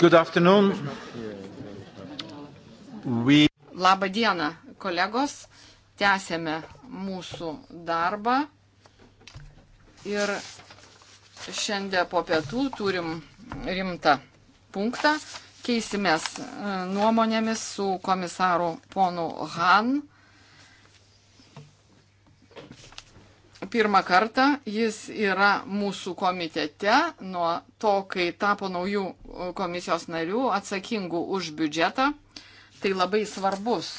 Good afternoon. We... Labą dieną, kolegos. Tęsėme mūsų darbą. Ir šiandien po pietų turim rimtą punktą. Keisimės e, nuomonėmis su komisaru ponu Han pirmą kartą jis yra mūsų komitete nuo to, kai tapo naujų e, komisijos narių atsakingų už biudžetą. Tai labai svarbus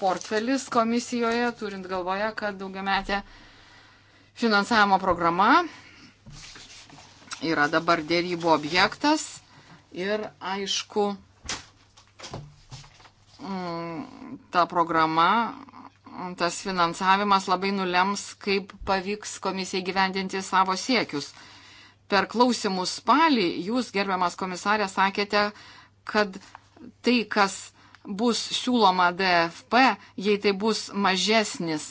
portfelis komisijoje, turint galvoje, kad daugiametė finansavimo programa yra dabar dėrybų objektas ir aišku, mm, ta programa tas finansavimas labai nulems, kaip pavyks komisijai gyvendinti savo siekius. Per klausimus spalį jūs, gerbiamas komisarė, sakėte, kad tai, kas bus siūloma DFP, jei tai bus mažesnis,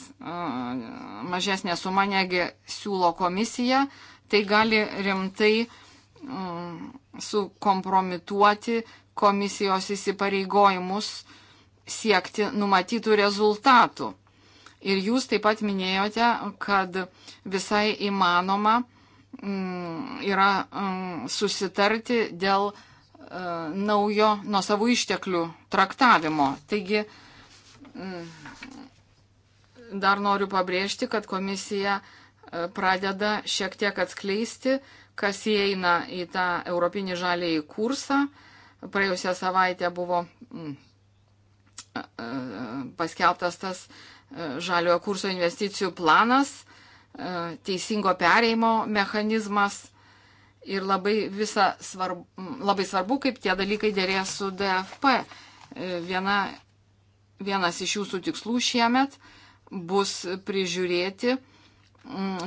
mažesnė suma negi siūlo komisija, tai gali rimtai sukompromituoti komisijos įsipareigojimus uh, siekti numatytų rezultatų. Ir jūs taip pat minėjote, kad visai įmanoma mm, yra mm, susitarti dėl e, naujo nuo savų išteklių traktavimo. Taigi mm, dar noriu pabrėžti, kad komisija e, pradeda šiek tiek atskleisti, kas įeina į tą Europinį žalėjį kursą. Praėjusią savaitę buvo paskelbtas tas e, žaliojo kurso investicijų planas, e, teisingo pereimo mechanizmas ir labai, visa svarbu, labai svarbu, kaip tie dalykai dėrės su DFP. E, viena, vienas iš jūsų tikslų šiemet bus prižiūrėti,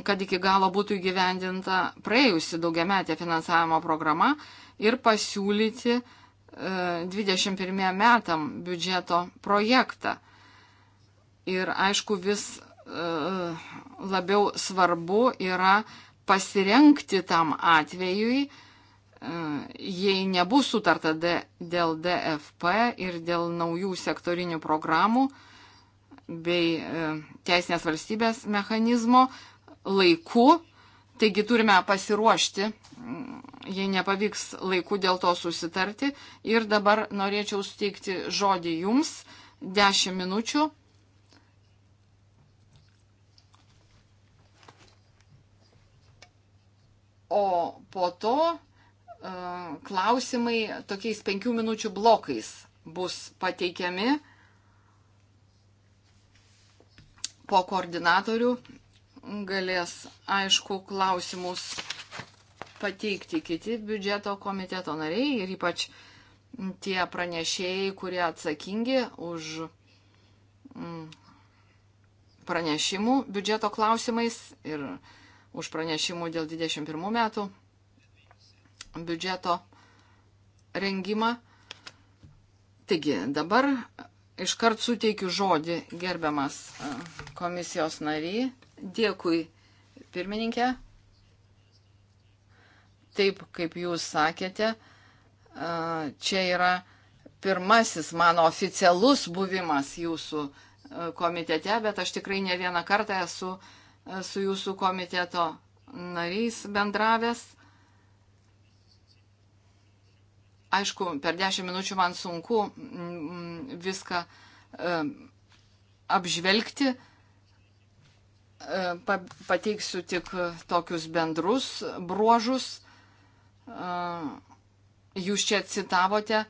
kad iki galo būtų įgyvendinta praėjusi daugiametė finansavimo programa ir pasiūlyti uh, 21 metam biudžeto projektą. Ir aišku, vis e, labiau svarbu yra pasirenkti tam atvejui, e, jei nebus sutarta dėl DFP ir dėl naujų sektorinių programų bei e, teisinės valstybės mechanizmo laiku. Taigi turime pasiruošti jei nepavyks laiku dėl to susitarti. Ir dabar norėčiau suteikti žodį jums 10 minučių. O po to e, klausimai tokiais penkių minučių blokais bus pateikiami po koordinatorių. Galės, aišku, klausimus pateikti kiti biudžeto komiteto nariai ir ypač tie pranešėjai, kurie atsakingi už mm, pranešimų biudžeto klausimais ir už pranešimų dėl 21 metų biudžeto rengimą. Taigi, dabar iškart suteikiu žodį gerbiamas komisijos nariai. Dėkui, pirmininkė taip kaip jūs sakėte, čia yra pirmasis mano oficialus buvimas jūsų komitete, bet aš tikrai ne vieną kartą esu su jūsų komiteto nariais bendravęs. Aišku, per dešimt minučių man sunku mm, mm, viską apžvelgti. Pateiksiu tik tokius bendrus bruožus Jūs čia citavote,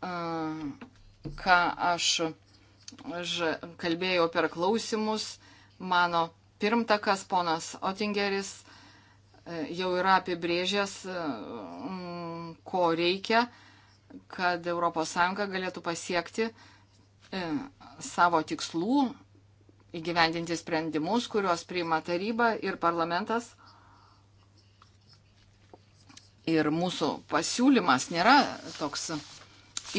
ką aš, aš kalbėjau per klausimus. Mano pirmtakas ponas Otingeris e, jau yra apibrėžęs, e, ko reikia, kad ES galėtų pasiekti e, savo tikslų, įgyvendinti sprendimus, kuriuos priima taryba ir parlamentas. Ir mūsų pasiūlymas nėra toks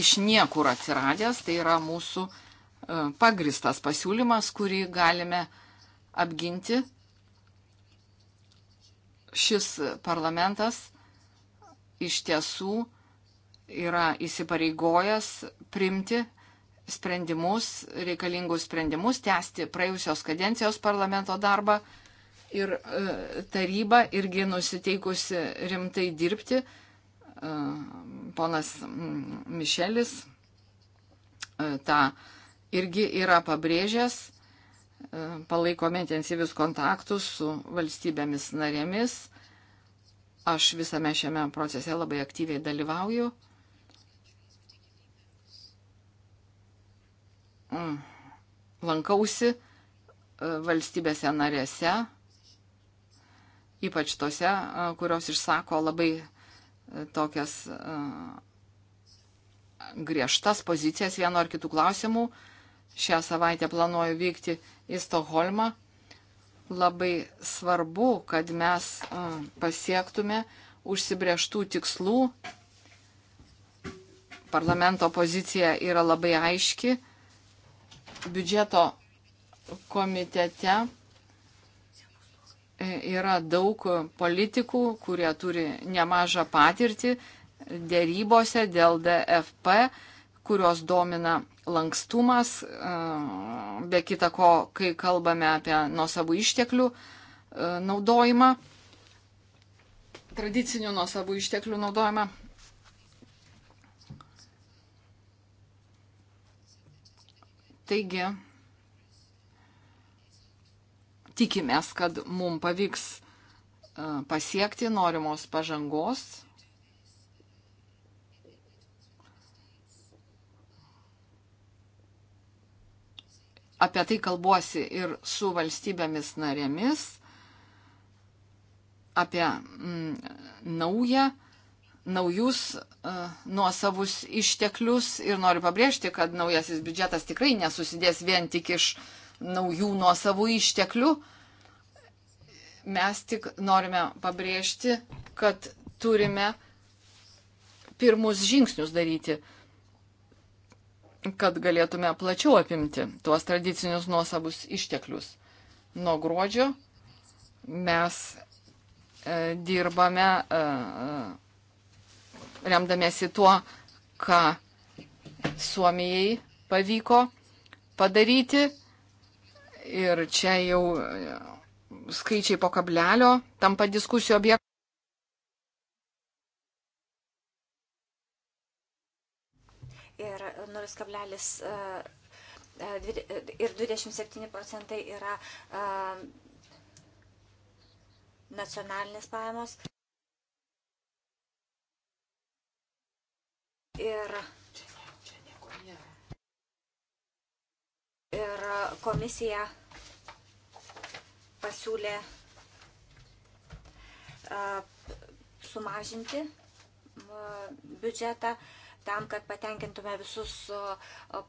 iš niekur atsiradęs, tai yra mūsų e, pagristas pasiūlymas, kurį galime apginti. Šis parlamentas iš tiesų yra įsipareigojęs primti sprendimus, reikalingus sprendimus, tęsti praėjusios kadencijos parlamento darbą ir e, taryba irgi nusiteikusi rimtai dirbti. E, ponas Mišelis e, tą irgi yra pabrėžęs. Palaikome intensyvius kontaktus su valstybėmis narėmis. Aš visame šiame procese labai aktyviai dalyvauju. Mm. Lankausi valstybėse narėse, ypač tose, kurios išsako labai e, tokias griežtas pozicijas vienu ar kitų klausimų. Šią savaitę planuoju vykti į Stokholmą. Labai svarbu, kad mes pasiektume užsibrieštų tikslų. Parlamento pozicija yra labai aiški. Biudžeto komitete yra daug politikų, kurie turi nemažą patirtį dėrybose dėl DFP, kurios domina lankstumas, e, be kita ko, kai kalbame apie nuosavų išteklių e, naudojimą, tradicinių nuosavų išteklių naudojimą. Taigi, tikimės, kad mums pavyks e, pasiekti norimos pažangos. Apie tai kalbuosi ir su valstybėmis narėmis, apie mm, naują, naujus uh, nuosavus išteklius ir noriu pabrėžti, kad naujasis biudžetas tikrai nesusidės vien tik iš uh, naujų nuosavų išteklių. Mes tik norime pabrėžti, kad turime pirmus žingsnius daryti, kad galėtume plačiau apimti tuos tradicinius nuosavus išteklius. Nuo gruodžio mes e, dirbame e, e remdamėsi tuo, ką Suomijai pavyko padaryti Ir čia jau e, skaičiai po kablelio tampa diskusijų objektų. Ir 0,27 e, e, ir 27 procentai yra nacionalinės pajamos. Ir ir e, komisija pasiūlė e, sumažinti e, biudžetą tam, kad patenkintume visus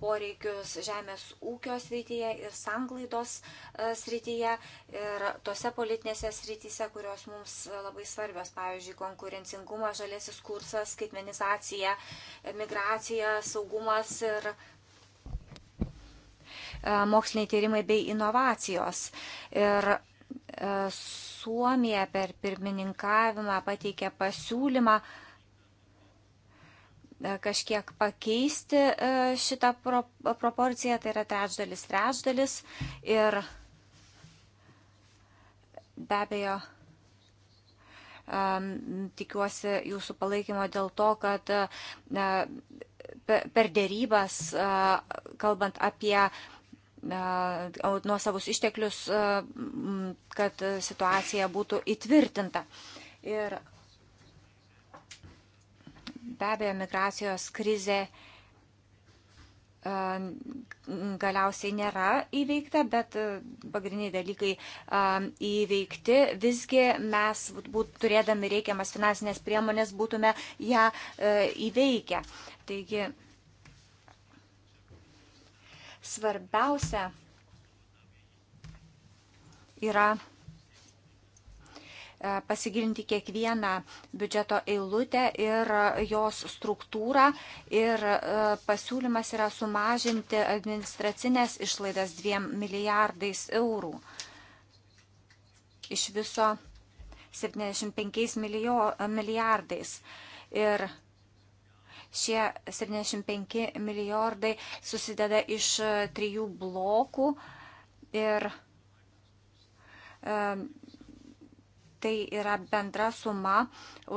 poreikius žemės ūkio srityje ir sanglaidos srityje ir tose politinėse srityse, kurios mums labai svarbios, pavyzdžiui, konkurencingumas, žalėsis kursas, skaitmenizacija, migracija, saugumas ir E, moksliniai tyrimai bei inovacijos. Ir e, Suomija per pirmininkavimą pateikė pasiūlymą e, kažkiek pakeisti šitą proporciją, tai yra trečdalis, trečdalis. Ir be abejo, tikiuosi jūsų palaikymo dėl to, kad per dėrybas, kalbant apie nuo savus išteklius, kad situacija būtų įtvirtinta. Ir be abejo, migracijos krizė galiausiai nėra įveikta, bet pagrindiniai dalykai įveikti. Visgi mes, būt, turėdami reikiamas finansinės priemonės, būtume ją įveikę. Taigi, Svarbiausia yra e, pasigilinti kiekvieną biudžeto eilutę ir jos struktūrą. Ir e, pasiūlymas yra sumažinti administracinės išlaidas 2 milijardais eurų. Iš viso 75 milijo, milijardais. Ir Šie 75 milijardai susideda iš e, trijų blokų ir e, tai yra bendra suma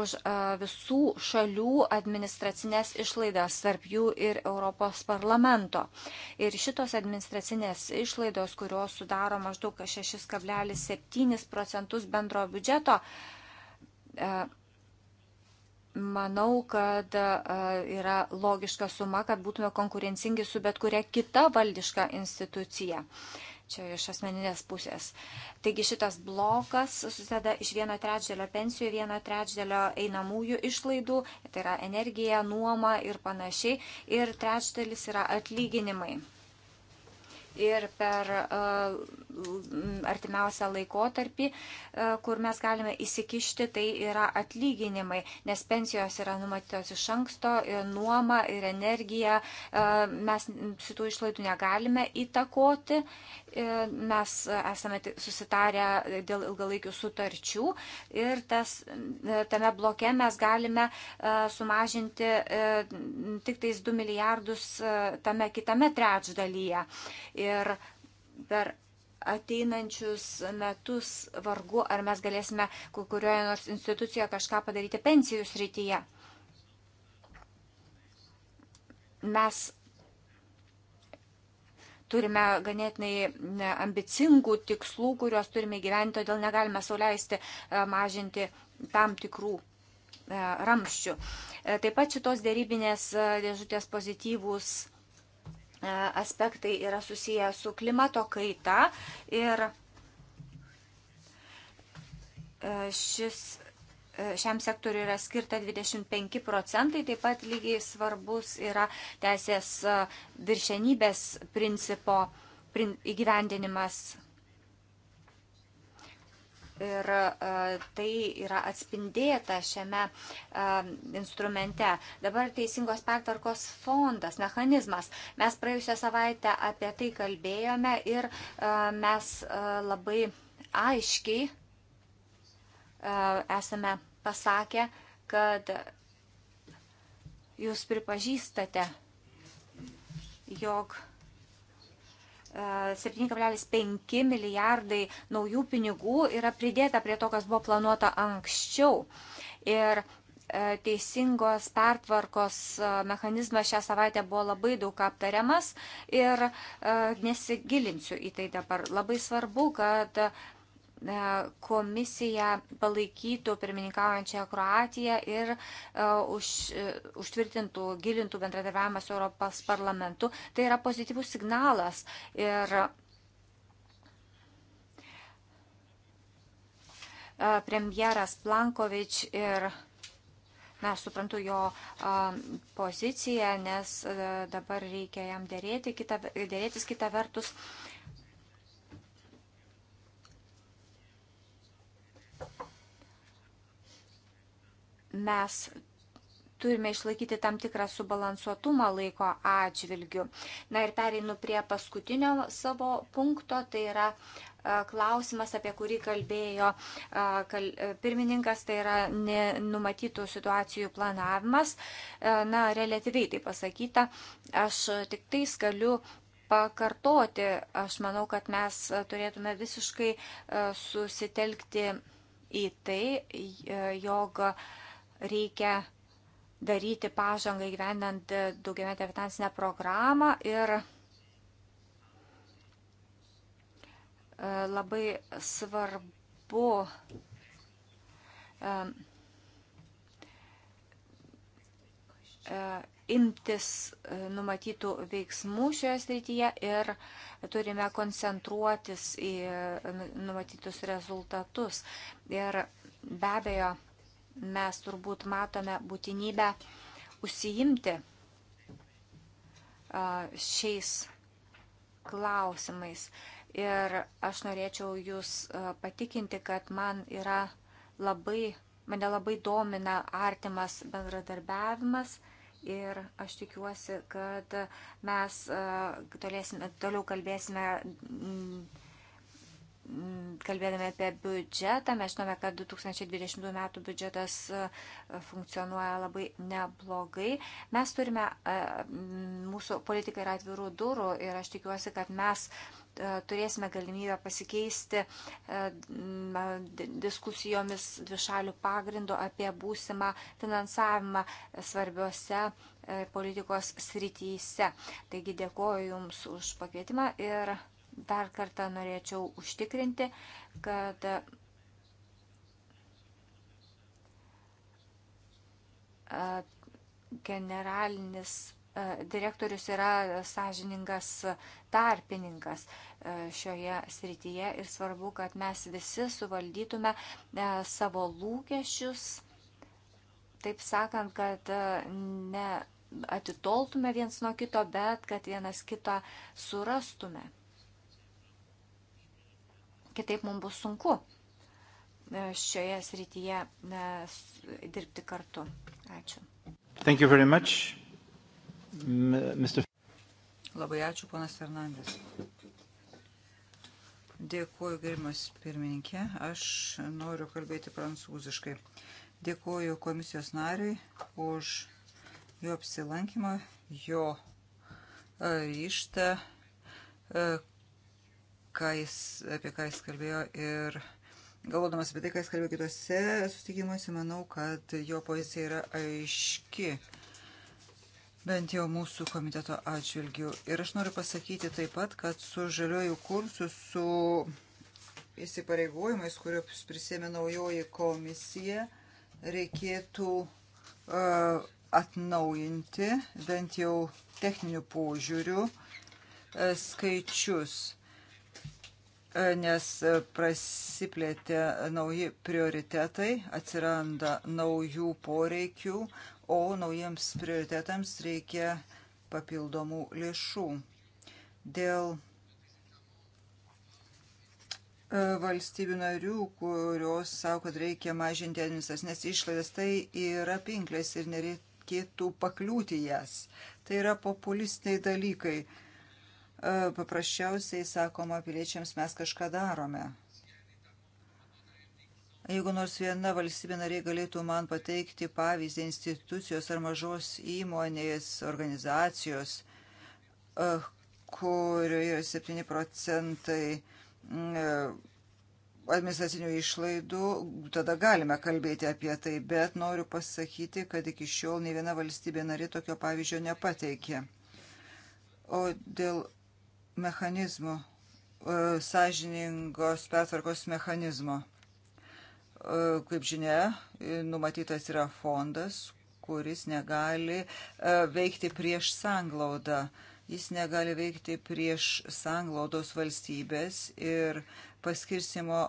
už e, visų šalių administracinės išlaidas, tarp jų ir Europos parlamento. Ir šitos administracinės išlaidos, kurios sudaro maždaug 6,7 procentus bendro biudžeto, Manau, kad e, yra logiška suma, kad būtume konkurencingi su bet kuria kita valdiška institucija. Čia iš asmeninės pusės. Taigi šitas blokas susideda iš vieno trečdėlio pensijų, vieno trečdėlio einamųjų išlaidų, tai yra energija, nuoma ir panašiai. Ir trečdėlis yra atlyginimai ir per e, artimiausią laikotarpį, e, kur mes galime įsikišti, tai yra atlyginimai, nes pensijos yra numatytos iš anksto ir e, nuoma ir energija. Mes šitų išlaidų negalime įtakoti. Mes esame susitarę dėl ilgalaikių sutarčių ir tas, tame bloke mes galime sumažinti tik tais 2 milijardus tame kitame trečdalyje. Ir ir per ateinančius metus vargu, ar mes galėsime kurioje nors institucijoje kažką padaryti pensijų srityje. Mes turime ganėtinai ambicingų tikslų, kuriuos turime gyventi, todėl negalime sauliaisti e, mažinti tam tikrų e, ramščių. E, taip pat šitos dėrybinės dėžutės pozityvūs E, aspektai yra susiję su klimato kaita ir e, šis, e, šiam sektoriu yra skirta 25 procentai, taip pat lygiai svarbus yra teisės viršenybės principo įgyvendinimas ir e, tai yra atspindėta šiame e, instrumente. Dabar Teisingos pertvarkos fondas, mechanizmas. Mes praėjusią savaitę apie tai kalbėjome ir e, mes labai aiškiai esame pasakę, kad jūs pripažįstate, jog 7,5 milijardai naujų pinigų yra pridėta prie to, kas buvo planuota anksčiau. Ir e, teisingos pertvarkos e, mechanizmas šią savaitę buvo labai daug aptariamas ir e, nesigilinsiu į tai dabar. Labai svarbu, kad E, komisija palaikytų pirmininkaujančią Kroatiją ir e, už, e, užtvirtintų, gilintų bendradarbiavimą su Europos parlamentu. Tai yra pozityvus signalas. Ir premjeras Plankovič ir na, suprantu jo a, poziciją, nes a, dabar reikia jam dėrėti, kita, dėrėtis kitą vertus. A, mes turime išlaikyti tam tikrą subalansuotumą laiko atžvilgiu. Na ir pereinu prie paskutinio savo punkto, tai yra e, klausimas, apie kurį kalbėjo e, e, pirmininkas, tai yra numatytų situacijų planavimas. Na, relatyviai tai pasakyta, aš tik tai galiu pakartoti, aš manau, kad mes turėtume visiškai susitelkti į tai, jog reikia daryti pažangą įgyvendant daugiametę finansinę programą ir e, labai svarbu e, e, imtis numatytų veiksmų šioje srityje ir turime koncentruotis į nu, numatytus rezultatus. Ir be abejo, mes turbūt matome būtinybę užsiimti šiais klausimais. Ir aš norėčiau Jūs patikinti, kad man yra labai, mane labai domina artimas bendradarbiavimas ir aš tikiuosi, kad mes tolėsime, toliau kalbėsime kalbėdami apie biudžetą, mes žinome, kad 2020 metų biudžetas e, funkcionuoja labai neblogai. Mes turime, e, mūsų politika yra atvirų durų ir aš tikiuosi, kad mes e, turėsime galimybę pasikeisti diskusijomis dvišalių pagrindų apie būsimą finansavimą svarbiose politikos srityse. Taigi dėkoju Jums už pakvietimą ir dar kartą norėčiau užtikrinti, kad generalinis direktorius yra sąžiningas tarpininkas šioje srityje ir svarbu, kad mes visi suvaldytume savo lūkesčius, taip sakant, kad ne atitoltume viens nuo kito, bet kad vienas kitą surastume kitaip mums bus sunku e, šioje srityje e, dirbti kartu. Ačiū. Thank you very much, Mr. Labai ačiū, ponas Fernandas. Dėkuoju, gerimas pirmininkė. Aš noriu kalbėti prancūziškai. Dėkuoju komisijos nariui už jo apsilankymą, jo e, ryštą ką jis, apie ką jis kalbėjo ir galvodamas apie tai, ką jis kalbėjo kitose susitikimuose, manau, kad jo pozicija yra aiški. Bent jau mūsų komiteto atžvilgių. Ir aš noriu pasakyti taip pat, kad su žaliuoju kursu, su įsipareigojimais, kuriuos prisėmė naujoji komisija, reikėtų uh, atnaujinti bent jau techninių požiūrių uh, skaičius nes prasiplėtė nauji prioritetai, atsiranda naujų poreikių, o naujiems prioritetams reikia papildomų lėšų. Dėl e, valstybių narių, kurios savo, kad reikia mažinti administracinės išlaidas, tai yra pinklės ir nereikėtų pakliūti jas. Tai yra populistiniai dalykai. E, paprasčiausiai sakoma piliečiams mes kažką darome. Jeigu nors viena valstybė nariai galėtų man pateikti pavyzdį institucijos ar mažos įmonės organizacijos, e, kurioje yra 7 procentai mm, e, administracinių išlaidų, tada galime kalbėti apie tai, bet noriu pasakyti, kad iki šiol ne viena valstybė nari tokio pavyzdžio nepateikė. O dėl mechanizmo, e, sąžiningos pertvarkos mechanizmo. E, kaip žinia, e, numatytas yra fondas, kuris negali veikti prieš sanglaudą. Jis negali veikti prieš sanglaudos valstybės ir paskirsimo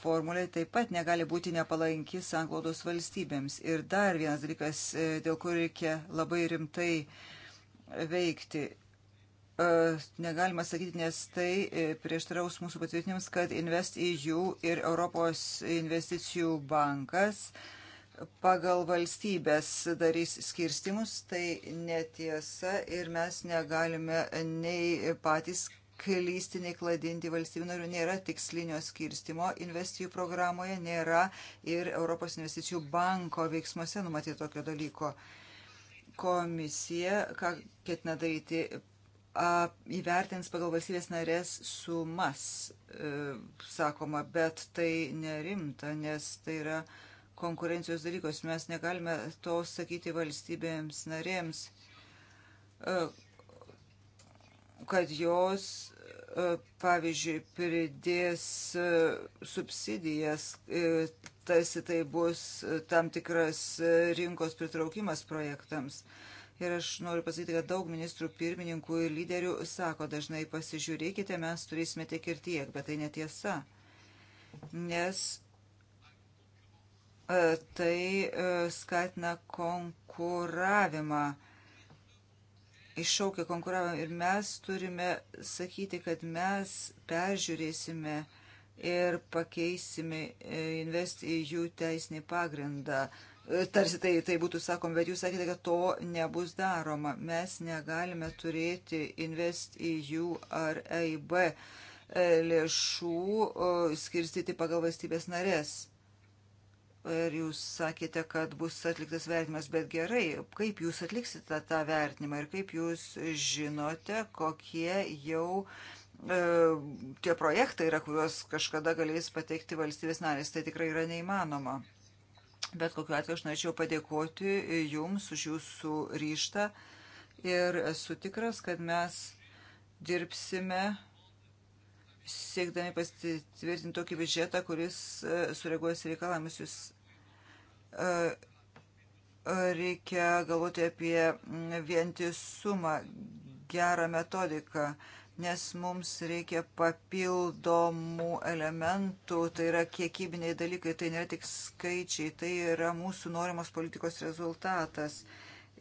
formulė taip pat negali būti nepalanki sanglaudos valstybėms. Ir dar vienas dalykas, dėl kurio reikia labai rimtai veikti E, negalima sakyti, nes tai e, prieštraus mūsų patvirtinims, kad InvestEU ir Europos investicijų bankas pagal valstybės darys skirstimus, tai netiesa ir mes negalime nei patys klysti, nei kladinti valstybių narių. Nėra tikslinio skirstimo investijų e programoje, nėra ir Europos investicijų banko veiksmuose numatyti tokio dalyko. Komisija, ką ketina daryti, įvertins pagal valstybės narės sumas, e, sakoma, bet tai nerimta, nes tai yra konkurencijos dalykos. Mes negalime to sakyti valstybėms narėms, e, kad jos, e, pavyzdžiui, pridės subsidijas, tarsi tai bus tam tikras rinkos pritraukimas projektams. Ir aš noriu pasakyti, kad daug ministrų pirmininkų ir lyderių sako dažnai pasižiūrėkite, mes turėsime tiek ir tiek, bet tai netiesa. Nes e, tai e, skatina konkuravimą, iššaukia konkuravimą ir mes turime sakyti, kad mes peržiūrėsime ir pakeisime e, invest į jų teisinį pagrindą. E, tarsi tai, tai būtų sakom, bet jūs sakėte, kad to nebus daroma. Mes negalime turėti invest į jų ar EIB e, lėšų skirstyti pagal valstybės narės. Ir jūs sakėte, kad bus atliktas vertinimas, bet gerai, kaip jūs atliksite tą vertinimą ir kaip jūs žinote, kokie jau e, tie projektai yra, kuriuos kažkada galės pateikti valstybės narės, tai tikrai yra neįmanoma. Bet kokiu atveju aš norėčiau padėkoti Jums už Jūsų ryštą ir esu tikras, kad mes dirbsime siekdami pasitvirtinti tokį biudžetą, kuris e, sureaguos reikalavimus. Jūs e, e, reikia galvoti apie vientisumą, gerą metodiką nes mums reikia papildomų elementų, tai yra kiekybiniai dalykai, tai nėra tik skaičiai, tai yra mūsų norimos politikos rezultatas.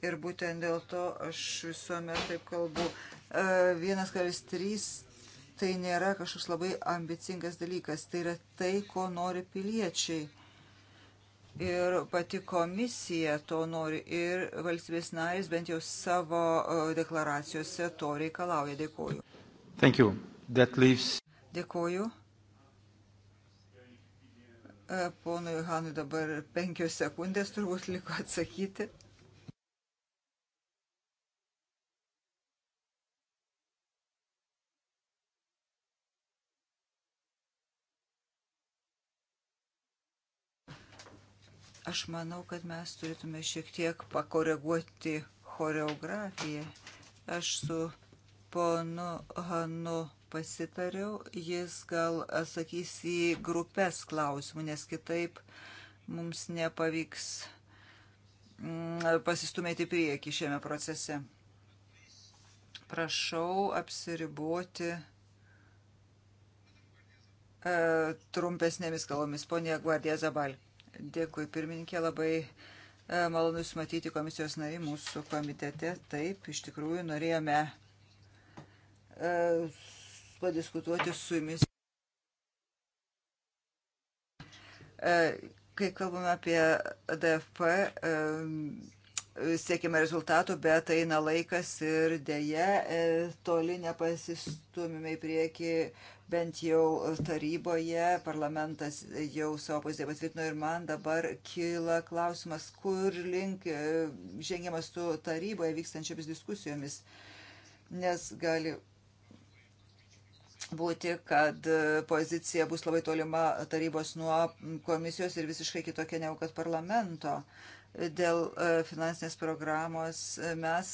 Ir būtent dėl to aš visuomet taip kalbu. 1,3 e, tai nėra kažkoks labai ambicingas dalykas, tai yra tai, ko nori piliečiai. Ir pati komisija to nori ir valstybės narys bent jau savo e, deklaracijose to reikalauja. Dėkuoju. Thank you. That leaves... Dėkoju. E, ponui Hanui dabar penkios sekundės turbūt liko atsakyti. Aš manau, kad mes turėtume šiek tiek pakoreguoti choreografiją. Aš su ponu Hanu pasitariau, jis gal atsakys į grupės klausimų, nes kitaip mums nepavyks mm, pasistumėti prieki šiame procese. Prašau apsiriboti e, trumpesnėmis kalbomis. Pone Guardija Zabal, dėkui pirmininkė, labai e, malonu Jūs matyti komisijos nariai mūsų komitete. Taip, iš tikrųjų norėjome E, padiskutuoti su jumis. E, kai kalbame apie DFP, e, siekime rezultatų, bet eina laikas ir dėje toli nepasistumime į priekį, bent jau taryboje parlamentas jau savo poziciją patvirtino ir man dabar kyla klausimas, kur link žengiamas su taryboje vykstančiomis diskusijomis, nes gali būti, kad e, pozicija bus labai tolima tarybos nuo komisijos ir visiškai kitokia negu kad parlamento. Dėl e, finansinės programos e, mes,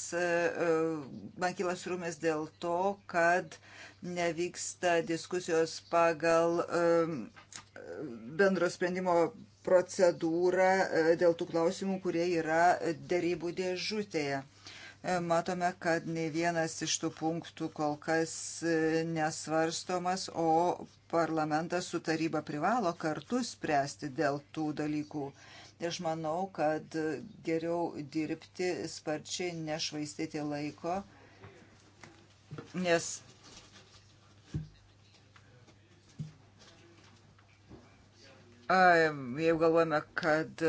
man kyla surumės dėl to, kad nevyksta diskusijos pagal bendro sprendimo procedūrą dėl tų klausimų, kurie yra dėrybų dėžutėje E, matome, kad nei vienas iš tų punktų kol kas e, nesvarstomas, o parlamentas su taryba privalo kartu spręsti dėl tų dalykų. Ir aš manau, kad geriau dirbti sparčiai, nešvaistyti laiko, nes Jeigu galvojame, kad e,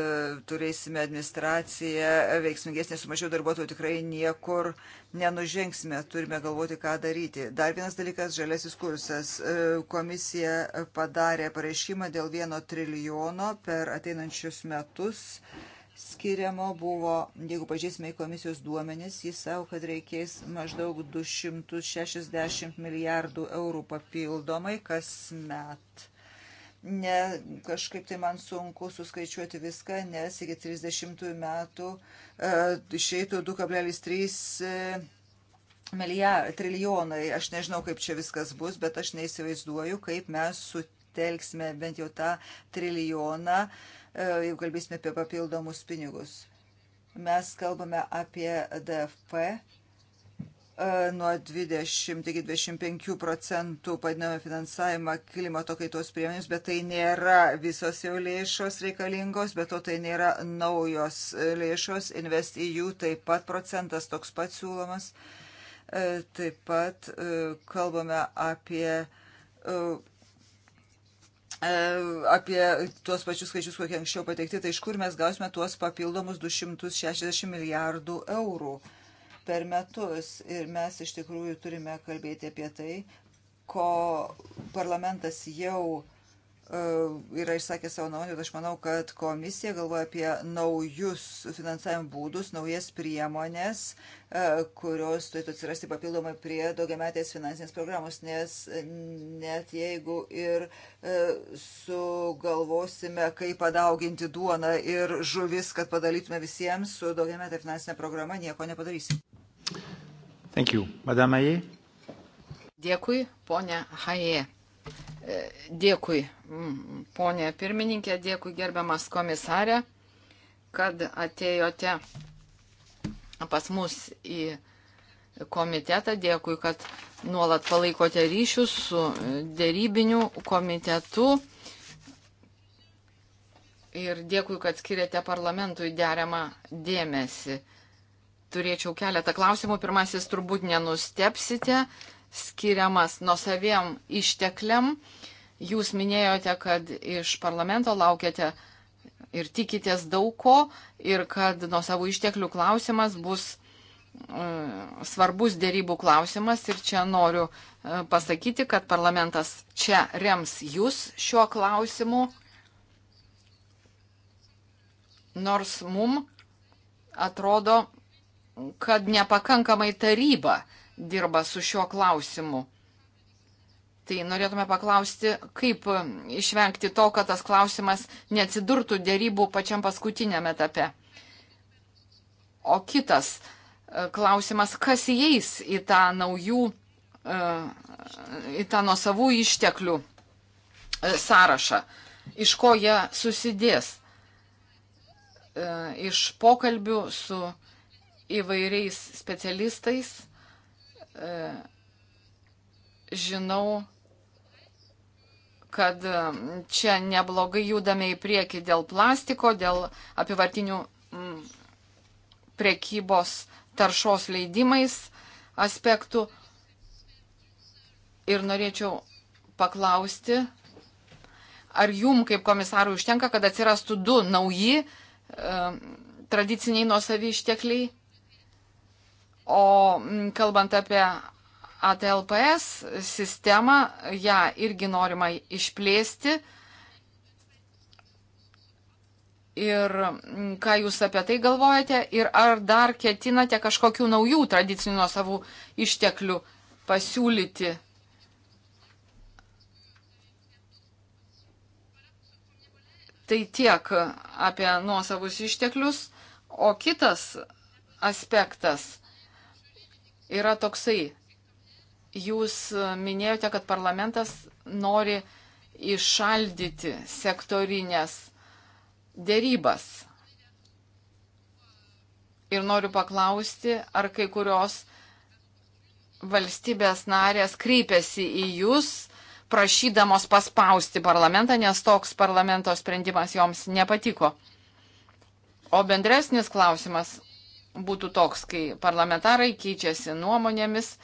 turėsime administraciją veiksmingesnė su mažiau darbuotojų, tikrai niekur nenužengsime, turime galvoti, ką daryti. Dar vienas dalykas - žaliasis kursas. E, komisija padarė pareiškimą dėl vieno trilijono per ateinančius metus. Skiriamo buvo, jeigu pažiūrėsime į komisijos duomenis, jis savo, kad reikės maždaug 260 milijardų eurų papildomai kas met ne, kažkaip tai man sunku suskaičiuoti viską, nes iki 30 metų e, išeitų 2,3 e, milijardai, trilijonai. Aš nežinau, kaip čia viskas bus, bet aš neįsivaizduoju, kaip mes sutelksime bent jau tą trilijoną, e, jeigu kalbėsime apie papildomus pinigus. Mes kalbame apie DFP E, nuo 20 iki 25 procentų padiname finansavimą klimato kaitos priemonėms, bet tai nėra visos jau lėšos reikalingos, bet to tai nėra naujos lėšos, invest į jų taip pat procentas toks pat siūlomas. E, taip pat e, kalbame apie apie tuos pačius skaičius, kokie anksčiau pateikti, tai iš kur mes gausime tuos papildomus 260 milijardų eurų. Uh, per metus. Ir mes iš tikrųjų turime kalbėti apie tai, ko parlamentas jau e, yra išsakę savo nuomonę, bet aš manau, kad komisija galvoja apie naujus finansavimo būdus, naujas priemonės, e, kurios turėtų atsirasti papildomai prie daugiametės finansinės programos, nes net jeigu ir e, sugalvosime, kaip padauginti duoną ir žuvis, kad padalytume visiems su daugiametė finansinė programa, nieko nepadarysim. Thank you. Madame Aie. Dėkui, ponė Haie. E, dėkui, mm, ponė pirmininkė, dėkui gerbiamas komisarė, kad atėjote pas mus į komitetą. Dėkui, kad nuolat palaikote ryšius su dėrybiniu komitetu. Ir dėkui, kad skiriate parlamentui deriamą dėmesį turėčiau keletą klausimų. Pirmasis turbūt nenustepsite, skiriamas nusaviem ištekliam. Jūs minėjote, kad iš parlamento laukiate ir tikitės daug ko ir kad nuo savo išteklių klausimas bus e, svarbus dėrybų klausimas ir čia noriu e, pasakyti, kad parlamentas čia rems jūs šiuo klausimu, nors mum atrodo, kad nepakankamai taryba dirba su šiuo klausimu. Tai norėtume paklausti, kaip um, išvengti to, kad tas klausimas neatsidurtų dėrybų pačiam paskutiniam etape. O kitas e, klausimas, kas įeis į tą naujų, e, į tą nuosavų išteklių e, sąrašą, iš ko jie susidės. Iš pokalbių su įvairiais specialistais. E, žinau, kad e, čia neblogai judame į priekį dėl plastiko, dėl apivartinių prekybos taršos leidimais aspektų. Ir norėčiau paklausti, ar jum kaip komisarui užtenka, kad atsirastų du nauji e, tradiciniai nuosavi ištekliai O mm, kalbant apie ATLPS sistemą, ją irgi norima išplėsti. Ir mm, ką jūs apie tai galvojate ir ar dar ketinate kažkokių naujų tradicinių nuo savų išteklių pasiūlyti? Tai tiek apie nuosavus išteklius, o kitas aspektas yra toksai. Jūs minėjote, kad parlamentas nori išaldyti sektorinės dėrybas. Ir noriu paklausti, ar kai kurios valstybės narės kreipėsi į jūs, prašydamos paspausti parlamentą, nes toks parlamento sprendimas joms nepatiko. O bendresnis klausimas būtų toks, kai parlamentarai keičiasi nuomonėmis e,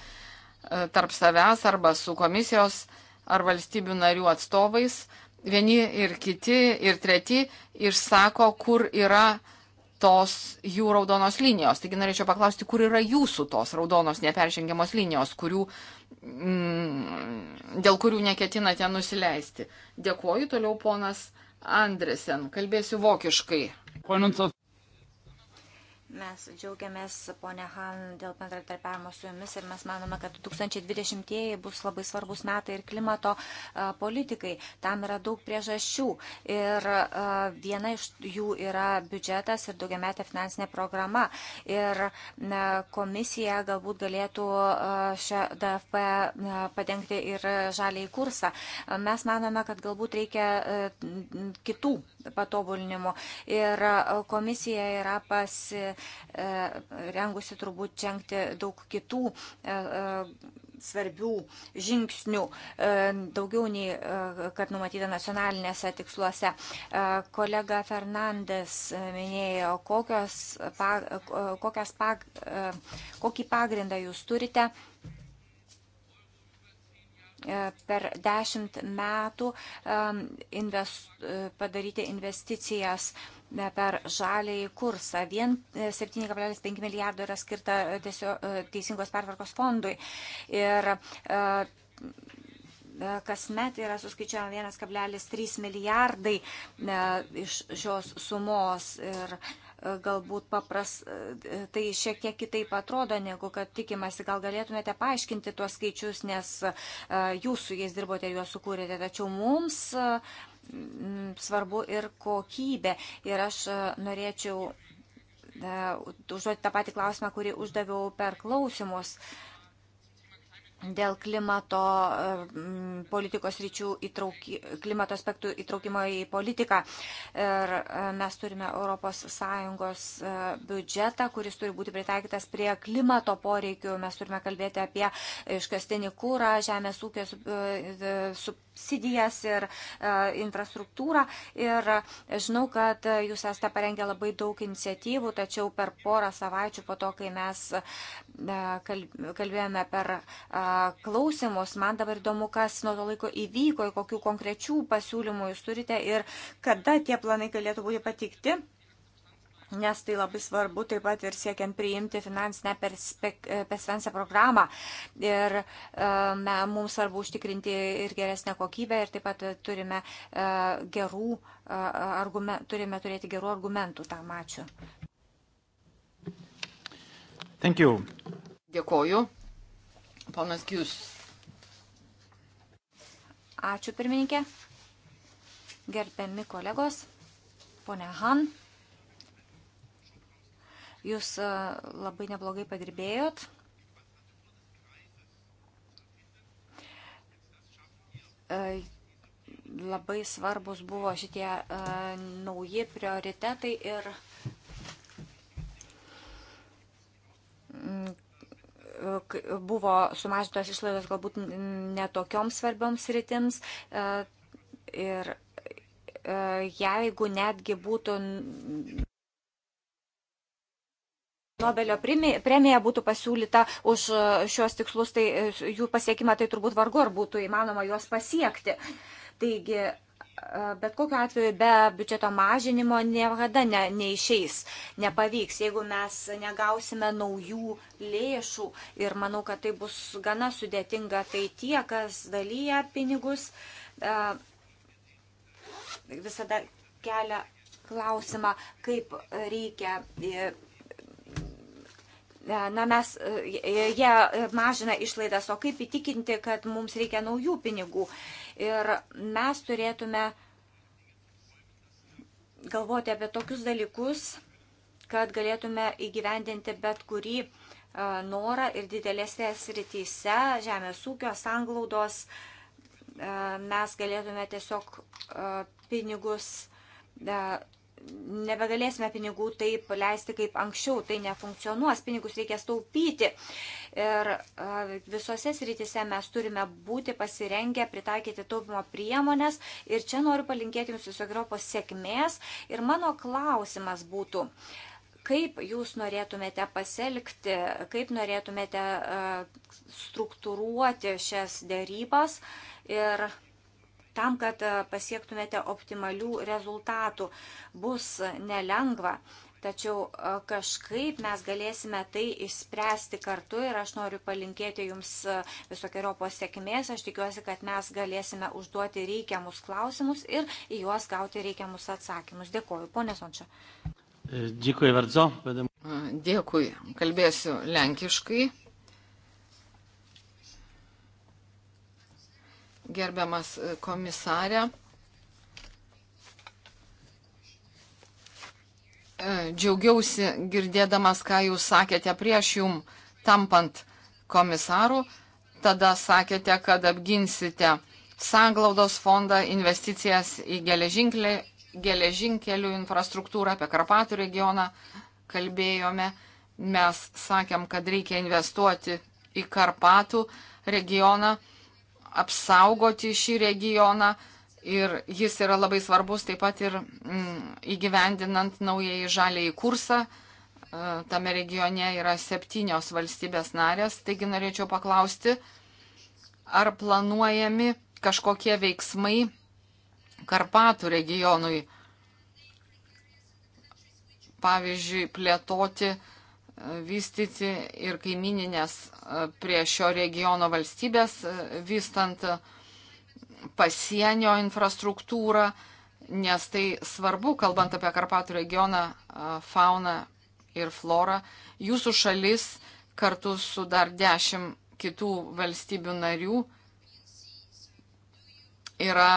tarp savęs arba su komisijos ar valstybių narių atstovais. Vieni ir kiti ir treti išsako, kur yra tos jų raudonos linijos. Taigi norėčiau paklausti, kur yra jūsų tos raudonos neperžengiamos linijos, kurių, mm, dėl kurių neketinate nusileisti. Dėkuoju toliau ponas Andresen. Kalbėsiu vokiškai. Mes džiaugiamės, ponė Han, dėl bendradarbiavimo su jumis ir mes manome, kad 2020-ieji bus labai svarbus metai ir klimato politikai. Tam yra daug priežasčių ir viena iš jų yra biudžetas ir daugiametė finansinė programa. Ir komisija galbūt galėtų šią DFP padengti ir žaliai kursą. Mes manome, kad galbūt reikia kitų patobulinimų. Ir komisija yra pasi E, rengusi turbūt žengti daug kitų e, e, svarbių žingsnių, daugiau nei kad numatyta nacionalinėse tiksluose. Kolega Fernandes minėjo, kokios, kokias, kokį pagrindą jūs turite E, per dešimt metų e, invest, e, padaryti investicijas per žaliai kursą. Vien 7,5 milijardo yra skirta tiesio, teisingos pertvarkos fondui. Ir kasmet yra suskaičiuojama 1,3 milijardai iš šios sumos. Ir galbūt papras, tai šiek tiek kitaip atrodo, negu kad tikimasi. Gal galėtumėte paaiškinti tuos skaičius, nes e, jūs su jais dirbote ir juos sukūrėte, tačiau mums mm, svarbu ir kokybė. Ir aš e, norėčiau e, užduoti tą patį klausimą, kurį uždaviau per klausimus. Uh, dėl klimato mm, politikos ryčių įtrauki, klimato aspektų įtraukimo į politiką. Ir e, mes turime ES e, biudžetą, kuris turi būti pritaikytas prie klimato poreikių. Mes turime kalbėti apie iškastinį kūrą, žemės ūkio e, subsidijas ir infrastruktūrą. Ir žinau, kad jūs esate parengę labai daug iniciatyvų, tačiau per porą savaičių po to, kai mes kalbėjome per klausimus. Man dabar įdomu, kas nuo to laiko įvyko, kokių konkrečių pasiūlymų jūs turite ir kada tie planai galėtų būti patikti. Nes tai labai svarbu taip pat ir siekiant priimti finansinę persvensę e, programą. Ir e, mums svarbu užtikrinti ir geresnę kokybę ir taip pat turime, e, gerų, e, argument, turime turėti gerų argumentų tam. Ačiū. Thank you. Dėkoju. Ponas Gius. Ačiū pirmininkė. Gerbiami kolegos, ponia Han, jūs e, labai neblogai padirbėjot. E, labai svarbus buvo šitie e, nauji prioritetai ir buvo sumažintos išlaidos galbūt netokioms svarbioms rytims. E, ir e, jeigu netgi būtų Nobelio premija būtų pasiūlyta už e, šios tikslus, tai jų pasiekimą tai turbūt vargu ar būtų įmanoma juos pasiekti. Taigi bet kokiu atveju be biudžeto mažinimo niekada ne, neišeis, nepavyks, jeigu mes negausime naujų lėšų. Ir manau, kad tai bus gana sudėtinga. Tai tie, kas dalyja pinigus, e, visada kelia klausimą, kaip reikia e, na mes, e, e, jie mažina išlaidas, o kaip įtikinti, kad mums reikia naujų pinigų. Ir mes turėtume galvoti apie tokius dalykus, kad galėtume įgyvendinti bet kurį e, norą ir didelėse srityse, žemės ūkio, sanglaudos, mes galėtume tiesiog pinigus nebegalėsime pinigų taip leisti kaip anksčiau, tai nefunkcionuos, pinigus reikės taupyti. Ir visose srityse mes turime būti pasirengę pritaikyti taupimo priemonės ir čia noriu palinkėti jums visokriopos sėkmės. Ir mano klausimas būtų, kaip jūs norėtumėte paselgti, kaip norėtumėte struktūruoti šias dėrybas ir tam, kad e, pasiektumėte optimalių rezultatų. Bus nelengva, tačiau e, kažkaip mes galėsime tai išspręsti kartu ir aš noriu palinkėti Jums e, visokiojo pasiekmės. Aš tikiuosi, kad mes galėsime užduoti reikiamus klausimus ir į juos gauti reikiamus atsakymus. Dėkuoju, ponė Sončia. Dėkui, Vardzo. Dėkui. Kalbėsiu lenkiškai. gerbiamas e, komisarė. E, džiaugiausi girdėdamas, ką jūs sakėte prieš jum tampant komisaru. Tada sakėte, kad apginsite sanglaudos fondą, investicijas į geležinkelių infrastruktūrą, apie Karpatų regioną kalbėjome. Mes sakėm, kad reikia investuoti į Karpatų regioną apsaugoti šį regioną ir jis yra labai svarbus taip pat ir m, mm, įgyvendinant naująjį žalėjį kursą. E, tame regione yra septynios valstybės narės, taigi norėčiau paklausti, ar planuojami kažkokie veiksmai Karpatų regionui, pavyzdžiui, plėtoti uh, vystyti ir kaimininės e, prie šio regiono valstybės, e, vystant e, pasienio infrastruktūrą, nes tai svarbu, kalbant apie Karpatų regioną, fauną ir florą. Jūsų šalis kartu su dar dešimt kitų valstybių narių yra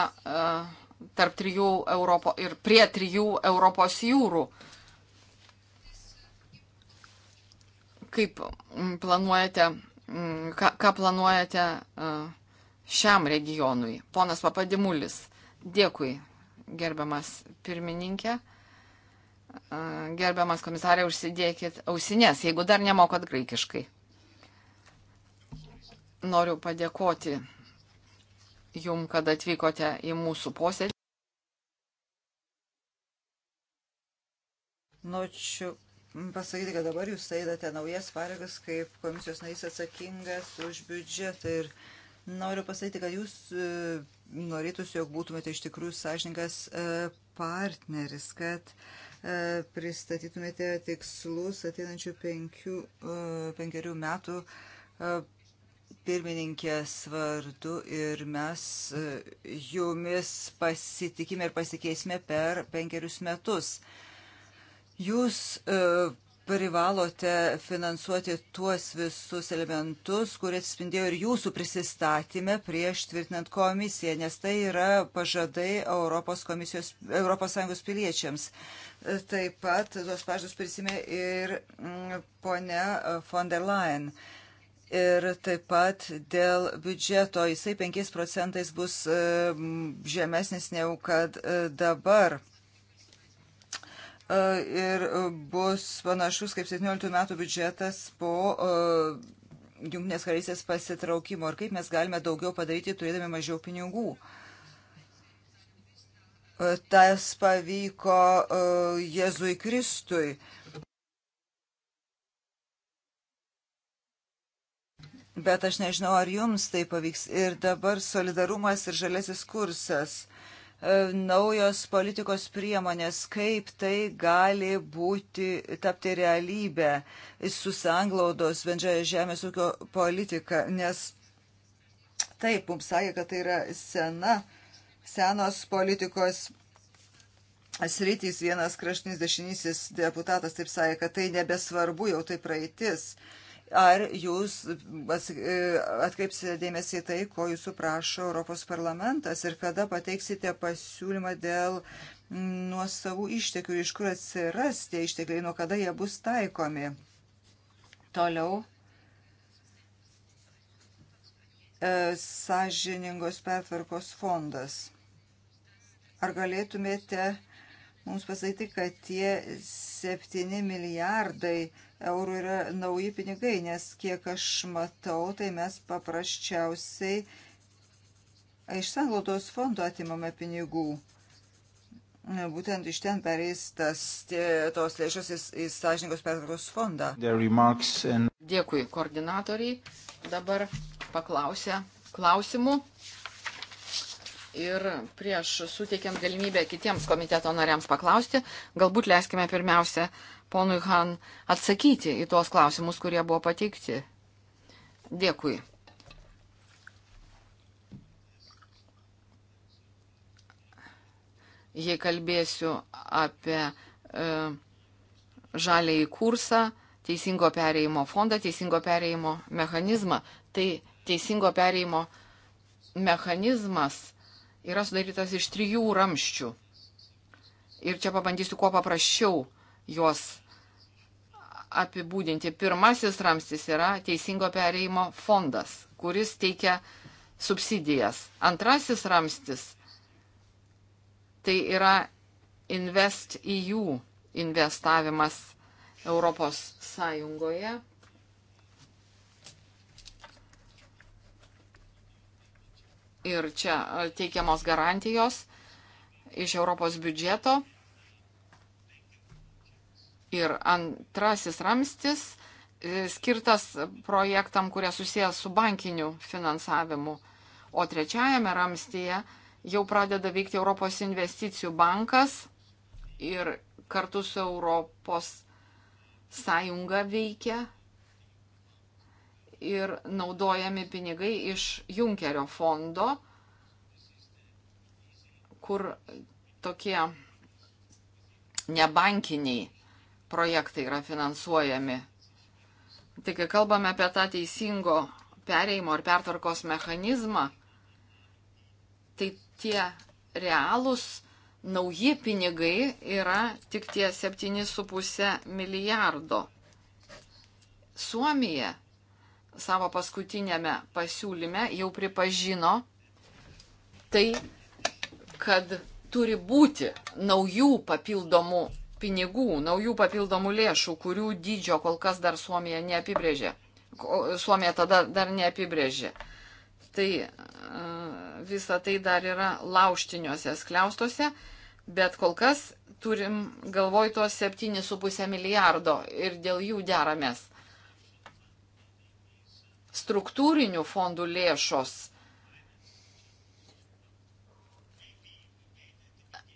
tarp trijų Europo ir prie trijų Europos jūrų. Uh, kaip mm, planuojate, mm, ką, ką planuojate e, šiam regionui. Ponas Papadimulis, dėkui, gerbiamas pirmininkė. E, gerbiamas komisarė, užsidėkit ausinės, jeigu dar nemokot graikiškai. Noriu padėkoti Jum, kad atvykote į mūsų posėdį. Norėčiau pasakyti, kad dabar jūs eidate naujas pareigas kaip komisijos narys atsakingas už biudžetą ir noriu pasakyti, kad jūs e, norėtųsi, jog būtumėte iš tikrųjų sąžininkas e, partneris, kad e, pristatytumėte tikslus ateinančių penkių, penkerių metų pirmininkės vardu ir mes jumis pasitikime ir pasikeisime per penkerius metus. Jūs e, privalote finansuoti tuos visus elementus, kurie atspindėjo ir jūsų prisistatymę prieš tvirtinant komisiją, nes tai yra pažadai Europos, komisijos, Europos Sąjungos piliečiams. E, taip pat tuos pažadus prisimė ir mm, ponia von der Leyen. Ir taip pat dėl biudžeto jisai 5 procentais bus e, žemesnis negu kad dabar. E, ir e, bus panašus kaip 17 metų biudžetas po e, Junktinės karalystės pasitraukimo ir kaip mes galime daugiau padaryti turėdami mažiau pinigų. Tas pavyko Jėzui Kristui. Bet aš nežinau, ar jums tai pavyks. Ir dabar solidarumas ir žalesis kursas E, naujos politikos priemonės, kaip tai gali būti, tapti realybę su sanglaudos bendžioje žemės ūkio politika, nes taip, mums sakė, kad tai yra sena, senos politikos. Sritys vienas kraštinis dešinysis deputatas taip sakė, kad tai nebesvarbu, jau tai praeitis. Uh, Ar jūs e, atkreipsite dėmesį į tai, ko jūsų prašo Europos parlamentas ir kada pateiksite pasiūlymą dėl nuo savų išteklių, iš kur atsiras tie ištekliai, nuo kada jie bus taikomi. Toliau e, sąžiningos pertvarkos fondas. Ar galėtumėte mums pasakyti, kad tie 7 milijardai eurų yra nauji pinigai, nes kiek aš matau, tai mes paprasčiausiai iš sanglaudos fondo atimame pinigų. Būtent iš ten pereis tas, tos lėšos į, į sąžininkos pertvarkos fondą. And... Dėkui, koordinatoriai. Dabar paklausė klausimų ir prieš suteikiant galimybę kitiems komiteto nariams paklausti, galbūt leiskime pirmiausia ponui Han atsakyti į tuos klausimus, kurie buvo pateikti. Dėkui. Jei kalbėsiu apie e, žaliai kursą, teisingo pereimo fondą, teisingo pereimo mechanizmą, tai teisingo pereimo mechanizmas yra sudarytas iš trijų ramščių. Ir čia pabandysiu kuo paprasčiau juos apibūdinti. Pirmasis ramstis yra teisingo pereimo fondas, kuris teikia subsidijas. Antrasis ramstis tai yra Invest EU investavimas Europos Sąjungoje ir čia e, teikiamos garantijos iš Europos biudžeto. Ir antrasis ramstis e, skirtas projektam, kurie susijęs su bankiniu finansavimu. O trečiajame ramstyje jau pradeda veikti Europos investicijų bankas ir kartu su Europos sąjunga veikia ir naudojami pinigai iš Junkerio fondo, kur tokie nebankiniai projektai yra finansuojami. Tai kai kalbame apie tą teisingo pereimo ir pertvarkos mechanizmą, tai tie realūs nauji pinigai yra tik tie 7,5 milijardo. Suomija savo paskutinėme pasiūlyme jau pripažino tai, kad turi būti naujų papildomų pinigų, naujų papildomų lėšų, kurių dydžio kol kas dar Suomija neapibrėžė. Suomija tada dar neapibrėžė. Tai e, visa tai dar yra lauštiniuose skliaustuose, bet kol kas turim galvoj tuos 7,5 milijardo ir dėl jų deramės struktūrinių fondų lėšos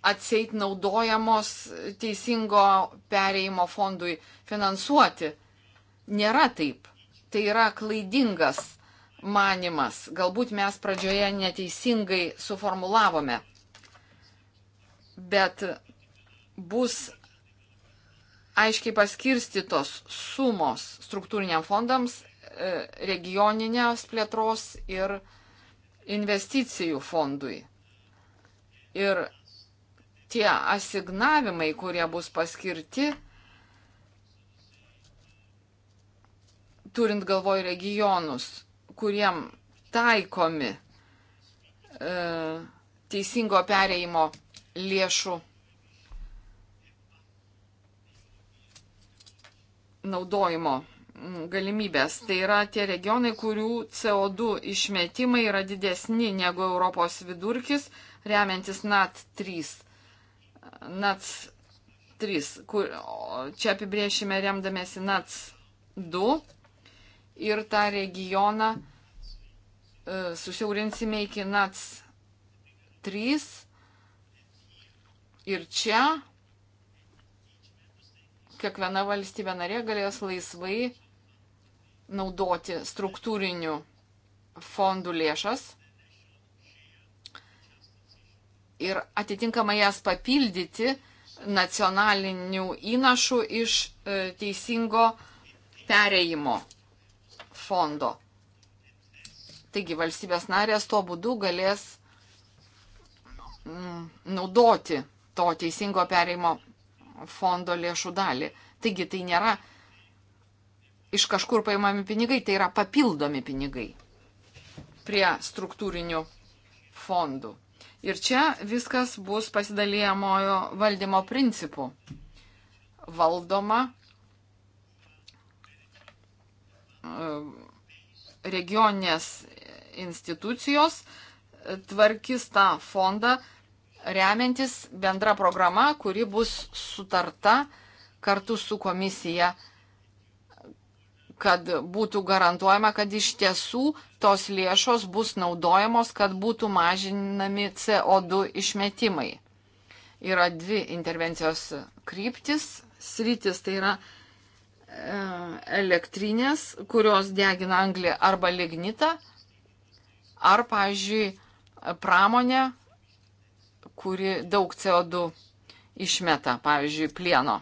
atseit naudojamos teisingo pereimo fondui finansuoti. Nėra taip. Tai yra klaidingas manimas. Galbūt mes pradžioje neteisingai suformulavome. Bet bus aiškiai paskirstytos sumos struktūriniam fondams E, regioninės plėtros ir investicijų fondui. Ir tie asignavimai, kurie bus paskirti, turint galvoj regionus, kuriem taikomi e, teisingo pereimo lėšų naudojimo galimybės. Tai yra tie regionai, kurių CO2 išmetimai yra didesni negu Europos vidurkis, remiantis NAT 3. NAT 3, kur, čia apibriešime remdamėsi NAT 2 ir tą regioną e, susiaurinsime iki NAT 3. Ir čia kiekviena valstybė narė galės laisvai naudoti struktūrinių fondų lėšas ir atitinkamai jas papildyti nacionalinių įnašų iš e, teisingo pereimo fondo. Taigi valstybės narės tuo būdu galės mm, naudoti to teisingo pereimo fondo lėšų dalį. Taigi tai nėra iš kažkur paimami pinigai, tai yra papildomi pinigai prie struktūrinių fondų. Ir čia viskas bus pasidalėjamojo valdymo principu. Valdoma e, regioninės institucijos e, tvarkys tą fondą remiantis bendra programa, kuri bus sutarta kartu su komisija kad būtų garantuojama, kad iš tiesų tos lėšos bus naudojamos, kad būtų mažinami CO2 išmetimai. Yra dvi intervencijos kryptis, sritis tai yra e, elektrinės, kurios degina anglį arba lignitą, ar, pavyzdžiui, pramonė, kuri daug CO2 išmeta, pavyzdžiui, plieno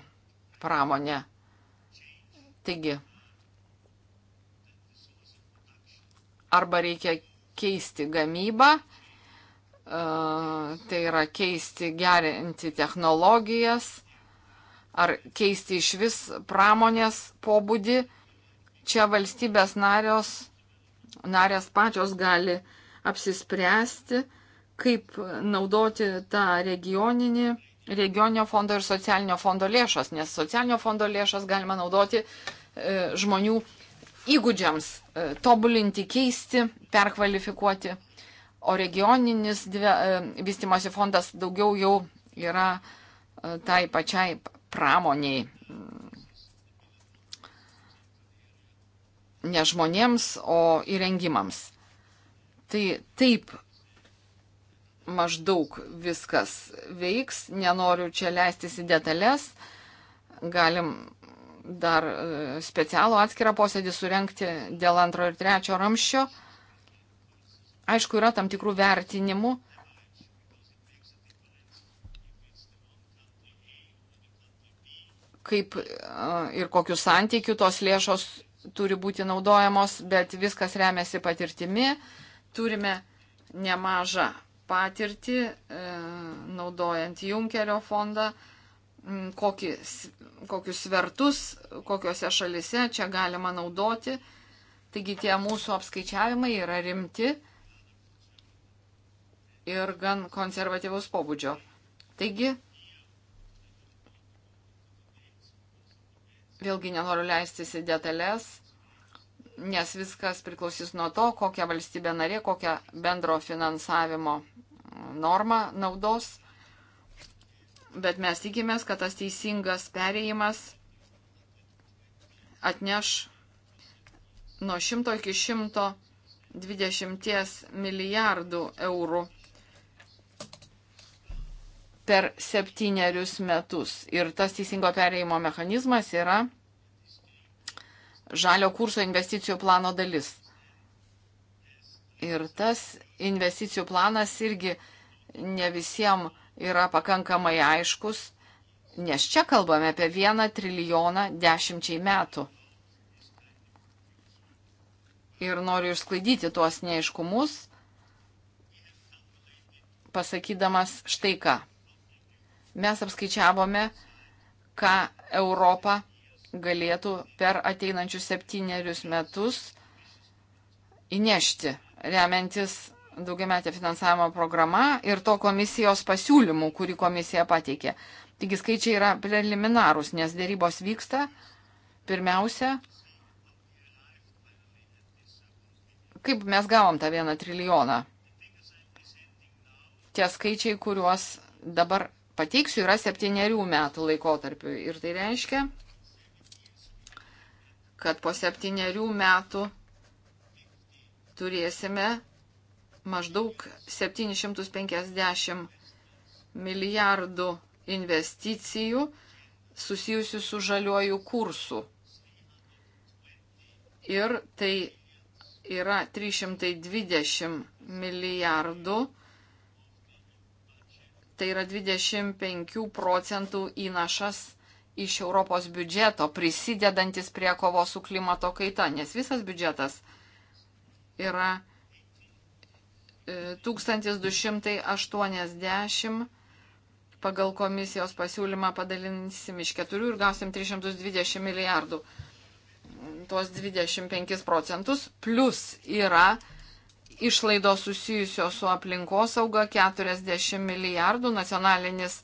pramonė. Taigi, arba reikia keisti gamybą, e, tai yra keisti, gerinti technologijas, ar keisti iš vis pramonės pobūdį. Čia valstybės narios, narės pačios gali apsispręsti, kaip naudoti tą regioninį, regioninio fondo ir socialinio fondo lėšas, nes socialinio fondo lėšas galima naudoti e, žmonių įgūdžiams e, tobulinti, keisti, perkvalifikuoti, o regioninis e, vystimosi fondas daugiau jau yra e, tai pačiai pramoniai, ne žmonėms, o įrengimams. Tai taip maždaug viskas veiks, nenoriu čia leistis į detalės, galim dar e, specialų atskirą posėdį surenkti dėl antro ir trečio ramščio. Aišku, yra tam tikrų vertinimų. kaip e, ir kokiu santykiu tos lėšos turi būti naudojamos, bet viskas remiasi patirtimi. Turime nemažą patirtį e, naudojant Junkerio fondą, Mm, kokius, kokius svertus, kokiuose šalise čia galima naudoti. Taigi tie mūsų apskaičiavimai yra rimti ir gan konservatyvus pobūdžio. Taigi, vėlgi nenoriu leistis į detalės, nes viskas priklausys nuo to, kokią valstybę narė, kokią bendro finansavimo normą naudos bet mes tikimės, kad tas teisingas perėjimas atneš nuo 100 iki 120 milijardų eurų per septynerius metus. Ir tas teisingo perėjimo mechanizmas yra žalio kurso investicijų plano dalis. Ir tas investicijų planas irgi ne visiems yra pakankamai aiškus, nes čia kalbame apie vieną trilijoną dešimčiai metų. Ir noriu išsklaidyti tuos neaiškumus, pasakydamas štai ką. Mes apskaičiavome, ką Europa galėtų per ateinančius septynerius metus įnešti, remiantis daugiametė finansavimo programa ir to komisijos pasiūlymų, kurį komisija pateikė. Taigi skaičiai yra preliminarūs, nes dėrybos vyksta. Pirmiausia, kaip mes gavom tą vieną trilijoną? Tie skaičiai, kuriuos dabar pateiksiu, yra septyniarių metų laikotarpiu. Ir tai reiškia, kad po septyniarių metų turėsime maždaug 750 milijardų investicijų susijusių su žaliuoju kursu. Ir tai yra 320 milijardų, tai yra 25 procentų įnašas iš Europos biudžeto, prisidedantis prie kovos su klimato kaita, nes visas biudžetas yra 1280 pagal komisijos pasiūlymą padalinsim iš keturių ir gausim 320 milijardų. Tuos 25 procentus plus yra išlaidos susijusios su aplinkosauga 40 milijardų, nacionalinis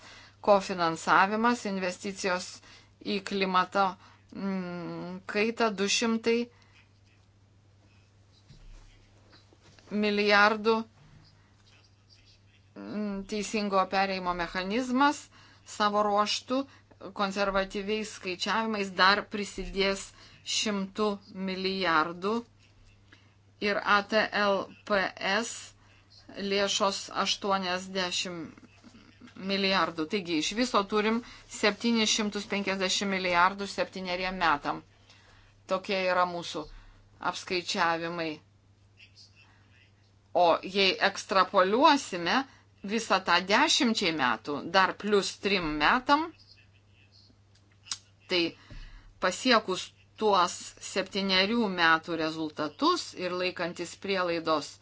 kofinansavimas, investicijos į klimato mm, kaitą 200 milijardų Mm, teisingo pereimo mechanizmas savo ruoštų konservatyviais skaičiavimais dar prisidės šimtų milijardų ir ATLPS lėšos 80 milijardų. Taigi iš viso turim 750 milijardų septyneriem metam. Tokie yra mūsų apskaičiavimai. O jei ekstrapoliuosime, visą tą dešimčiai metų, dar plus trim metam, tai pasiekus tuos septyniarių metų rezultatus ir laikantis prielaidos,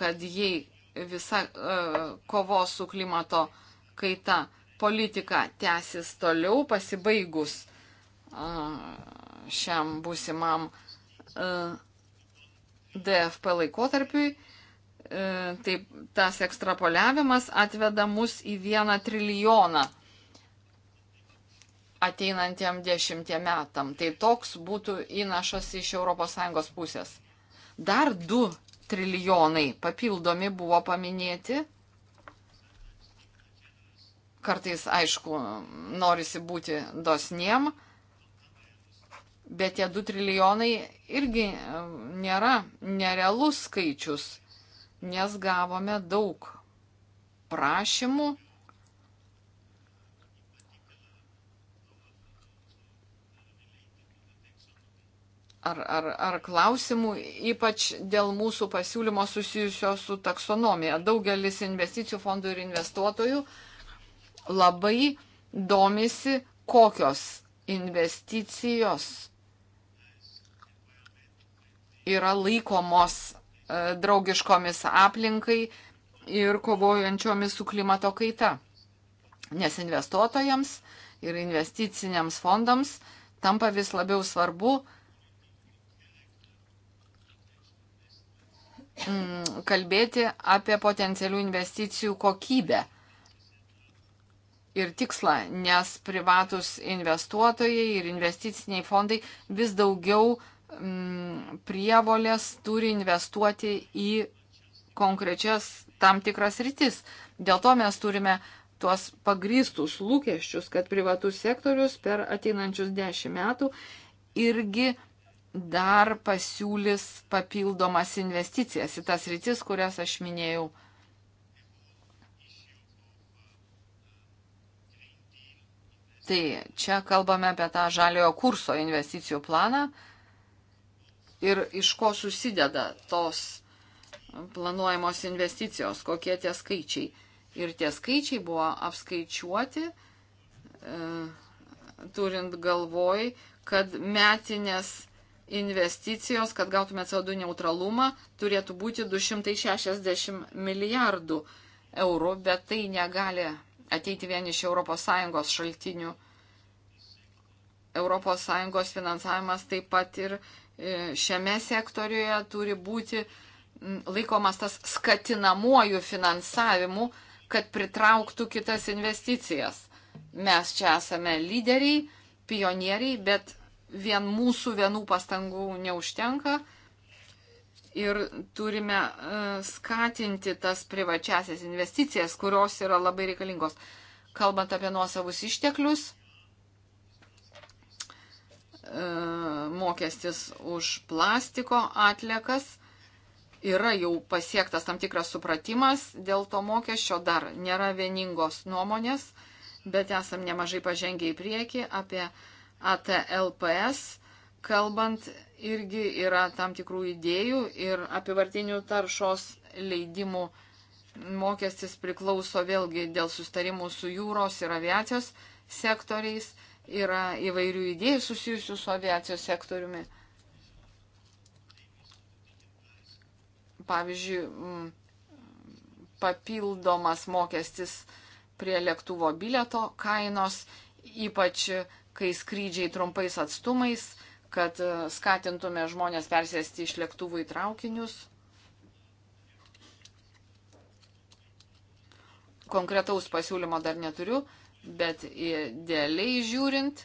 kad jei visa e, kovos su klimato kaita politika tęsis toliau, pasibaigus e, šiam būsimam e, DFP laikotarpiui, E, taip, tas ekstrapoliavimas atveda mus į vieną trilijoną ateinantiem dešimtie metam. Tai toks būtų įnašas iš ES pusės. Dar 2 trilijonai papildomi buvo paminėti. Kartais, aišku, norisi būti dosniem, bet tie 2 trilijonai irgi e, nėra nerealus skaičius nes gavome daug prašymų. Ar, ar, ar klausimų, ypač dėl mūsų pasiūlymo susijusio su taksonomija. Daugelis investicijų fondų ir investuotojų labai domisi, kokios investicijos yra laikomos E, draugiškomis aplinkai ir kovojančiomis su klimato kaita. Nes investuotojams ir investiciniams fondams tampa vis labiau svarbu mm, kalbėti apie potencialių investicijų kokybę ir tikslą, nes privatus investuotojai ir investiciniai fondai vis daugiau uh, Mm, prievolės turi investuoti į konkrečias tam tikras rytis. Dėl to mes turime tuos pagrįstus lūkesčius, kad privatus sektorius per ateinančius dešimt metų irgi dar pasiūlys papildomas investicijas į tas rytis, kurias aš minėjau. Tai čia kalbame apie tą žaliojo kurso investicijų planą ir iš ko susideda tos planuojamos investicijos, kokie tie skaičiai. Ir tie skaičiai buvo apskaičiuoti, e, turint galvoj, kad metinės investicijos, kad gautume CO2 neutralumą, turėtų būti 260 milijardų eurų, bet tai negali ateiti vien iš ES šaltinių. ES finansavimas taip pat ir E, šiame sektoriuje turi būti laikomas tas skatinamuoju finansavimu, kad pritrauktų kitas investicijas. Mes čia esame lyderiai, pionieriai, bet vien mūsų vienų pastangų neužtenka ir turime e, skatinti tas privačiasias investicijas, kurios yra labai reikalingos. Kalbant apie nuosavus išteklius, E, mokestis už plastiko atliekas. Yra jau pasiektas tam tikras supratimas dėl to mokesčio, dar nėra vieningos nuomonės, bet esam nemažai pažengę į priekį apie ATLPS. Kalbant, irgi yra tam tikrų idėjų ir apivartinių taršos leidimų mokestis priklauso vėlgi dėl sustarimų su jūros ir aviacijos sektoriais yra įvairių idėjų susijusių su aviacijos sektoriumi. Pavyzdžiui, papildomas mokestis prie lėktuvo bileto kainos, ypač kai skrydžiai trumpais atstumais, kad e, skatintume žmonės persėsti iš lėktuvų į traukinius. Konkretaus pasiūlymo dar neturiu, bet idealiai žiūrint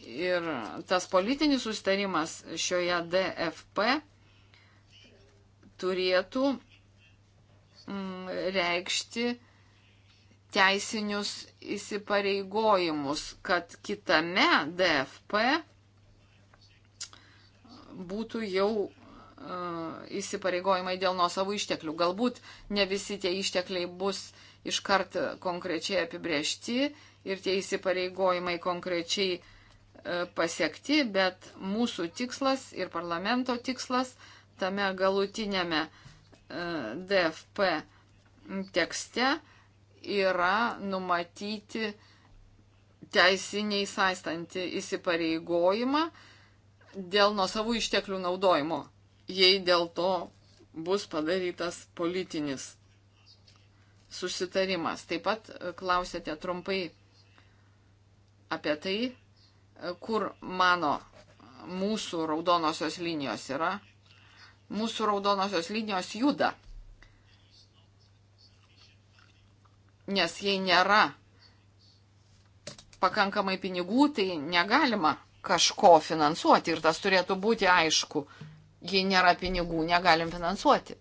ir tas politinis sustarimas šioje DFP turėtų mm, reikšti teisinius įsipareigojimus, kad kitame DFP būtų jau e, įsipareigojimai dėl nuosavų išteklių. Galbūt ne visi tie ištekliai bus iškart konkrečiai apibriešti, ir tie įsipareigojimai konkrečiai e, pasiekti, bet mūsų tikslas ir parlamento tikslas tame galutinėme e, DFP tekste yra numatyti teisiniai saistanti įsipareigojimą dėl nuosavų išteklių naudojimo, jei dėl to bus padarytas politinis susitarimas. Taip pat e, klausėte trumpai apie tai, kur mano mūsų raudonosios linijos yra. Mūsų raudonosios linijos juda. Nes jei nėra pakankamai pinigų, tai negalima kažko finansuoti ir tas turėtų būti aišku. Jei nėra pinigų, negalim finansuoti.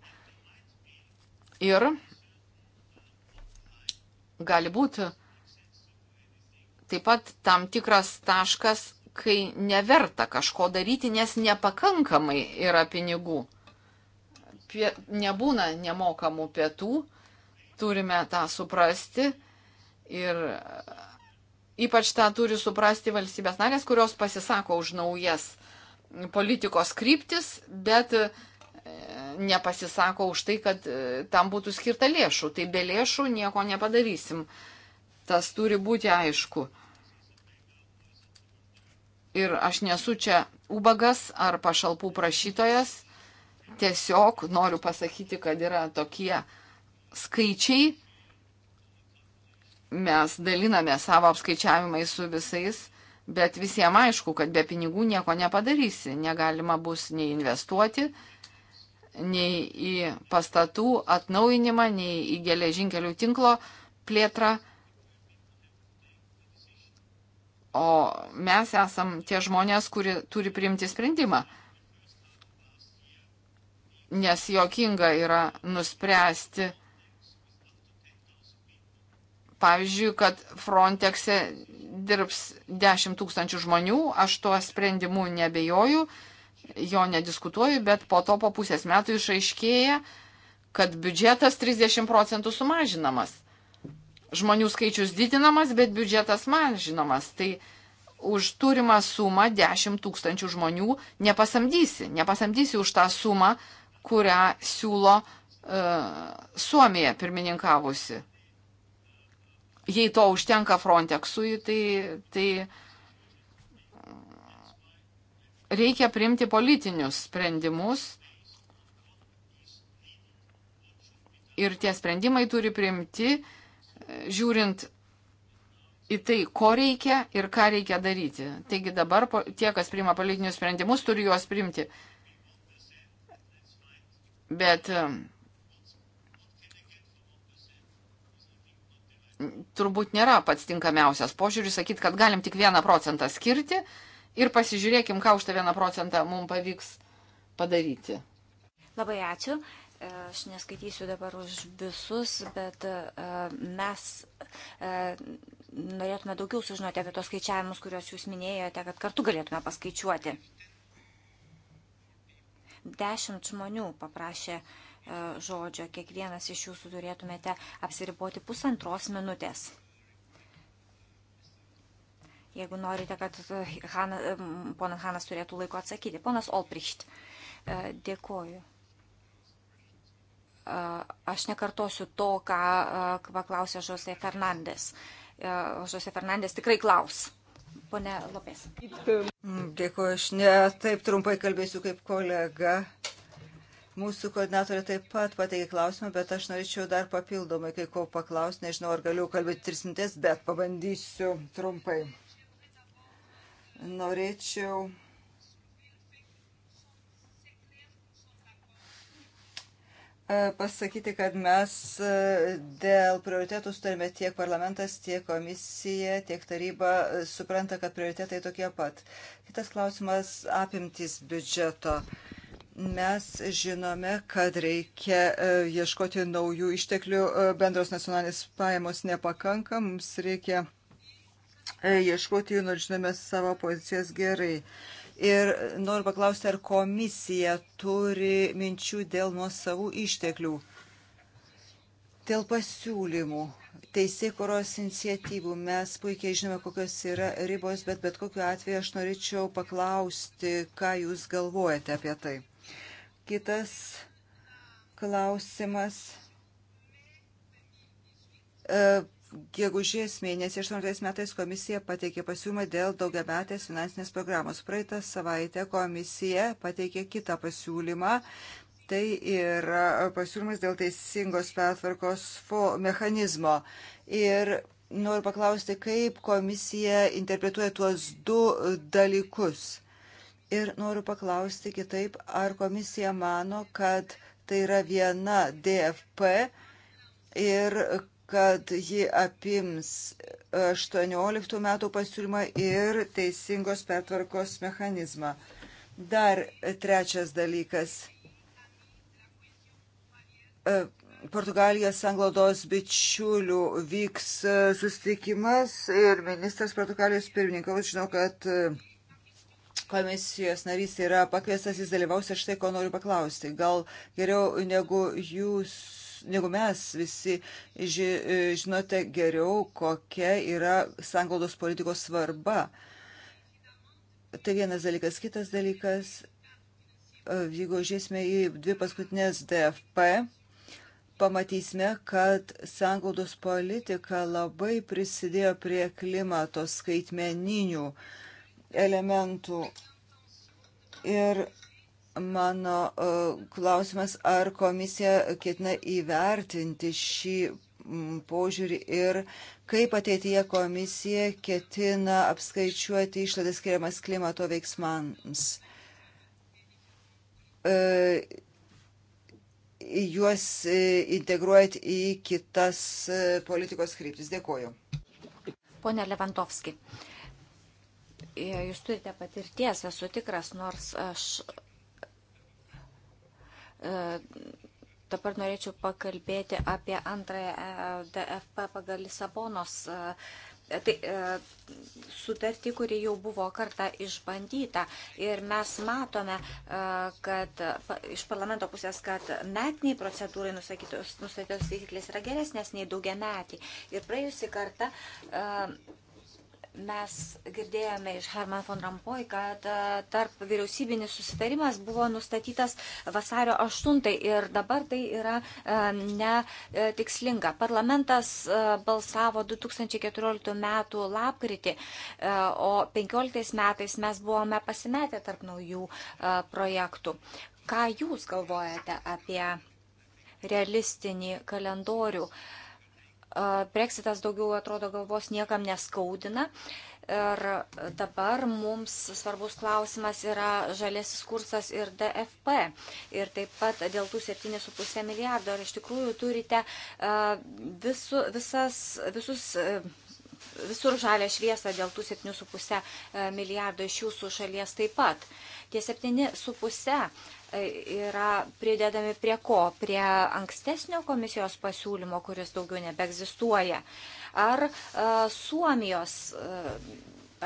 Ir gali būti, taip pat tam tikras taškas, kai neverta kažko daryti, nes nepakankamai yra pinigų. Pie, nebūna nemokamų pietų, turime tą suprasti ir ypač tą turi suprasti valstybės narės, kurios pasisako už naujas politikos kryptis, bet e, nepasisako už tai, kad e, tam būtų skirta lėšų. Tai be lėšų nieko nepadarysim. Tas turi būti aišku ir aš nesu čia ubagas ar pašalpų prašytojas, tiesiog noriu pasakyti, kad yra tokie skaičiai, mes daliname savo apskaičiavimai su visais, bet visiems aišku, kad be pinigų nieko nepadarysi, negalima bus nei investuoti, nei į pastatų atnaujinimą, nei į geležinkelių tinklo plėtrą O mes esam tie žmonės, kurie turi priimti sprendimą. Nes jokinga yra nuspręsti, pavyzdžiui, kad Frontexe dirbs 10 tūkstančių žmonių, aš tuo sprendimu nebejoju, jo nediskutuoju, bet po to po pusės metų išaiškėja, kad biudžetas 30 procentų sumažinamas žmonių skaičius didinamas, bet biudžetas mažinamas. Tai už turimą sumą 10 tūkstančių žmonių nepasamdysi. Nepasamdysi už tą sumą, kurią siūlo uh, Suomija pirmininkavusi. Jei to užtenka Frontexui, tai, tai reikia priimti politinius sprendimus. Ir tie sprendimai turi priimti uh, žiūrint į tai, ko reikia ir ką reikia daryti. Taigi dabar tie, kas priima politinius sprendimus, turi juos priimti. Bet turbūt nėra pats tinkamiausias požiūris sakyti, kad galim tik vieną procentą skirti ir pasižiūrėkim, ką už tą vieną procentą mums pavyks padaryti. Labai ačiū. Aš neskaitysiu dabar už visus, bet e, mes e, norėtume daugiau sužinoti apie tos skaičiavimus, kuriuos jūs minėjote, kad kartu galėtume paskaičiuoti. Dešimt žmonių paprašė e, žodžio, kiekvienas iš jūsų turėtumėte apsiriboti pusantros minutės. Jeigu norite, kad Hana, ponas Hanas turėtų laiko atsakyti. Ponas Olpricht, dėkoju. Aš nekartosiu to, ką paklausė Žosė Fernandės. Žosė Fernandės tikrai klaus. Pone Lopės. Mm, dėkuoju, aš ne taip trumpai kalbėsiu kaip kolega. Mūsų koordinatorė taip pat pateikė klausimą, bet aš norėčiau dar papildomai kai ko paklausti. Nežinau, ar galiu kalbėti tris mintis, bet pabandysiu trumpai. Norėčiau E, pasakyti, kad mes e, dėl prioritetų sutarime tiek parlamentas, tiek komisija, tiek taryba e, supranta, kad prioritetai tokie pat. Kitas klausimas - apimtys biudžeto. Mes žinome, kad reikia ieškoti naujų išteklių, bendros nacionalinės pajamos nepakanka, mums reikia ieškoti jų, nors žinome savo pozicijas gerai. Ir noriu paklausti, ar komisija turi minčių dėl nuosavų išteklių, dėl pasiūlymų, teisėkuros iniciatyvų. Mes puikiai žinome, kokios yra ribos, bet bet kokiu atveju aš norėčiau paklausti, ką jūs galvojate apie tai. Kitas klausimas. E, Gegužės mėnesį 18 metais komisija pateikė pasiūlymą dėl daugiametės finansinės programos. Praeitą savaitę komisija pateikė kitą pasiūlymą. Tai yra pasiūlymas dėl teisingos pertvarkos mechanizmo. Ir noriu paklausti, kaip komisija interpretuoja tuos du dalykus. Ir noriu paklausti kitaip, ar komisija mano, kad tai yra viena DFP ir kad ji apims 18 metų pasiūlymą ir teisingos pertvarkos mechanizmą. Dar trečias dalykas. E, Portugalijos anglodos bičiulių vyks e, susitikimas ir ministras Portugalijos pirmininkas, žinau, kad e, komisijos narys yra pakviestas, jis dalyvaus ir štai ko noriu paklausti. Gal geriau negu jūs negu mes visi ži, e, žinote geriau, kokia yra sanglaudos politikos svarba. Tai vienas dalykas. Kitas dalykas, e, jeigu žiūrėsime į dvi paskutinės DFP, pamatysime, kad sanglaudos politika labai prisidėjo prie klimato skaitmeninių elementų. Ir Mano e, klausimas, ar komisija ketina įvertinti šį požiūrį ir kaip ateityje komisija ketina apskaičiuoti išladas skiriamas klimato veiksmams. E, juos e, integruojant į kitas politikos kryptis. Dėkuoju. Pone Levantovski, jūs turite patirties, esu tikras, nors aš E, dabar norėčiau pakalbėti apie antrąją e DFP pagal Lisabonos e, tai, sutartį, kuri jau buvo kartą išbandyta. Ir mes matome, kad iš parlamento pusės, kad metiniai procedūrai nustatytos taisyklės yra geresnės nei daugia metį. Ir praėjusi kartą Mes girdėjome iš Herman von Rampoj, kad e, tarp vyriausybinis susitarimas buvo nustatytas vasario 8 ir dabar tai yra e, netikslinga. E, Parlamentas balsavo 2014 m. lapkritį, o 2015 metais mes buvome pasimetę tarp naujų projektų. Ką Jūs galvojate apie realistinį kalendorių? Uh, Brexitas daugiau atrodo galvos niekam neskaudina. Ir dabar mums svarbus klausimas yra žalėsis kursas ir DFP. Ir taip pat dėl tų 7,5 milijardo. Ar iš tikrųjų turite visu, visas, visus visur žalę šviesą dėl tų 7,5 milijardo iš jūsų šalies taip pat. Uh, Tie 7,5 e, yra pridedami prie ko? Prie ankstesnio komisijos pasiūlymo, kuris daugiau nebeegzistuoja. Ar uh, Suomijos. Uh,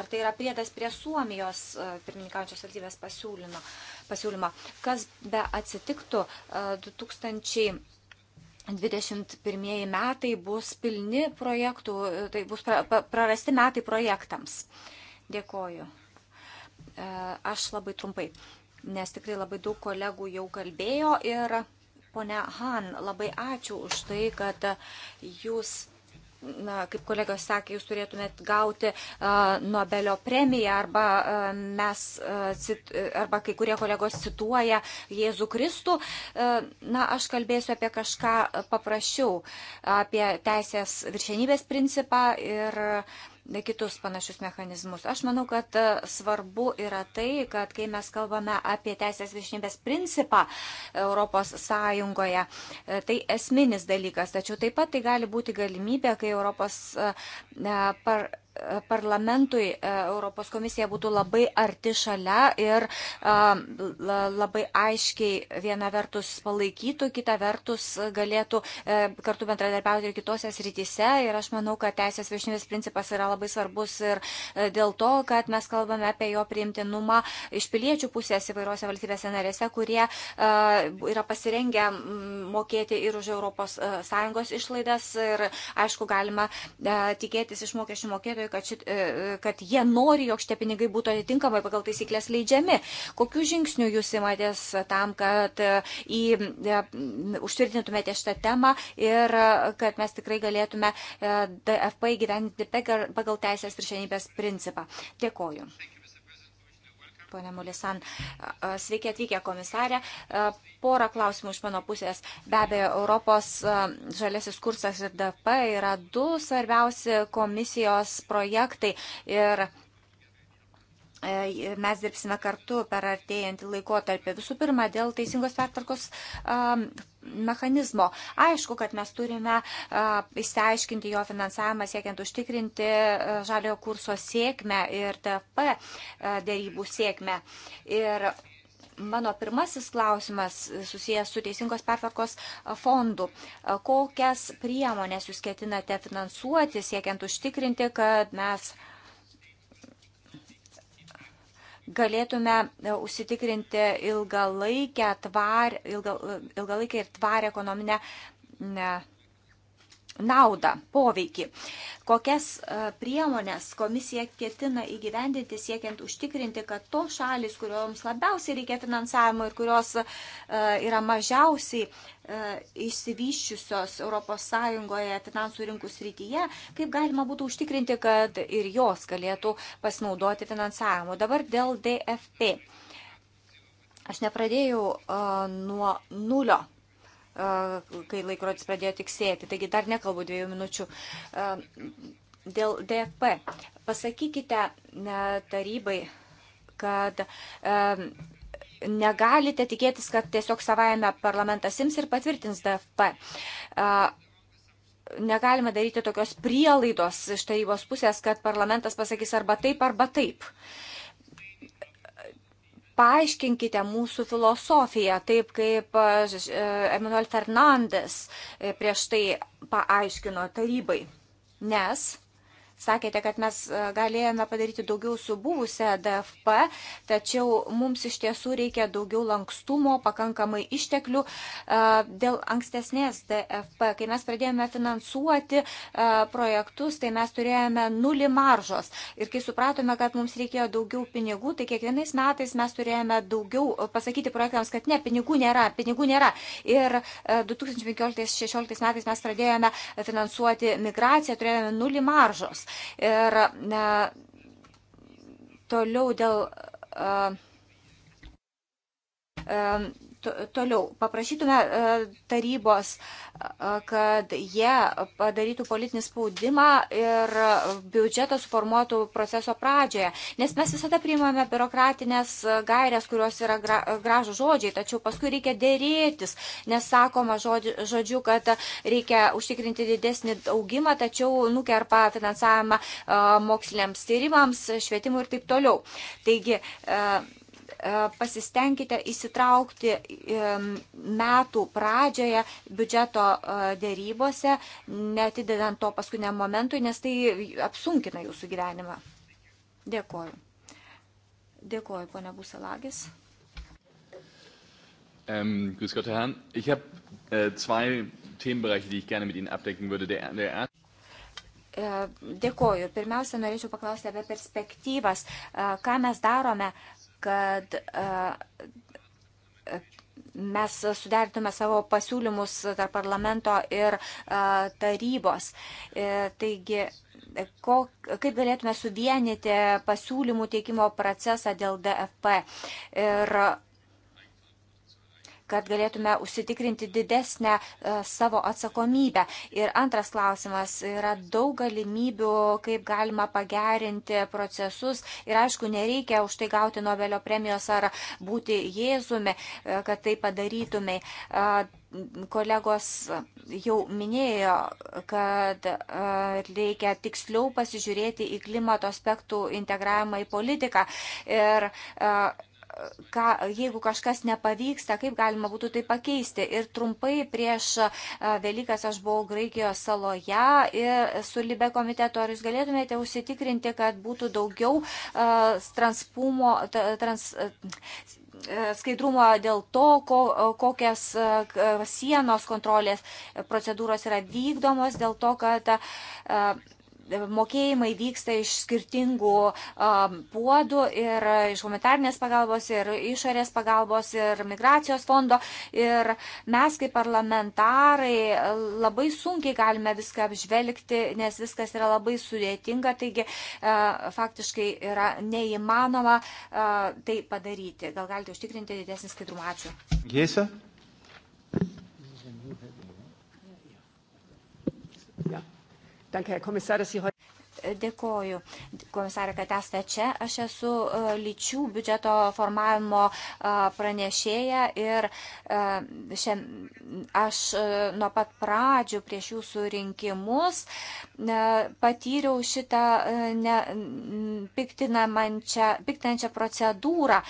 Ar tai yra priedas prie Suomijos pirmininkaujančios valstybės pasiūlymo, pasiūlymo? Kas be atsitiktų, 2021 metai bus pilni projektų, tai bus prarasti metai projektams. Dėkoju. E, aš labai trumpai, nes tikrai labai daug kolegų jau kalbėjo ir ponia Han, labai ačiū už tai, kad jūs na, kaip kolegos sakė, jūs turėtumėt gauti uh, Nobelio premiją arba uh, mes, uh, cit, arba kai kurie kolegos cituoja Jėzų Kristų. Uh, na, aš kalbėsiu apie kažką paprasčiau, apie teisės viršenybės principą ir uh, kitus panašius mechanizmus. Aš manau, kad e, svarbu yra tai, kad kai mes kalbame apie teisės viršinybės principą Europos Sąjungoje, e, tai esminis dalykas, tačiau taip pat tai gali būti galimybė, kai Europos e, par parlamentui e, Europos komisija būtų labai arti šalia ir e, labai aiškiai viena vertus palaikytų, kita vertus galėtų e, kartu bendradarbiauti ir kitose srityse. Ir aš manau, kad teisės viršinės principas yra labai svarbus ir dėl to, kad mes kalbame apie jo priimtinumą iš piliečių pusės įvairiuose valstybėse narėse, kurie yra pasirengę mokėti ir už ES išlaidas. Ir aišku, galima tikėtis iš mokesčių mokėtojų sektoriui, kad, šit, e, kad jie nori, jog šitie pinigai būtų atitinkamai pagal taisyklės leidžiami. Kokių žingsnių jūs įmatės tam, kad e, į, e, užtvirtintumėte šitą temą ir kad mes tikrai galėtume DFP įgyvendinti pagal teisės viršenybės principą? Dėkoju. Pone Mulisan, sveiki atvykę komisarė. Porą klausimų iš mano pusės. Be abejo, Europos žalėsis kursas ir DP yra du svarbiausi komisijos projektai. Ir E, mes dirbsime kartu per artėjantį laikotarpį. Visų pirma, dėl teisingos pertvarkos mechanizmo. Aišku, kad mes turime įsiaiškinti jo finansavimą, siekiant užtikrinti žaliojo kurso sėkmę ir TP dėrybų sėkmę. Ir mano pirmasis klausimas susijęs su Teisingos pertvarkos fondu. Kokias priemonės jūs ketinate finansuoti, siekiant užtikrinti, kad mes galėtume e, užsitikrinti ilgalaikę, tvar, ilga, e, ilgalaikę ir tvarę ekonominę ne, naudą, poveikį. Kokias e, priemonės komisija ketina įgyvendinti siekiant užtikrinti, kad to šalis, kurioms labiausiai reikia finansavimo ir kurios e, yra mažiausiai e, išsivyščiusios ES finansų rinkų srityje, kaip galima būtų užtikrinti, kad ir jos galėtų pasinaudoti finansavimu. Dabar dėl DFP. Aš nepradėjau uh, nuo nulio kai laikrodis pradėjo tiksėti. Taigi dar nekalbu dviejų minučių. Dėl DFP. Pasakykite tarybai, kad negalite tikėtis, kad tiesiog savaime parlamentas ims ir patvirtins DFP negalime daryti tokios prielaidos iš tarybos pusės, kad parlamentas pasakys arba taip, arba taip. Uh, paaiškinkite mūsų filosofiją, taip kaip e, e, Emanuel Fernandes e, prieš tai paaiškino tarybai. Nes sakėte, kad mes e, galėjome padaryti daugiau su buvusią DFP, tačiau mums iš tiesų reikia daugiau lankstumo, pakankamai išteklių e, dėl ankstesnės DFP. Kai mes pradėjome finansuoti e, projektus, tai mes turėjome nulį maržos. Ir kai supratome, kad mums reikėjo daugiau pinigų, tai kiekvienais metais mes turėjome daugiau pasakyti projektams, kad ne, pinigų nėra, pinigų nėra. Ir 2015-2016 metais mes pradėjome finansuoti migraciją, turėjome nulį maržos. Ir ne, toliau dėl. A, e, a, e, toliau paprašytume e, tarybos, e, kad jie padarytų politinį spaudimą ir biudžetą suformuotų proceso pradžioje. Nes mes visada priimame biurokratinės gairias, kurios yra gražų žodžiai, tačiau paskui reikia dėrėtis, nes sakoma žodžiu, kad reikia užtikrinti didesnį augimą, tačiau nukerpa finansavimą e, moksliniams tyrimams, švietimui ir taip toliau. Taigi, E, pasistengkite įsitraukti e, metų pradžioje biudžeto e, dėrybose, netidedant to paskutiniam momentui, nes tai apsunkina jūsų gyvenimą. Dėkoju. Dėkoju, ponia Buselagis. Ähm, grüß Gott, Herr Hahn. Ich habe äh, zwei Themenbereiche, die ich gerne mit Ihnen abdecken würde. Der, der erste äh, Dėkoju. Pirmiausia, norėčiau paklausti apie perspektyvas. Äh, ką mes darome kad e, mes sudertume savo pasiūlymus tarp parlamento ir e, tarybos. E, taigi, kaip galėtume suvienyti pasiūlymų teikimo procesą dėl DFP. Ir kad galėtume užsitikrinti didesnę e, savo atsakomybę. Ir antras klausimas yra daug galimybių, kaip galima pagerinti procesus. Ir aišku, nereikia už tai gauti Nobelio premijos ar būti Jėzumi, e, kad tai padarytumai e, kolegos jau minėjo, kad reikia tiksliau pasižiūrėti į klimato aspektų integravimą į politiką. Ir ka, jeigu kažkas nepavyksta, kaip galima būtų tai pakeisti. Ir trumpai prieš e, Velykas aš buvau Graikijos saloje ir su Libe komitetu, ar jūs galėtumėte užsitikrinti, kad būtų daugiau uh, transpumo, trans, e, skaidrumo dėl to, ko, kokias sienos kontrolės procedūros yra vykdomos, dėl to, kad uh, mokėjimai vyksta iš skirtingų puodų ir iš humanitarnės pagalbos, ir išorės pagalbos, ir migracijos fondo. Ir mes kaip parlamentarai labai sunkiai galime viską apžvelgti, nes viskas yra labai sudėtinga, taigi faktiškai yra neįmanoma tai padaryti. Gal galite užtikrinti didesnį skaidrumą? Ačiū. Gėsia. Danke, Herr Kommissar, dass Sie heute. Dėkoju, komisarė, kad esate čia. Aš esu e, lyčių biudžeto formavimo e, pranešėja ir e, šiam, aš nuo pat pradžių prieš jūsų rinkimus patyriau šitą ne, piktinančią procedūrą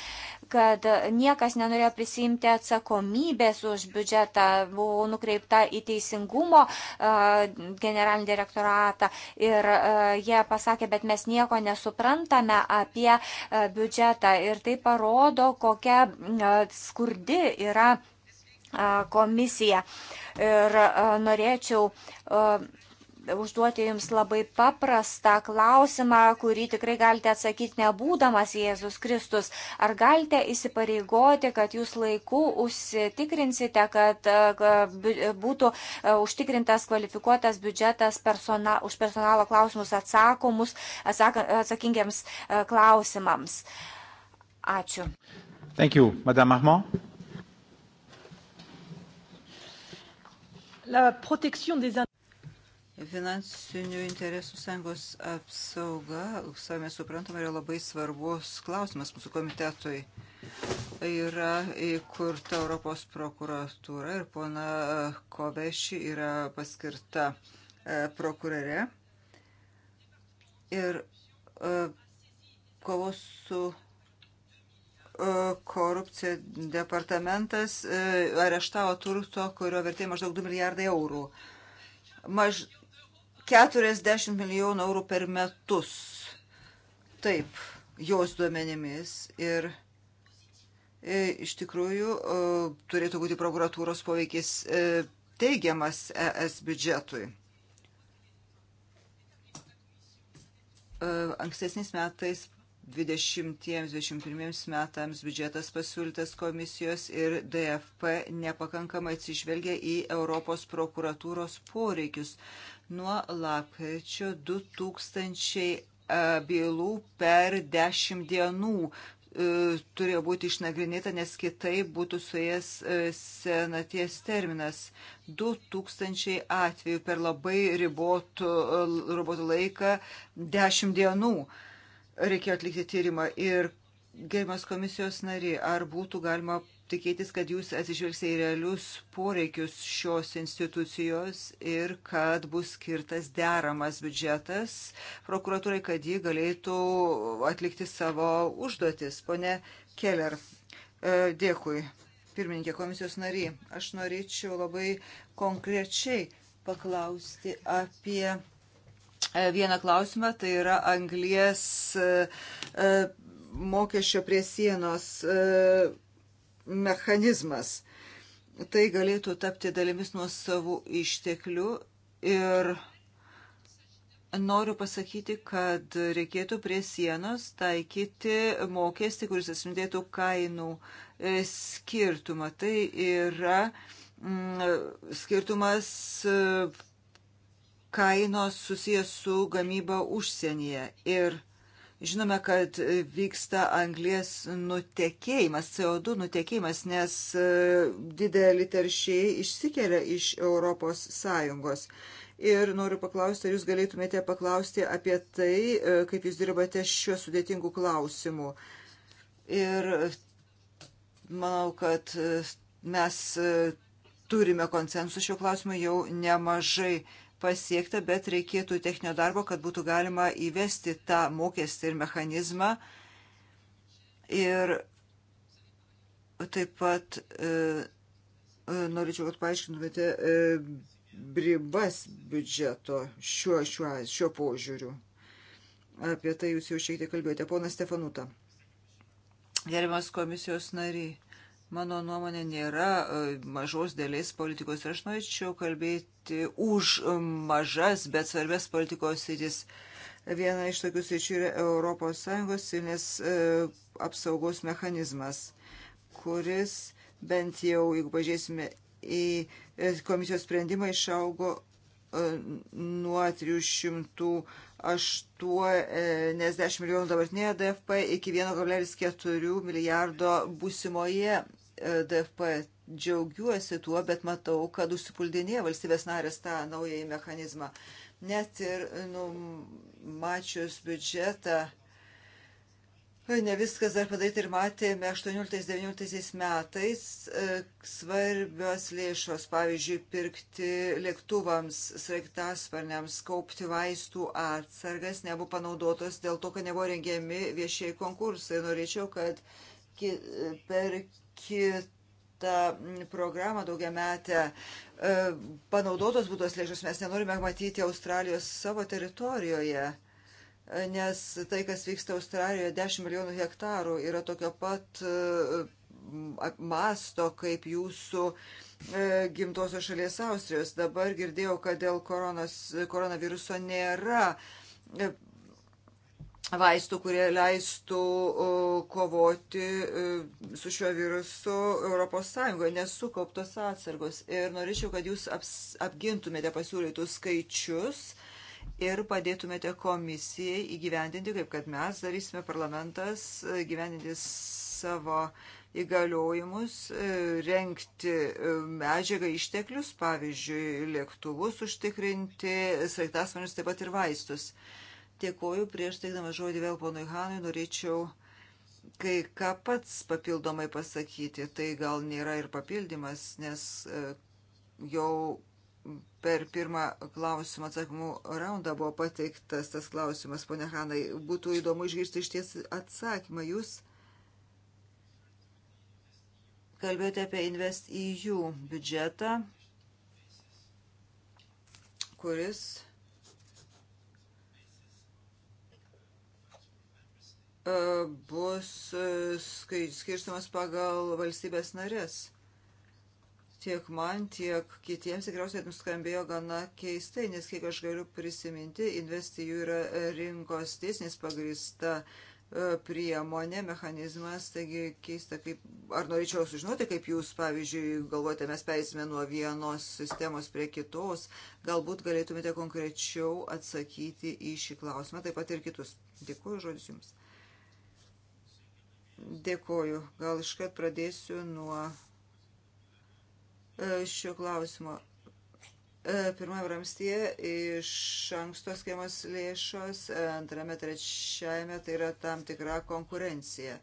kad niekas nenorėjo prisimti atsakomybės už biudžetą, buvau nukreipta į teisingumo generalinį direktoratą ir jie pasakė, bet mes nieko nesuprantame apie biudžetą ir tai parodo, kokia skurdi yra komisija. Ir norėčiau užduoti jums labai paprastą klausimą, kurį tikrai galite atsakyti nebūdamas Jėzus Kristus. Ar galite įsipareigoti, kad jūs laiku užsitikrinsite, kad e, būtų e, užtikrintas kvalifikuotas biudžetas persona, už personalo klausimus atsakomus, atsak, atsakingiams e, klausimams? Ačiū. Thank you, Madame Armand. La protection des Finansinių interesų sąjungos apsauga, savame suprantama, yra labai svarbus klausimas mūsų komitetui. Yra įkurta Europos prokuratūra ir pona Koveši yra paskirta e, prokurore. Ir e, kovos su e, korupcija departamentas areštavo turto, kurio vertė maždaug 2 milijardai eurų. Maž, 40 milijonų eurų per metus. Taip, jos duomenimis. Ir e, iš tikrųjų e, turėtų būti prokuratūros poveikis e, teigiamas ES biudžetui. Ankstesniais metais 20-21 metams biudžetas pasiūlytas komisijos ir DFP nepakankamai atsižvelgia į Europos prokuratūros poreikius. Nuo lapkričio 2000 e, bylų per 10 dienų e, turėjo būti išnagrinėta, nes kitaip būtų suėjęs e, senaties terminas. 2000 atvejų per labai ribotų, ribotų laiką, 10 dienų reikėjo atlikti tyrimą. Ir gerimas komisijos nari, ar būtų galima tikėtis, kad jūs atsižvelgsite į realius poreikius šios institucijos ir kad bus skirtas deramas biudžetas prokuratūrai, kad ji galėtų atlikti savo užduotis. Pone Keller, e, dėkui. Pirmininkė komisijos nariai, aš norėčiau labai konkrečiai paklausti apie e, vieną klausimą, tai yra anglies e, mokesčio prie sienos mechanizmas. Tai galėtų tapti dalimis nuo savų išteklių ir noriu pasakyti, kad reikėtų prie sienos taikyti mokestį, kuris atsimdėtų kainų e, skirtumą. Tai yra mm, skirtumas e, kainos susijęs su gamyba užsienyje. Ir Žinome, kad vyksta anglės nutekėjimas, CO2 nutekėjimas, nes e, dideli teršiai išsikelia iš Europos Sąjungos. Ir noriu paklausti, ar jūs galėtumėte paklausti apie tai, e, kaip jūs dirbate šiuo sudėtingu klausimu. Ir manau, kad e, mes turime konsensus šiuo klausimu jau nemažai pasiekta, bet reikėtų techninio darbo, kad būtų galima įvesti tą mokestį ir mechanizmą. Ir taip pat e, e, norėčiau, kad paaiškintumėte e, ribas biudžeto šiuo, šiuo, šiuo požiūriu. Apie tai jūs jau šiek tiek kalbėjote, ponas Stefanuta. Gerimas komisijos nariai mano nuomonė, nėra e, mažos dėlės politikos. Ir aš norėčiau kalbėti už e, mažas, bet svarbės politikos sritis. Viena iš tokių sričių yra ES civilinės e, apsaugos mechanizmas, kuris bent jau, jeigu pažiūrėsime į komisijos sprendimą, išaugo nuo 380 milijonų dabartinėje DFP iki 1,4 milijardo būsimoje E, DFP. Džiaugiuosi tuo, bet matau, kad užsipuldinėja valstybės narės tą naująjį mechanizmą. Net ir numačius biudžetą Ne viskas dar padaryti ir matėme 18-19 metais e, svarbios lėšos, pavyzdžiui, pirkti lėktuvams, sraigtasparniams, kaupti vaistų atsargas nebuvo panaudotos dėl to, kad nebuvo rengiami viešieji konkursai. Norėčiau, kad per kitą mm, programą daugiametę e, panaudotos būtos lėšos. Mes nenorime matyti Australijos savo teritorijoje e, nes tai, kas vyksta Australijoje, 10 milijonų hektarų yra tokio pat e, masto kaip jūsų gimtosios šalies Austrijos. Dabar girdėjau, kad dėl koronas, koronaviruso nėra vaistų, kurie leistų kovoti e, su šiuo virusu ES, nesukauptos atsargos. Ir norėčiau, kad jūs apgintumėte pasiūlytus skaičius ir padėtumėte komisijai įgyvendinti, kaip kad mes darysime parlamentas, e, gyvendinti savo įgaliojimus, e, renkti medžiagą išteklius, pavyzdžiui, lėktuvus užtikrinti, sraigtasmanius, taip pat ir vaistus. Uh, Dėkoju, prieš teikdama žodį vėl ponui Hanui, norėčiau kai ką pats papildomai pasakyti. Tai gal nėra ir papildymas, nes e, jau per pirmą klausimą atsakymų raundą buvo pateiktas tas klausimas, ponia Hanai. Būtų įdomu išgirsti iš ties atsakymą. Jūs kalbėjote apie Invest EU biudžetą, kuris E, bus e, skirstamas pagal valstybės narės. Tiek man, tiek kitiems tikriausiai nuskambėjo gana keistai, nes kiek aš galiu prisiminti, investijų yra rinkos tiesnės pagrįsta e, priemonė, mechanizmas, taigi keista, kaip, ar norėčiau sužinoti, kaip jūs, pavyzdžiui, galvojate, mes peisime nuo vienos sistemos prie kitos, galbūt galėtumėte konkrečiau atsakyti į šį klausimą, taip pat ir kitus. Dėkuoju žodis jums. Dėkoju. Gal iškart pradėsiu nuo e, šio klausimo. E, pirmame ramstyje iš anksto skiriamas lėšos, e, antrame, trečiajame tai yra tam tikra konkurencija.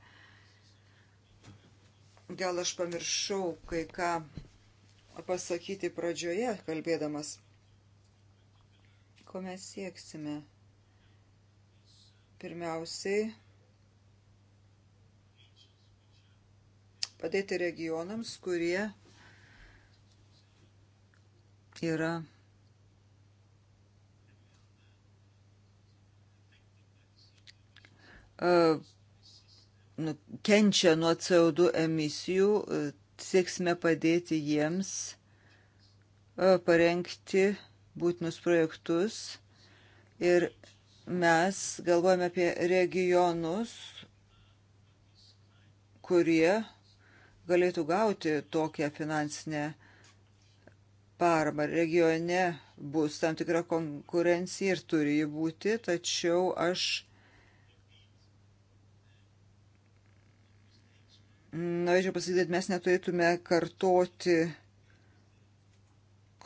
Gal aš pamiršau kai ką pasakyti pradžioje, kalbėdamas, ko mes sieksime. Pirmiausiai, padėti regionams, kurie yra nu, kenčia nuo CO2 emisijų, sieksime padėti jiems parengti būtinus projektus ir mes galvojame apie regionus, kurie galėtų gauti tokią finansinę paramą. Regione bus tam tikra konkurencija ir turi jį būti, tačiau aš norėčiau pasakyti, kad mes neturėtume kartoti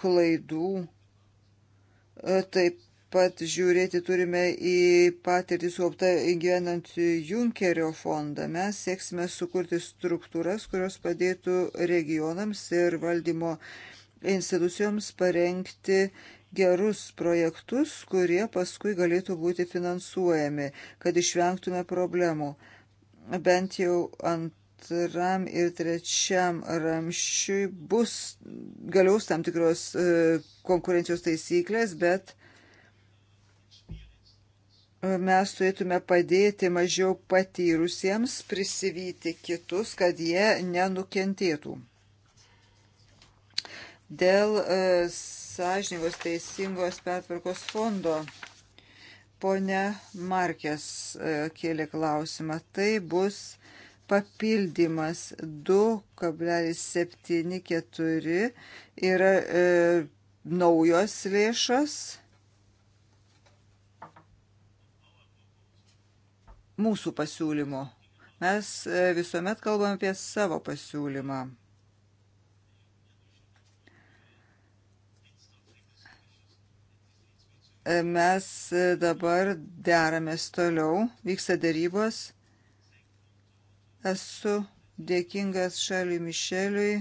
klaidų. Taip pat žiūrėti turime į patirtį suoptą įgyvenant Junkerio fondą. Mes sieksime sukurti struktūras, kurios padėtų regionams ir valdymo institucijoms parengti gerus projektus, kurie paskui galėtų būti finansuojami, kad išvengtume problemų. Bent jau antram ir trečiam ramščiui bus galiaus tam tikros e, konkurencijos taisyklės, bet mes turėtume padėti mažiau patyrusiems prisivyti kitus, kad jie nenukentėtų. Dėl e, sąžiningos teisingos pertvarkos fondo ponia Markės e, kėlė klausimą. Tai bus papildymas 2,74 yra e, naujos lėšos mūsų pasiūlymo. Mes e, visuomet kalbam apie savo pasiūlymą. E, mes e, dabar deramės toliau, vyksta darybos. Esu dėkingas Šaliui Mišeliui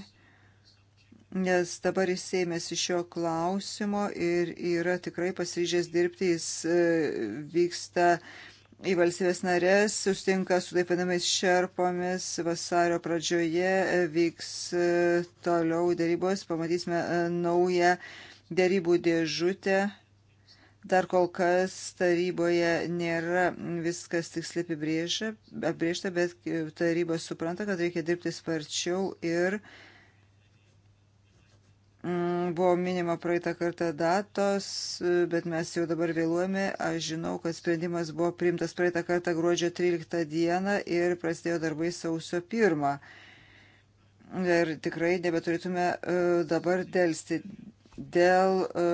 nes dabar jis ėmėsi šio klausimo ir yra tikrai pasiryžęs dirbti, jis vyksta į valstybės narės, sustinka su taip vadinamais šerpomis vasario pradžioje, vyks e, toliau dėrybos, pamatysime e, naują dėrybų dėžutę. Dar kol kas taryboje nėra viskas tiksliai apibrėžta, bet e, taryba supranta, kad reikia dirbti sparčiau ir uh, Mm, buvo minima praeitą kartą datos, bet mes jau dabar vėluojame. Aš žinau, kad sprendimas buvo priimtas praeitą kartą gruodžio 13 dieną ir prasidėjo darbai sausio 1. Ir tikrai nebeturėtume e, dabar dėlsti. Dėl e,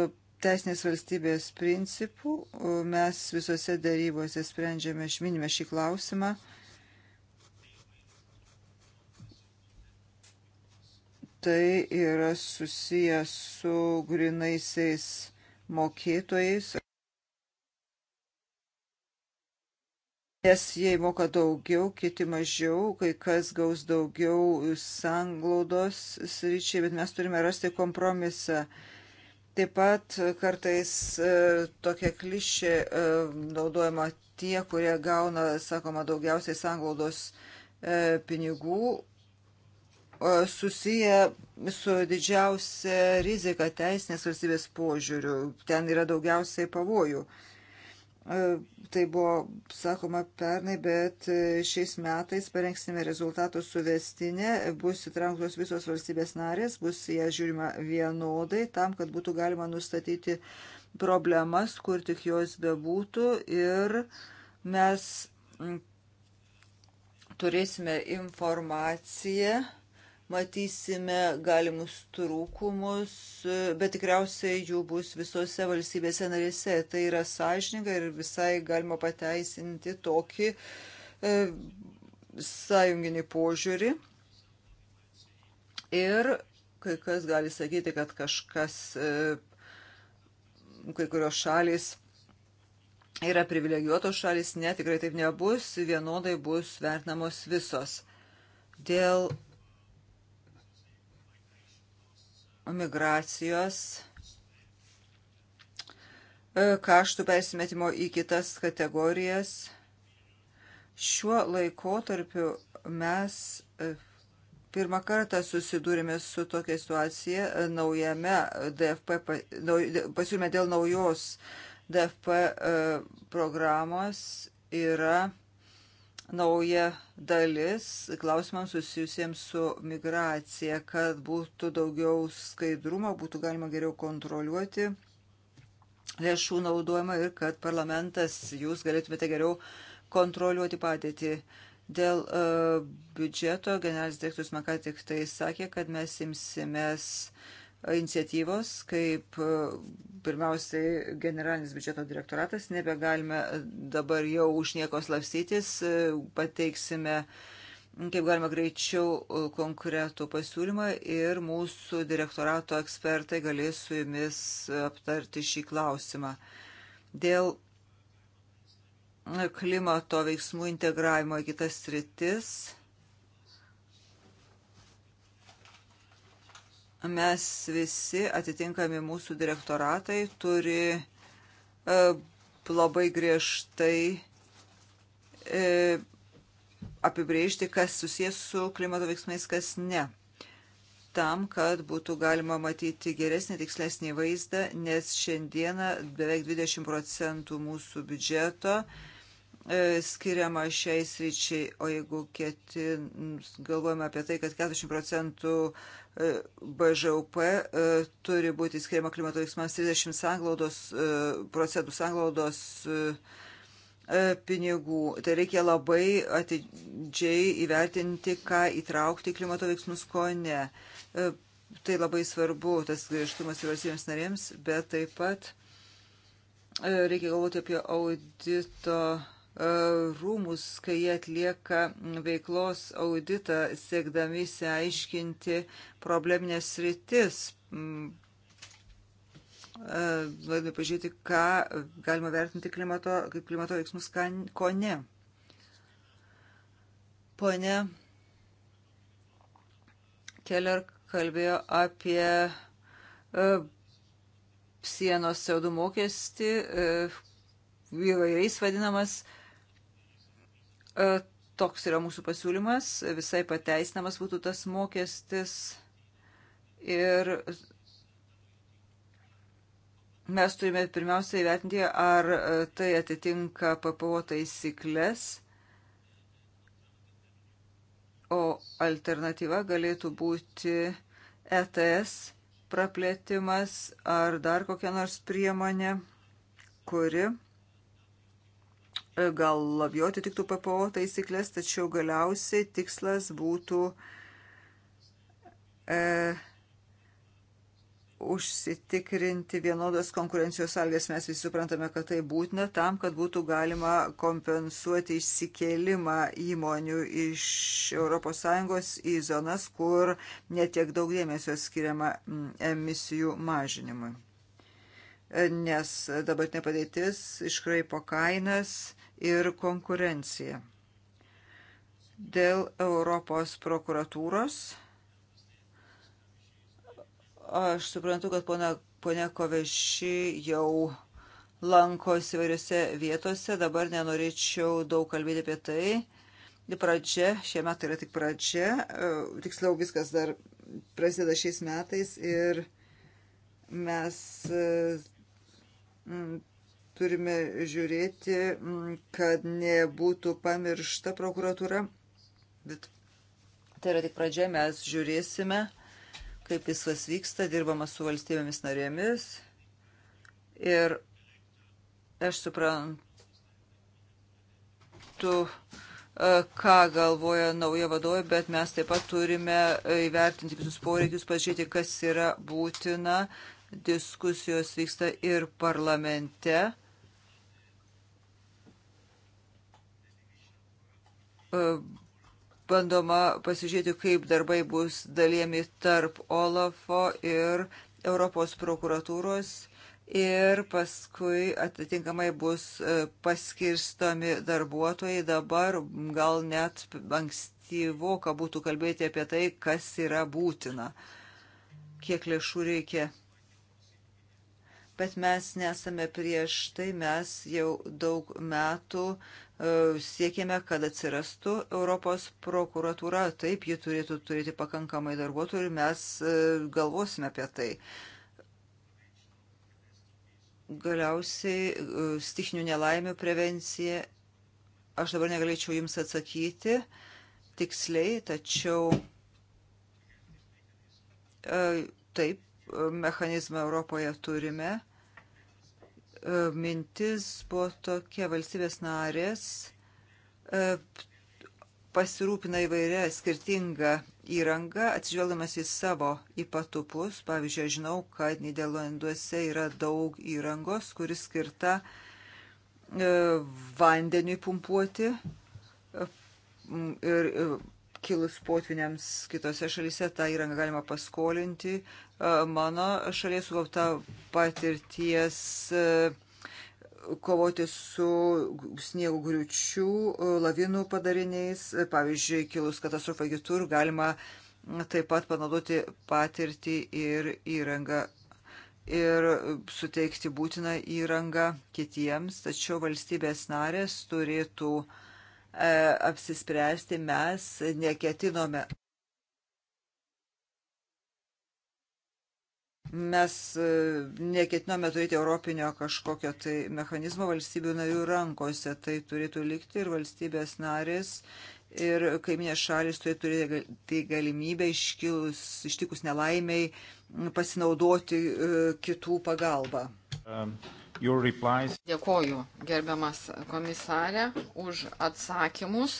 teisinės valstybės principų e, mes visose darybose sprendžiame, šminime šį klausimą. tai yra susijęs su grinaisiais mokėtojais. Nes jie moka daugiau, kiti mažiau, kai kas gaus daugiau sanglaudos sričiai, bet mes turime rasti kompromisą. Taip pat kartais e, tokia klišė e, naudojama tie, kurie gauna, sakoma, daugiausiai sanglaudos e, pinigų, susiję su didžiausia rizika teisinės valstybės požiūrių. Ten yra daugiausiai pavojų. Tai buvo sakoma pernai, bet šiais metais parengsime rezultatų suvestinę, bus įtrauktos visos valstybės narės, bus ją žiūrima vienodai, tam, kad būtų galima nustatyti problemas, kur tik jos bebūtų ir mes turėsime informaciją matysime galimus trūkumus, bet tikriausiai jų bus visose valstybėse narėse. Tai yra sąžininga ir visai galima pateisinti tokį e, sąjunginį požiūrį. Ir kai kas gali sakyti, kad kažkas, e, kai kurios šalis yra privilegijuotos šalis, ne, tikrai taip nebus, vienodai bus vertinamos visos. Dėl migracijos e, kaštų persimetimo į kitas kategorijas. Šiuo laikotarpiu mes e, pirmą kartą susidūrėme su tokia situacija e, naujame DFP, pasiūlyme dėl naujos DFP programos yra nauja dalis klausimams susijusiems su migracija, kad būtų daugiau skaidrumo, būtų galima geriau kontroliuoti lėšų naudojimą ir kad parlamentas jūs galėtumėte geriau kontroliuoti padėtį. Dėl uh, biudžeto generalinis direktorius Maka tik tai sakė, kad mes imsimės uh, iniciatyvos, kaip e, pirmiausiai generalinis biudžeto direktoratas, nebegalime dabar jau už nieko slapstytis, e, pateiksime kaip galima greičiau e, konkretų pasiūlymą ir mūsų direktorato ekspertai galės su jumis aptarti šį klausimą. Dėl klimato veiksmų integravimo į kitas rytis mes visi atitinkami mūsų direktoratai turi e, labai griežtai e, apibrėžti, kas susijęs su klimato veiksmais, kas ne. Tam, kad būtų galima matyti geresnį, tikslesnį vaizdą, nes šiandieną beveik 20 procentų mūsų biudžeto uh, E, skiriama šiai sryčiai, o jeigu ketin, galvojame apie tai, kad 40 procentų e, BŽUP e, turi būti skiriama klimato veiksmams 30 sanglaudos, procentų sanglaudos pinigų. Tai reikia labai atidžiai įvertinti, ką įtraukti į klimato veiksmus, ko ne. Tai labai svarbu, tas griežtumas ir valstybėms narėms, bet taip pat reikia galvoti apie audito rūmus, kai jie atlieka veiklos auditą, siekdami įsiaiškinti probleminės rytis. Laidai mm. e, pažiūrėti, ką galima vertinti klimato, kaip klimato veiksmus, ką, ko ne. Pone Keller kalbėjo apie e, sienos CO2 mokestį, e, įvairiais vadinamas, E, toks yra mūsų pasiūlymas, visai pateisinamas būtų tas mokestis ir mes turime pirmiausia įvertinti, ar e, tai atitinka PPO taisyklės, o alternatyva galėtų būti ETS praplėtimas ar dar kokia nors priemonė, kuri gal labiau atitiktų PPO taisyklės, tačiau galiausiai tikslas būtų e, užsitikrinti vienodas konkurencijos sąlygas. Mes visi suprantame, kad tai būtina tam, kad būtų galima kompensuoti išsikėlimą įmonių iš ES į zonas, kur netiek daug dėmesio skiriama emisijų mažinimui. Nes dabartinė padėtis iškraipo kainas ir konkurencija. Dėl Europos prokuratūros aš suprantu, kad pona, ponia Koveši jau lankosi įvairiose vietose, dabar nenorėčiau daug kalbėti apie tai. Pradžia, šie metai yra tik pradžia, e, tiksliau viskas dar prasideda šiais metais ir mes e, turime žiūrėti, mm, kad nebūtų pamiršta prokuratūra, bet tai yra tik pradžia, mes žiūrėsime, kaip viskas vyksta, dirbama su valstybėmis narėmis ir aš suprantu, e, ką galvoja nauja vadovė, bet mes taip pat turime įvertinti visus poreikius, pažiūrėti, kas yra būtina diskusijos vyksta ir parlamente. E, bandoma pasižiūrėti, kaip darbai bus dalėmi tarp Olafo ir Europos prokuratūros ir paskui atitinkamai bus e, paskirstomi darbuotojai. Dabar gal net ankstyvoka būtų kalbėti apie tai, kas yra būtina, kiek lėšų reikia bet mes nesame prieš tai, mes jau daug metų siekėme, kad atsirastų Europos prokuratūra. Taip, ji turėtų turėti pakankamai darbuotojų ir mes e, galvosime apie tai. Galiausiai e, stichinių nelaimių prevencija. Aš dabar negalėčiau Jums atsakyti tiksliai, tačiau e, taip, mechanizmą Europoje turime E, mintis buvo tokia valstybės narės e, pasirūpina įvairia skirtinga įranga, atsižvelgdamas į savo ypatumus. Pavyzdžiui, aš žinau, kad Niderlanduose yra daug įrangos, kuri skirta e, vandeniui pumpuoti e, ir e, kilus potviniams kitose šalyse tą įrangą galima paskolinti mano šalies sukaupta patirties e, kovoti su sniego griučių, e, lavinų padariniais. E, pavyzdžiui, kilus katastrofą kitur galima taip pat panaudoti patirtį ir įrangą ir suteikti būtiną įrangą kitiems, tačiau valstybės narės turėtų e, apsispręsti, mes neketinome Mes e, neketiname turėti europinio kažkokio tai mechanizmo valstybių narių rankose. Tai turėtų likti ir valstybės narės ir kaiminės šalis turėtų turėti galimybę iškilus, ištikus nelaimiai pasinaudoti e, kitų pagalbą. Um. Dėkoju, gerbiamas komisarė, už atsakymus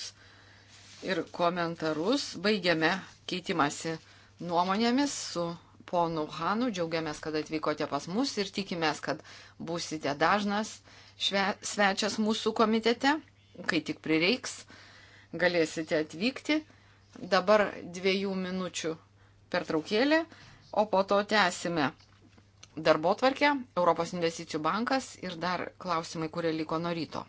ir komentarus. Baigiame keitimąsi nuomonėmis su ponu Hanu, džiaugiamės, kad atvykote pas mus ir tikimės, kad būsite dažnas šve, svečias mūsų komitete, kai tik prireiks, galėsite atvykti. Dabar dviejų minučių pertraukėlė, o po to tęsime darbo tvarkę, Europos investicijų bankas ir dar klausimai, kurie liko nuo ryto.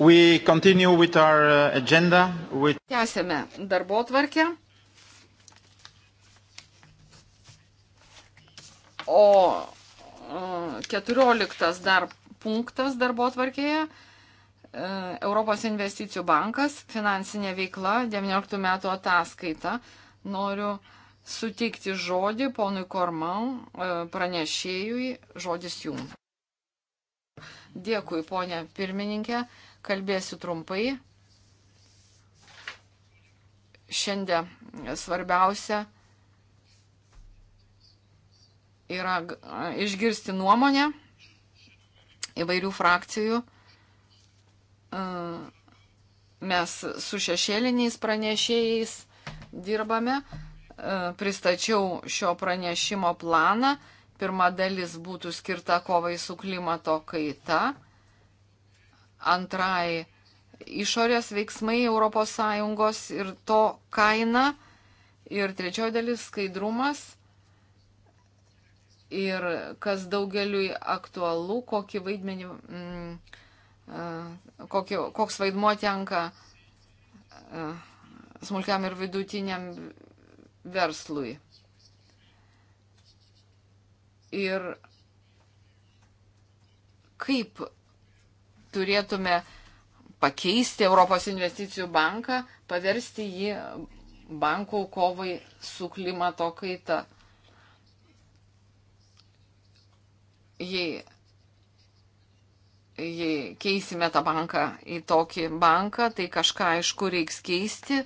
Uh, agenda, with... Tęsėme darbo tvarkę. O 14 dar punktas darbo tvarkėje e, Europos investicijų bankas, finansinė veikla, 19 metų ataskaita. Noriu suteikti žodį ponui Kormau, e, pranešėjui, žodis jums. Dėkui, ponė pirmininkė kalbėsiu trumpai. Šiandien svarbiausia yra išgirsti nuomonę įvairių frakcijų. E, mes su šešėliniais pranešėjais dirbame. E, pristačiau šio pranešimo planą. Pirma dalis būtų skirta kovai su klimato kaita antrai išorės veiksmai ES ir to kaina. Ir trečioji dalis skaidrumas. Ir kas daugeliui aktualu, kokį vaidmenį, mm, kokį, koks vaidmuo tenka smulkiam ir vidutiniam verslui. Ir kaip turėtume pakeisti Europos investicijų banką, paversti jį bankų kovai su klimato kaita. Jei, jei keisime tą banką į tokį banką, tai kažką aišku reiks keisti.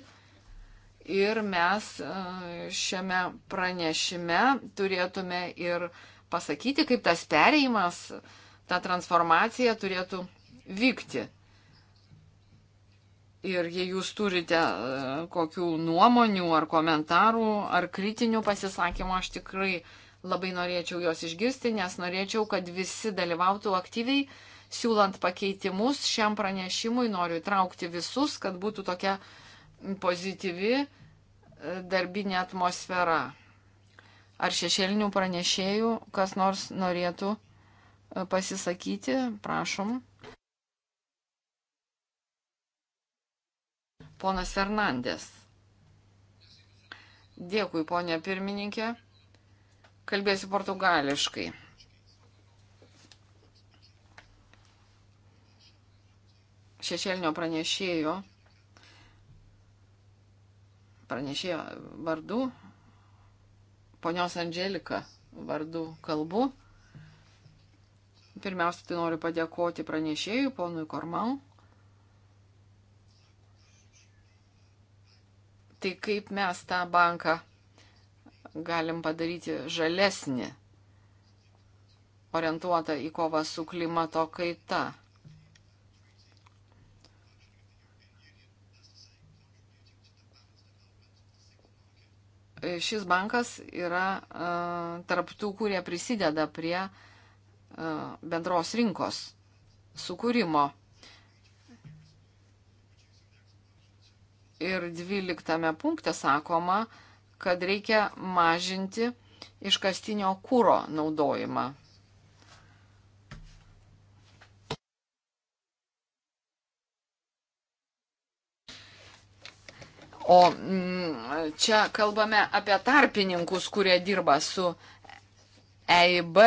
Ir mes e, šiame pranešime turėtume ir pasakyti, kaip tas pereimas, ta transformacija turėtų vykti. Ir jei jūs turite e, kokių nuomonių ar komentarų ar kritinių pasisakymų, aš tikrai labai norėčiau juos išgirsti, nes norėčiau, kad visi dalyvautų aktyviai, siūlant pakeitimus šiam pranešimui, noriu įtraukti visus, kad būtų tokia pozityvi e, darbinė atmosfera. Ar šešėlinių pranešėjų kas nors norėtų e, pasisakyti, prašom. Ponas Fernandės. Dėkui, ponė pirmininkė. Kalbėsiu portugališkai. Šešėlinio pranešėjo, pranešėjo vardu, ponios Andželika vardu kalbu. Pirmiausia, tai noriu padėkoti pranešėjui, ponui Kormau. tai kaip mes tą banką galim padaryti žalesnį, orientuotą į kovą su klimato kaita. Šis bankas yra uh, tarptų, kurie prisideda prie uh, bendros rinkos sukūrimo. ir 12 punkte sakoma, kad reikia mažinti iškastinio kūro naudojimą. O mm, čia kalbame apie tarpininkus, kurie dirba su EIB,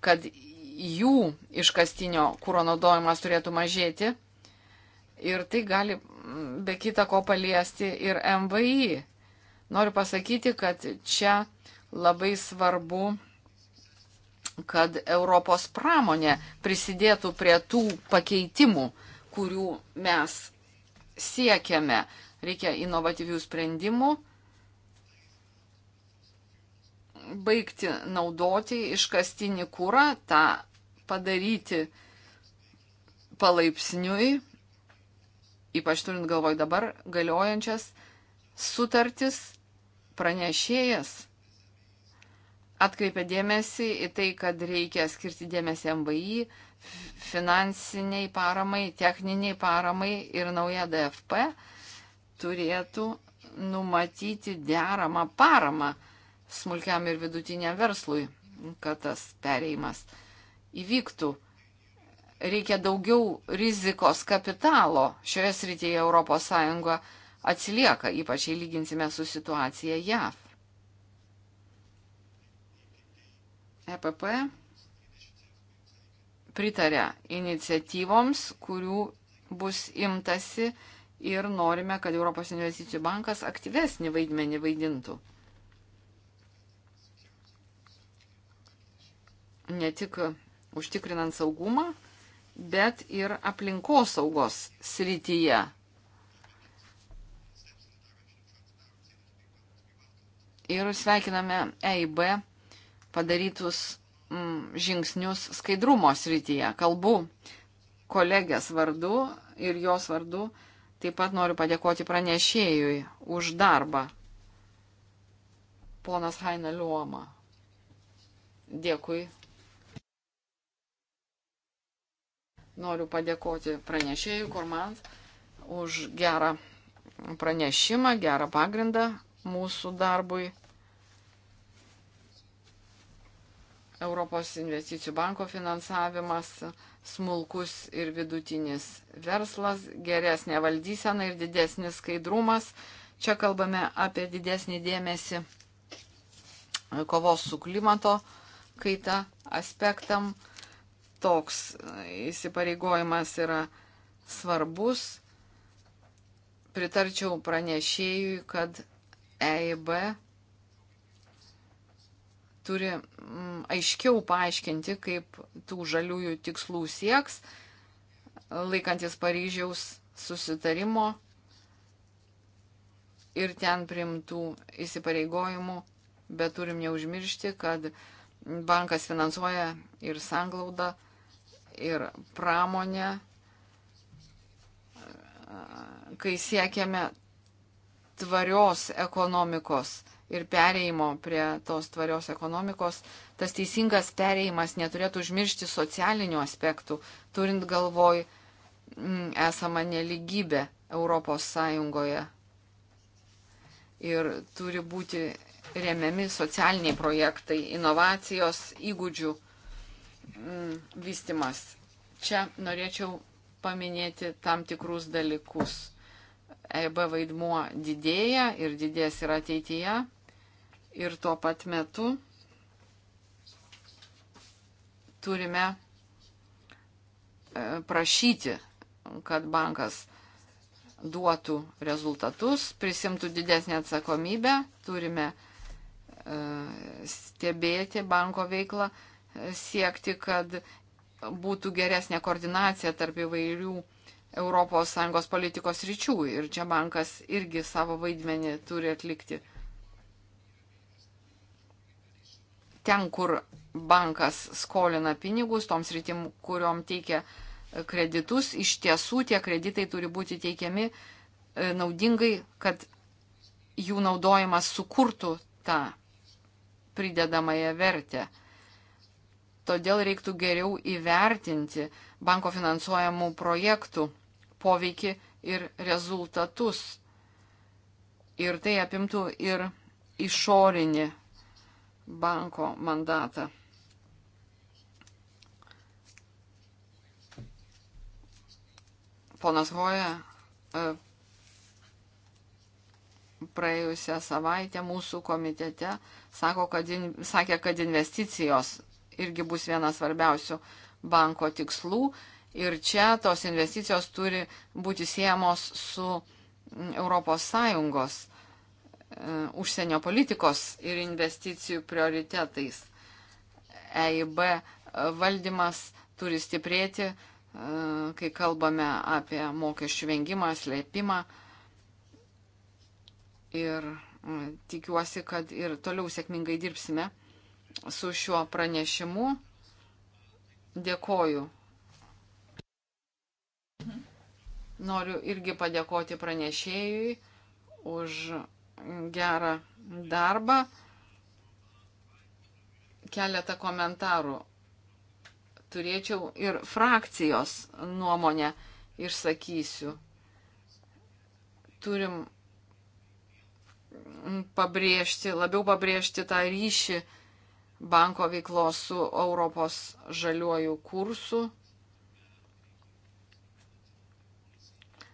kad jų iškastinio kūro naudojimas turėtų mažėti. Ir tai gali be kita ko paliesti ir MVI. Noriu pasakyti, kad čia labai svarbu, kad Europos pramonė prisidėtų prie tų pakeitimų, kurių mes siekiame. Reikia inovatyvių sprendimų, baigti naudoti iškastinį kūrą, tą padaryti palaipsniui ypač turint galvoj dabar galiojančias sutartis, pranešėjas atkreipia dėmesį į tai, kad reikia skirti dėmesį MVI, finansiniai paramai, techniniai paramai ir nauja DFP turėtų numatyti deramą paramą smulkiam ir vidutiniam verslui, kad tas pereimas įvyktų reikia daugiau rizikos kapitalo šioje srityje ES atsilieka, ypač jei lyginsime su situacija JAV. EPP pritarė iniciatyvoms, kurių bus imtasi ir norime, kad Europos investicijų bankas aktyvesnį vaidmenį vaidintų. Ne tik užtikrinant saugumą, bet ir aplinkosaugos srityje. Ir sveikiname EIB padarytus mm, žingsnius skaidrumo srityje. Kalbu kolegės vardu ir jos vardu. Taip pat noriu padėkoti pranešėjui už darbą. Ponas Haina Liuoma. Dėkui, Noriu padėkoti pranešėjui Kormans už gerą pranešimą, gerą pagrindą mūsų darbui. Europos investicijų banko finansavimas, smulkus ir vidutinis verslas, geresnė valdysena ir didesnis skaidrumas. Čia kalbame apie didesnį dėmesį kovos su klimato kaita aspektam toks įsipareigojimas yra svarbus. Pritarčiau pranešėjui, kad EIB turi mm, aiškiau paaiškinti, kaip tų žaliųjų tikslų sieks, laikantis Paryžiaus susitarimo ir ten primtų įsipareigojimų, bet turim neužmiršti, kad bankas finansuoja ir sanglaudą ir pramonę, kai siekiame tvarios ekonomikos ir pereimo prie tos tvarios ekonomikos, tas teisingas pereimas neturėtų užmiršti socialinių aspektų, turint galvoj m, mm, esamą neligybę Europos Sąjungoje. Ir turi būti remiami socialiniai projektai, inovacijos, įgūdžių mm, vystimas. Čia norėčiau paminėti tam tikrus dalykus. EIB vaidmuo didėja ir didės ir ateityje. Ir tuo pat metu turime e, prašyti, kad bankas duotų rezultatus, prisimtų didesnį atsakomybę, turime e, stebėti banko veiklą, siekti, kad būtų geresnė koordinacija tarp įvairių ES politikos ryčių ir čia bankas irgi savo vaidmenį turi atlikti. Ten, kur bankas skolina pinigus, toms rytim, kuriuom teikia kreditus, iš tiesų tie kreditai turi būti teikiami e, naudingai, kad jų naudojimas sukurtų tą pridedamąją vertę. Todėl reiktų geriau įvertinti banko finansuojamų projektų poveikį ir rezultatus. Ir tai apimtų ir išorinį banko mandatą. Ponas Hoja e, praėjusią savaitę mūsų komitete sako, kad in, sakė, kad investicijos irgi bus vienas svarbiausių banko tikslų. Ir čia tos investicijos turi būti siejamos su mm, ES e, užsienio politikos ir investicijų prioritetais. EIB e, valdymas turi stiprėti, e, kai kalbame apie mokesčių vengimą, slėpimą. Ir mm, tikiuosi, kad ir toliau sėkmingai dirbsime su šiuo pranešimu. Dėkoju. Noriu irgi padėkoti pranešėjui už gerą darbą. Keletą komentarų turėčiau ir frakcijos nuomonę išsakysiu. Turim pabrėžti, labiau pabrėžti tą ryšį banko veiklos su Europos žaliuoju kursu.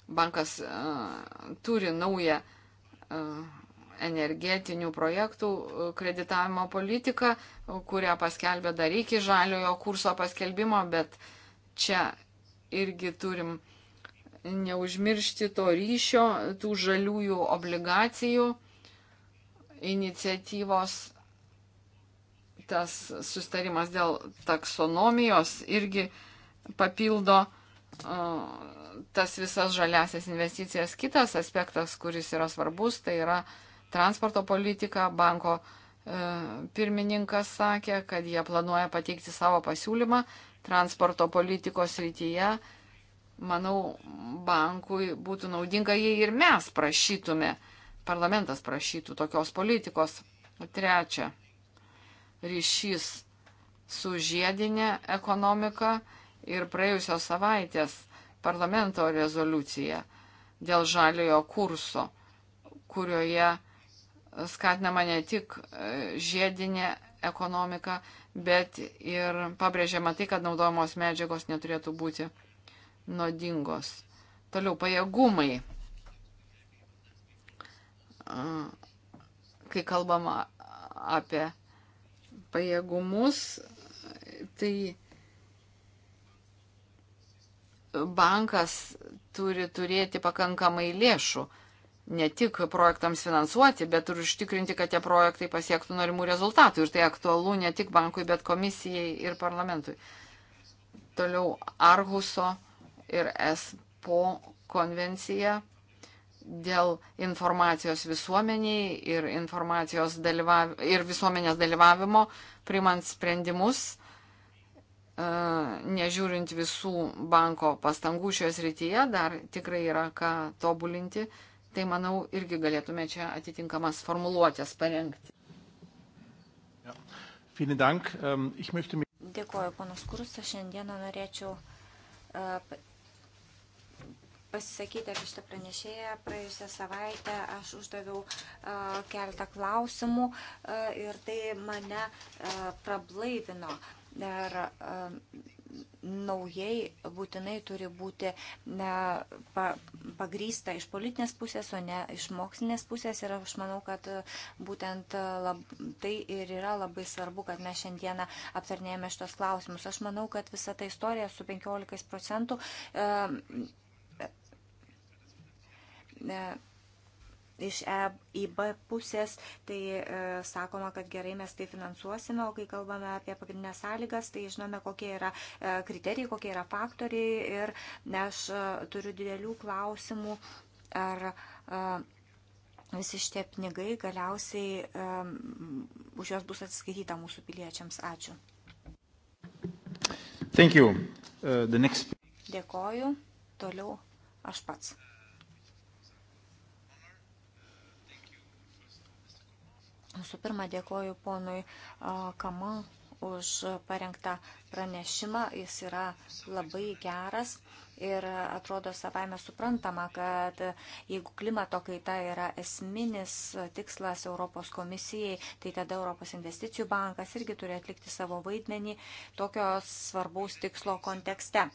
Bankas uh, turi naują uh, energetinių projektų e, kreditavimo politiką, kurią paskelbė dar iki žaliojo kurso paskelbimo, bet čia irgi turim neužmiršti to ryšio, tų žaliųjų obligacijų iniciatyvos tas sustarimas dėl taksonomijos irgi papildo tas visas žaliasias investicijas. Kitas aspektas, kuris yra svarbus, tai yra transporto politika. Banko e, pirmininkas sakė, kad jie planuoja pateikti savo pasiūlymą transporto politikos rytyje. Manau, bankui būtų naudinga, jei ir mes prašytume, parlamentas prašytų tokios politikos. Trečia ryšys su žiedinė ekonomika ir praėjusios savaitės parlamento rezoliucija dėl žaliojo kurso, kurioje skatinama ne tik e, žiedinė ekonomika, bet ir pabrėžiama tai, kad naudojamos medžiagos neturėtų būti nuodingos. Toliau pajėgumai. Kai kalbama apie pajėgumus, tai bankas turi turėti pakankamai lėšų ne tik projektams finansuoti, bet ir užtikrinti, kad tie projektai pasiektų norimų rezultatų. Ir tai aktualu ne tik bankui, bet komisijai ir parlamentui. Toliau Arhuso ir ESPO konvencija dėl informacijos visuomeniai ir, informacijos dalyvav... ir visuomenės dalyvavimo, primant sprendimus, e, nežiūrint visų banko pastangų šioje srityje, dar tikrai yra ką tobulinti, tai manau irgi galėtume čia atitinkamas formuluotės parengti. Ähm, Dėkuoju, panas Kursa, šiandieną norėčiau e, pasisakyti apie šitą pranešėją. Praėjusią savaitę aš uždaviau uh, keletą klausimų uh, ir tai mane uh, prablaivino. Ir uh, naujai būtinai turi būti ne, pa, pagrysta iš politinės pusės, o ne iš mokslinės pusės. Ir aš manau, kad būtent lab, tai ir yra labai svarbu, kad mes šiandieną aptarnėjame šitos klausimus. Aš manau, kad visa ta istorija su 15 procentų. E, E, iš EIB pusės, tai e, sakoma, kad gerai mes tai finansuosime, o kai kalbame apie pagrindinės sąlygas, tai žinome, kokie yra e, kriterijai, kokie yra faktoriai ir ne, aš e, turiu didelių klausimų, ar e, visi šitie pinigai galiausiai e, už juos bus atskaityta mūsų piliečiams. Ačiū. Thank you. Uh, the next... Dėkoju. Toliau aš pats. Visų pirma, dėkoju ponui Kamu už parengtą pranešimą. Jis yra labai geras ir atrodo savaime suprantama, kad jeigu klimato kaita yra esminis tikslas Europos komisijai, tai tada Europos investicijų bankas irgi turi atlikti savo vaidmenį tokios svarbaus tikslo kontekste.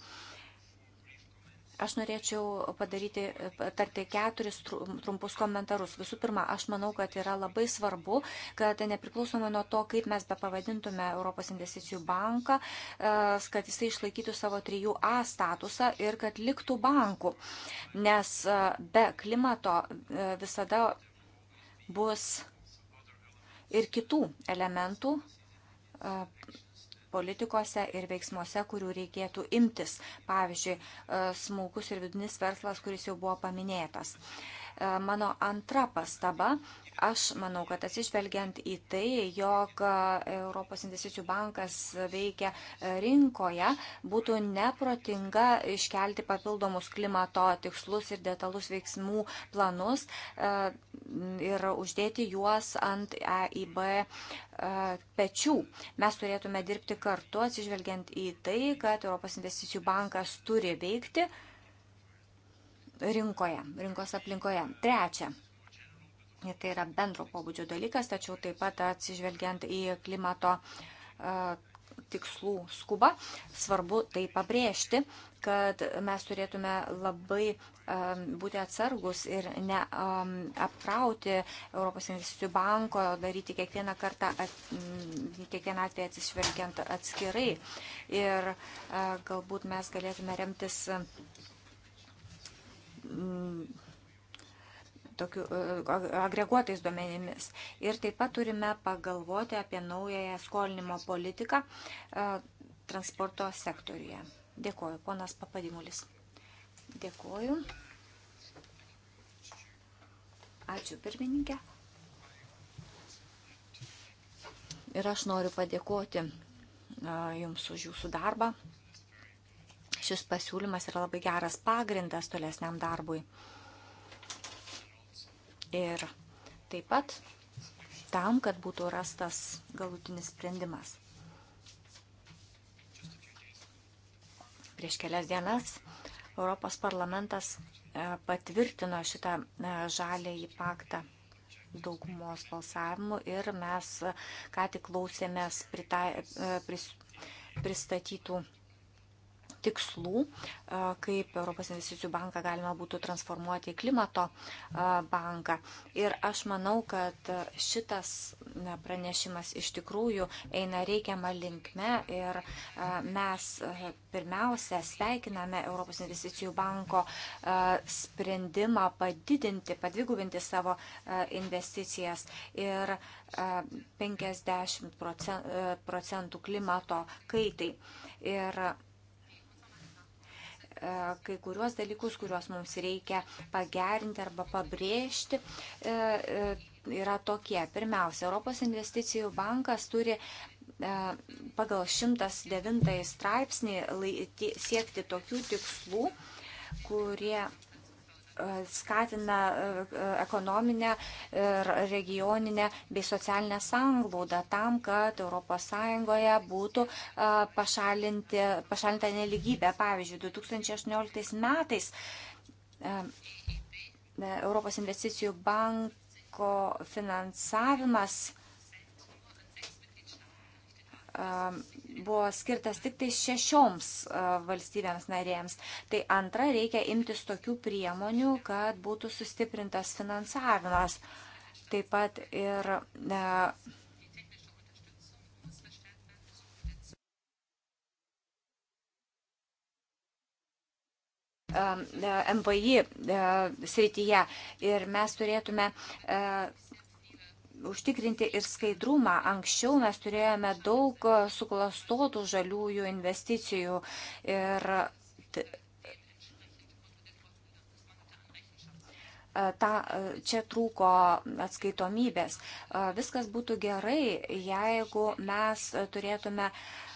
Aš norėčiau padaryti, tarti keturis trumpus komentarus. Visų pirma, aš manau, kad yra labai svarbu, kad nepriklausomai nuo to, kaip mes be pavadintume Europos investicijų banką, e, kad jisai išlaikytų savo 3A statusą ir kad liktų bankų. Nes e, be klimato e, visada bus ir kitų elementų politikose ir veiksmuose, kurių reikėtų imtis. Pavyzdžiui, e, smulkus ir vidinis verslas, kuris jau buvo paminėtas. E, mano antra pastaba. Aš manau, kad atsižvelgiant į tai, jog e, Europos investicijų bankas veikia e, rinkoje, būtų neprotinga iškelti papildomus klimato tikslus ir detalus veiksmų planus ir uždėti juos ant EIB pečių. Mes turėtume dirbti kartu, atsižvelgiant į tai, kad Europos investicijų bankas turi veikti rinkoje, rinkos aplinkoje. Trečia, tai yra bendro pobūdžio dalykas, tačiau taip pat atsižvelgiant į klimato tikslų skubą, svarbu tai pabrėžti, kad mes turėtume labai būti atsargus ir neapkrauti Europos investicijų banko, daryti kiekvieną kartą, kiekvieną atveju atsižvelgiant atskirai. Ir galbūt mes galėtume remtis Mm, tokiu, e, agreguotais duomenimis. Ir taip pat turime pagalvoti apie naująją skolinimo politiką e, transporto sektoriuje. Dėkoju, ponas Papadimulis. Dėkoju. Ačiū pirmininkė. Ir aš noriu padėkoti e, Jums už Jūsų darbą šis pasiūlymas yra labai geras pagrindas tolesniam darbui. Ir taip pat tam, kad būtų rastas galutinis sprendimas. Prieš kelias dienas Europos parlamentas e, patvirtino šitą e, žalėjį paktą daugumos balsavimu ir mes e, ką tik klausėmės pritai, pris, pristatytų tikslų, kaip Europos investicijų banką galima būtų transformuoti į klimato banką. Ir aš manau, kad šitas pranešimas iš tikrųjų eina reikiamą linkme ir mes pirmiausia sveikiname Europos investicijų banko sprendimą padidinti, padvigubinti savo investicijas ir 50 procentų klimato kaitai. Ir E, kai kuriuos dalykus, kuriuos mums reikia pagerinti arba pabrėžti, e, e, yra tokie. Pirmiausia, Europos investicijų bankas turi pagal 109 straipsnį siekti tokių tikslų, kurie skatina e, ekonominę ir regioninę bei socialinę sanglaudą tam, kad ES būtų e, pašalinta neligybė. Pavyzdžiui, 2018 metais e, Europos investicijų banko finansavimas Um, buvo skirtas tik tai šešioms uh, valstybėms narėms. Tai antra, reikia imtis tokių priemonių, kad būtų sustiprintas finansavimas. Taip pat ir. Uh, MPI um, uh, srityje ir mes turėtume užtikrinti ir skaidrumą. Anksčiau mes turėjome daug suklastotų žaliųjų investicijų ir ta, čia trūko atskaitomybės. Viskas būtų gerai, jeigu mes turėtume uh,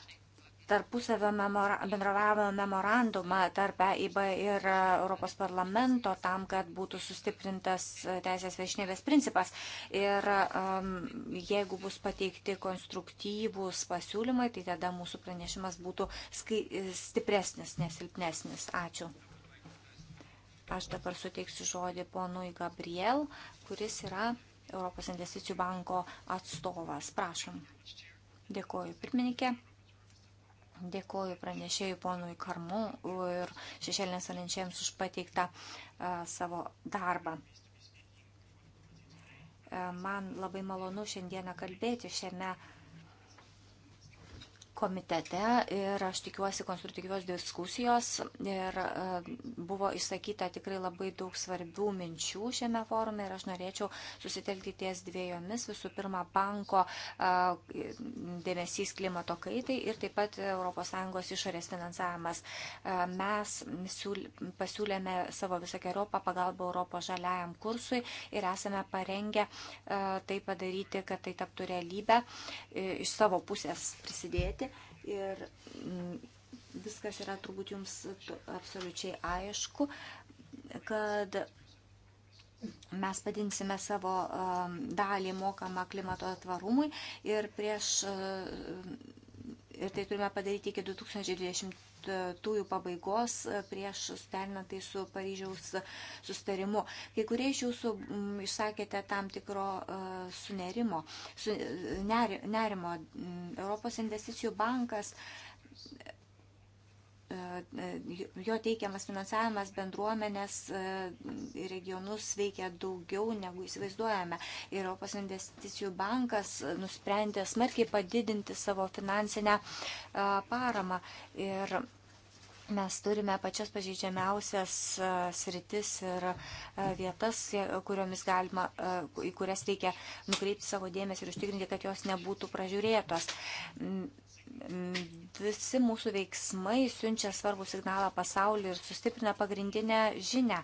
tarpusavio memora, bendravimo memorandumą tarp EIB ir Europos parlamento tam, kad būtų sustiprintas teisės viešnybės principas. Ir um, jeigu bus pateikti konstruktyvūs pasiūlymai, tai tada mūsų pranešimas būtų skai, stipresnis, nesilpnesnis. Ačiū. Aš dabar suteiksiu žodį ponui Gabriel, kuris yra Europos investicijų banko atstovas. Prašom. Dėkuoju, pirmininkė. Dėkuoju pranešėjui ponui Karmu ir šešėlinės valinčiams už pateiktą e, savo darbą e, man labai malonu šiandieną kalbėti šiame komitete ir aš tikiuosi konstruktyvios diskusijos ir e, buvo išsakyta tikrai labai daug svarbių minčių šiame forume ir aš norėčiau susitelkti ties dviejomis. Visų pirma, banko e, dėmesys klimato kaitai ir taip pat ES išorės finansavimas. E, mes pasiūlėme savo visokiojopą pagalbą Europos žaliajam kursui ir esame parengę tai padaryti, kad tai taptų realybę iš savo pusės prisidėti ir mm, viskas yra turbūt jums absoliučiai aišku, kad mes padinsime savo um, dalį mokamą klimato tvarumui ir prieš uh, ir tai turime padaryti iki 2020 tųjų pabaigos e, prieš suderinant tai su Paryžiaus sustarimu. Kai kurie iš jūsų išsakėte tam tikro e, sunerimo, su, e, nerimo. Europos investicijų bankas E, jo teikiamas finansavimas bendruomenės e, regionus veikia daugiau negu įsivaizduojame. Ir Europos investicijų bankas nusprendė smarkiai padidinti savo finansinę e, paramą. Ir Mes turime pačias pažeidžiamiausias sritis ir vietas, kuriomis galima, į kurias reikia nukreipti savo dėmesį ir užtikrinti, kad jos nebūtų pražiūrėtos visi mūsų veiksmai siunčia svarbų signalą pasauliu ir sustiprina pagrindinę žinę,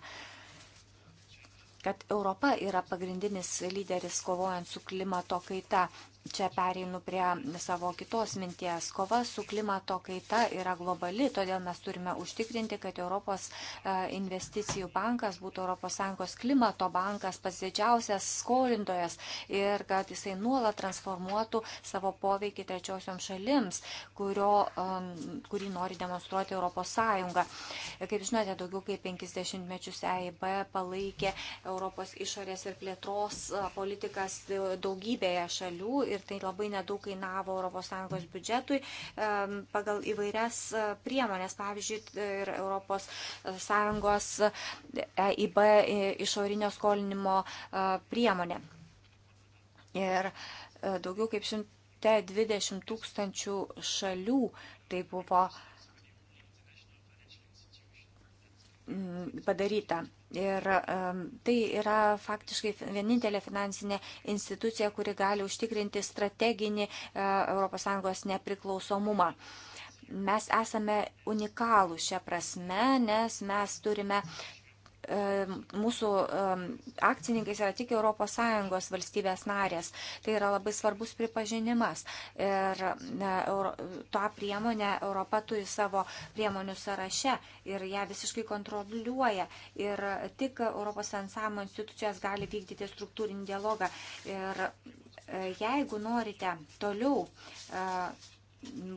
kad Europa yra pagrindinis lyderis kovojant su klimato kaita čia pereinu prie savo kitos minties. Kova su klimato kaita yra globali, todėl mes turime užtikrinti, kad Europos e, investicijų bankas būtų ES klimato bankas, pats didžiausias skolintojas ir kad jisai nuolat transformuotų savo poveikį trečiosiom šalims, kurio, kurį nori demonstruoti ES. Kaip žinote, daugiau kaip 50 mečius EIB palaikė Europos išorės ir plėtros e, politikas e, daugybėje šalių ir ir tai labai nedaug kainavo ES biudžetui pagal įvairias e, priemonės, pavyzdžiui, ir ES EIB e, e išorinio skolinimo priemonė. Ir daugiau kaip 120 tūkstančių šalių tai buvo padaryta. Ir um, tai yra faktiškai vienintelė finansinė institucija, kuri gali užtikrinti strateginį uh, ES nepriklausomumą. Mes esame unikalų šią prasme, nes mes turime mūsų akcininkais yra tik ES valstybės narės. Tai yra labai svarbus pripažinimas. Ir tą priemonę Europa turi savo priemonių sąraše ir ją visiškai kontroliuoja. Ir tik Europos finansavimo institucijos gali vykdyti struktūrinį dialogą. Ir e, jeigu norite toliau e,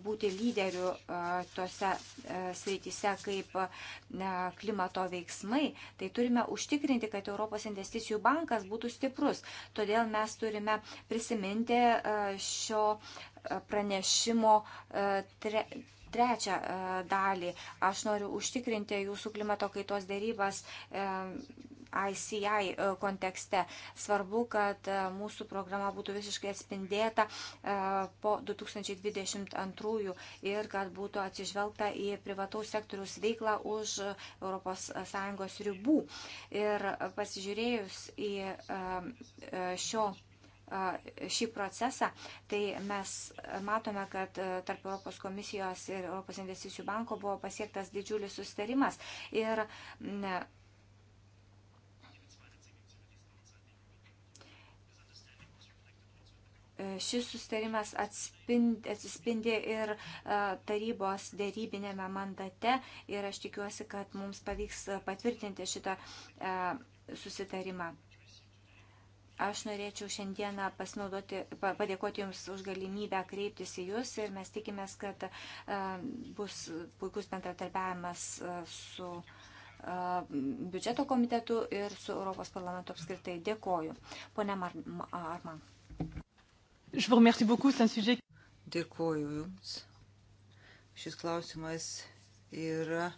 būti lyderiu e, tose e, sveitise kaip e, klimato veiksmai, tai turime užtikrinti, kad Europos investicijų bankas būtų stiprus. Todėl mes turime prisiminti šio pranešimo tre, trečią dalį. Aš noriu užtikrinti jūsų klimato kaitos dėrybas ICI e, kontekste. Svarbu, kad e, mūsų programa būtų visiškai atspindėta e, po 2022 ir kad būtų atsižvelgta į privataus sektoriaus veiklą už ES ribų. Ir pasižiūrėjus į šio šį procesą, tai mes matome, kad tarp Europos komisijos ir Europos investicijų banko buvo pasiektas didžiulis sustarimas. Ir ne, Šis sustarimas atspindi, atsispindi ir e, tarybos dėrybinėme mandate ir aš tikiuosi, kad mums pavyks patvirtinti šitą e, susitarimą. Aš norėčiau šiandieną pasinaudoti, padėkoti Jums už galimybę kreiptis į Jūs ir mes tikimės, kad e, bus puikus bendratarbiavimas su biudžeto komitetu ir su Europos parlamentu apskritai. Dėkoju. Pone Arman. Dėkuoju Jums. Šis klausimas yra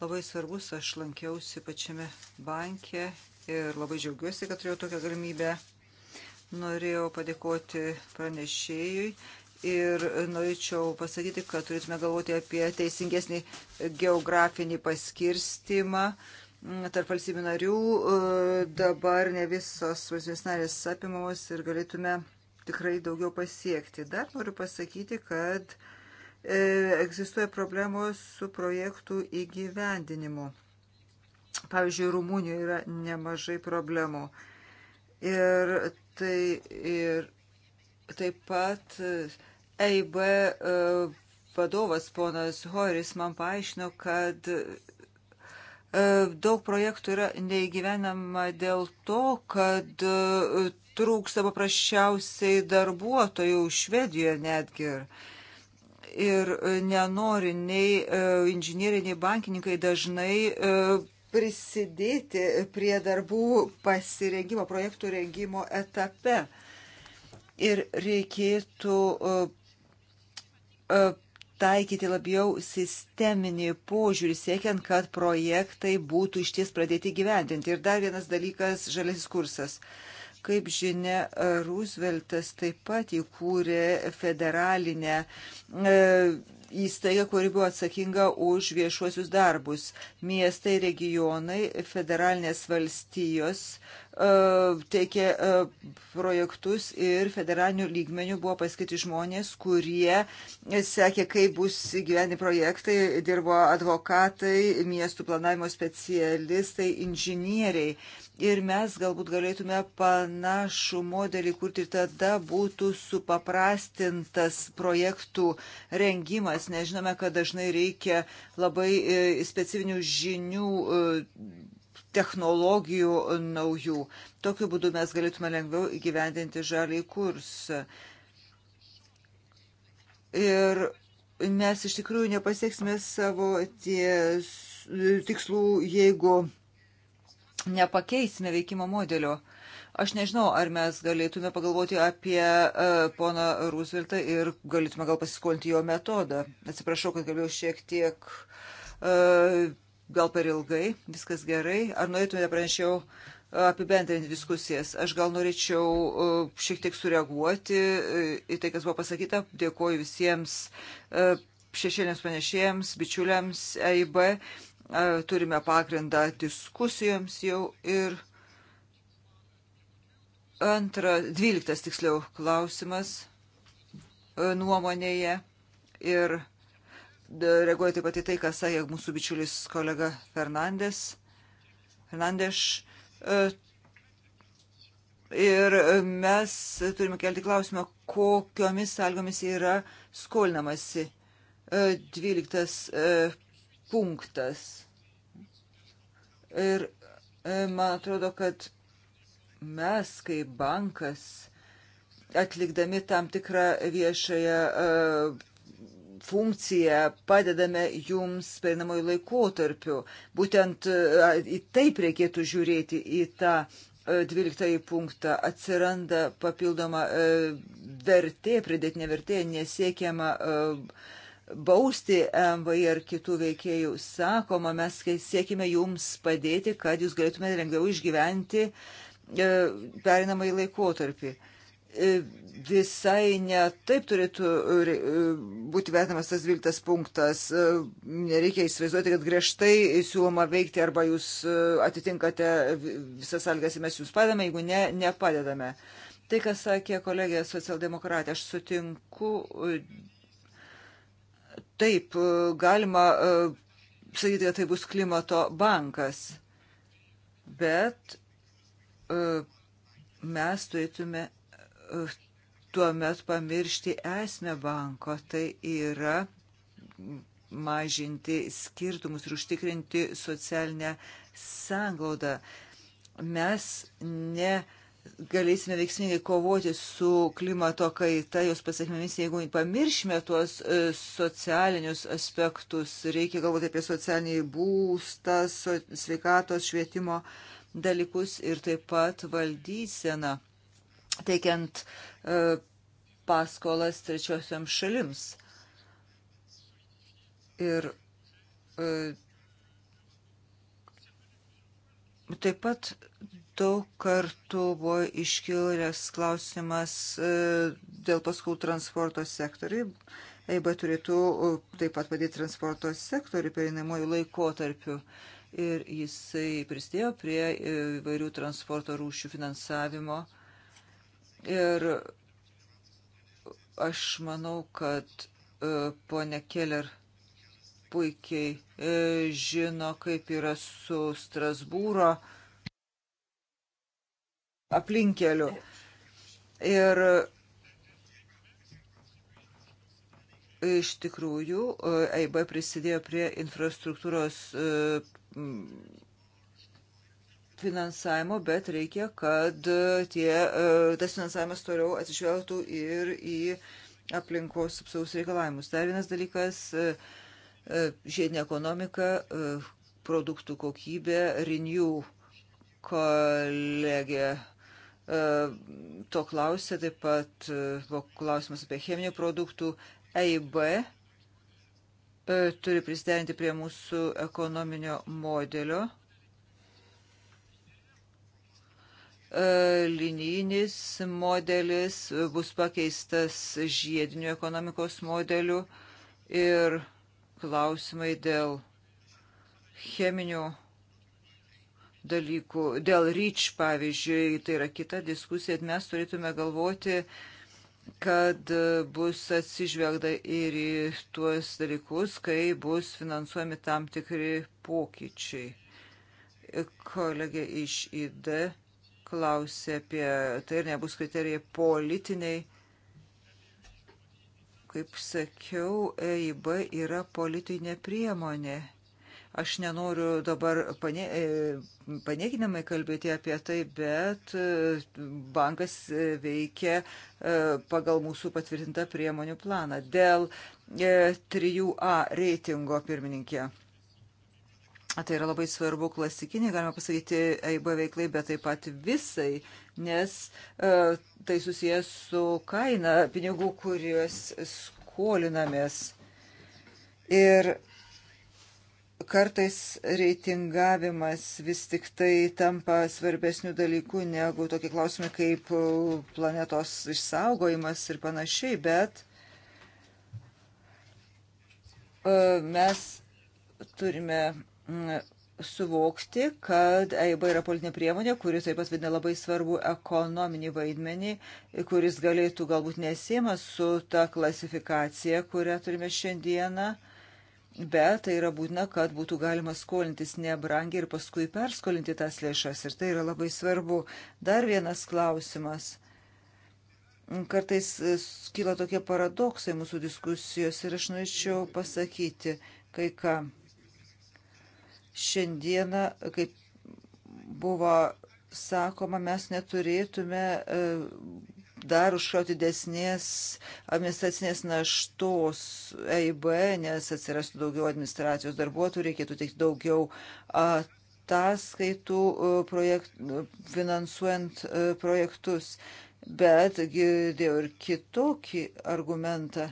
labai svarbus. Aš lankiausi pačiame banke ir labai džiaugiuosi, kad turėjau tokią galimybę. Norėjau padėkoti pranešėjui ir norėčiau pasakyti, kad turėtume galvoti apie teisingesnį geografinį paskirstimą tarp valstybių narių. Dabar ne visos valstybės narės apimamos ir galėtume tikrai daugiau pasiekti. Dar noriu pasakyti, kad e, egzistuoja problemos su projektų įgyvendinimu. Pavyzdžiui, Rumunijoje yra nemažai problemų. Ir tai ir taip pat EIB e, vadovas ponas Horis man paaiškino, kad E, daug projektų yra neįgyvenama dėl to, kad e, trūksta paprasčiausiai darbuotojų Švedijoje netgi. Ir e, nenori nei inžinieriai, nei bankininkai dažnai prisidėti prie darbų pasirengimo, projektų rengimo etape. Ir reikėtų taikyti labiau sisteminį požiūrį, siekiant, kad projektai būtų iš ties pradėti gyvendinti. Ir dar vienas dalykas - žalės kursas. Kaip žinia, Rooseveltas taip pat įkūrė federalinę e, įstaiga, kuri buvo atsakinga už viešuosius darbus. Miestai, regionai, federalinės valstijos E, teikė e, projektus ir federalinių lygmenių buvo paskirti žmonės, kurie sekė, kaip bus įgyveni projektai, dirbo advokatai, miestų planavimo specialistai, inžinieriai. Ir mes galbūt galėtume panašų modelį kurti ir tada būtų supaprastintas projektų rengimas. Nežinome, kad dažnai reikia labai e, specifinių žinių technologijų naujų. Tokiu būdu mes galėtume lengviau įgyvendinti žalį kursą. Ir mes iš tikrųjų nepasieksime savo ties, tikslų, jeigu nepakeisime veikimo modelio. Aš nežinau, ar mes galėtume pagalvoti apie uh, poną Rooseveltą ir galėtume gal pasiskolinti jo metodą. Atsiprašau, kad galėjau šiek tiek uh, gal per ilgai, viskas gerai. Ar norėtumėte pranešiau e, apibendrinti diskusijas? Aš gal norėčiau e, šiek tiek sureaguoti e, į tai, kas buvo pasakyta. Dėkuoju visiems šešėlėms pranešėjams, bičiuliams EIB. Turime pagrindą diskusijoms jau ir antra, dvyliktas tiksliau klausimas nuomonėje ir reaguoju taip pat į tai, ką sakė mūsų bičiulis kolega Fernandes. Fernandes. E, ir mes turime kelti klausimą, kokiomis sąlygomis yra skolinamasi. 12 e, e, punktas. Ir man atrodo, kad mes kaip bankas atlikdami tam tikrą viešąją funkciją padedame jums perinamojų laikotarpių. Būtent į taip reikėtų žiūrėti į tą 12 e, punktą atsiranda papildoma e, vertė, pridėtinė vertė, nesiekiama e, bausti MVI ar kitų veikėjų. Sakoma, mes siekime jums padėti, kad jūs galėtumėte lengviau išgyventi perinamąjį laikotarpį. E, visai ne taip turėtų e, būti vertinamas tas 12 punktas. E, nereikia įsivaizduoti, kad griežtai siūloma veikti arba jūs atitinkate visas algas ir mes jūs padame, jeigu ne, nepadedame. Tai, kas sakė kolegė socialdemokratė, aš sutinku. Taip, galima sakyti, kad tai bus klimato bankas, bet mes turėtume tuomet pamiršti esmę banko, tai yra mažinti skirtumus ir užtikrinti socialinę sanglaudą. Mes ne galėsime veiksmingai kovoti su klimato kaita, jos pasiekmėmis, jeigu pamiršime tuos e, socialinius aspektus. Reikia galvoti apie socialinį būstą, sveikatos, švietimo dalykus ir taip pat valdyseną teikiant e, paskolas trečiosiam šalims. Ir e, taip pat daug kartų buvo iškilęs klausimas e, dėl paskolų transporto sektoriui. EIB turėtų taip pat padėti transporto sektoriui pereinamojų laikotarpių. Ir jisai prisidėjo prie įvairių transporto rūšių finansavimo. Uh, Ir aš manau, kad e, ponia Keller puikiai e, žino, kaip yra su Strasbūro aplinkeliu. Ir iš tikrųjų EIB prisidėjo prie infrastruktūros e, finansavimo, bet reikia, kad e, tie, e, tas finansavimas toliau atsižvelgtų ir į aplinkos apsaus reikalavimus. Dar vienas dalykas e, - žiedinė ekonomika, produktų kokybė, Renew kolegė to klausė, taip pat buvo klausimas apie cheminių produktų EIB turi prisidengti prie mūsų ekonominio modelio linijinis modelis bus pakeistas žiedinių ekonomikos modelių ir klausimai dėl cheminių dalykų, dėl ryč, pavyzdžiui, tai yra kita diskusija, mes turėtume galvoti, kad bus atsižvelgta ir į tuos dalykus, kai bus finansuojami tam tikri pokyčiai. Kolegė iš ID klausė apie tai ir nebus kriterijai politiniai. Kaip sakiau, EIB yra politinė priemonė. Aš nenoriu dabar panie, e, paniekinamai kalbėti apie tai, bet e, bankas e, veikia pagal mūsų patvirtintą priemonių planą. Dėl 3A reitingo pirmininkė. Tai yra labai svarbu klasikiniai, galima pasakyti, EIB veiklai, bet taip pat visai, nes e, tai susijęs su kaina pinigų, kuriuos skolinamės. Ir kartais reitingavimas vis tik tai tampa svarbesnių dalykų negu tokie klausimai kaip planetos išsaugojimas ir panašiai, bet e, mes turime Mm, suvokti, kad EIB yra politinė priemonė, kuri taip pat vidina labai svarbu ekonominį vaidmenį, kuris galėtų galbūt nesima su ta klasifikacija, kurią turime šiandieną, bet tai yra būtina, kad būtų galima skolintis nebrangiai ir paskui perskolinti tas lėšas. Ir tai yra labai svarbu. Dar vienas klausimas. Kartais e, kyla tokie paradoksai mūsų diskusijos ir aš norėčiau pasakyti kai ką. Šiandieną, kaip buvo sakoma, mes neturėtume e, dar užkrauti desnės administracinės naštos EIB, nes atsirastų daugiau administracijos darbuotojų, reikėtų teikti daugiau ataskaitų e, projekt, e, finansuojant projektus. Bet girdėjau ir kitokį argumentą.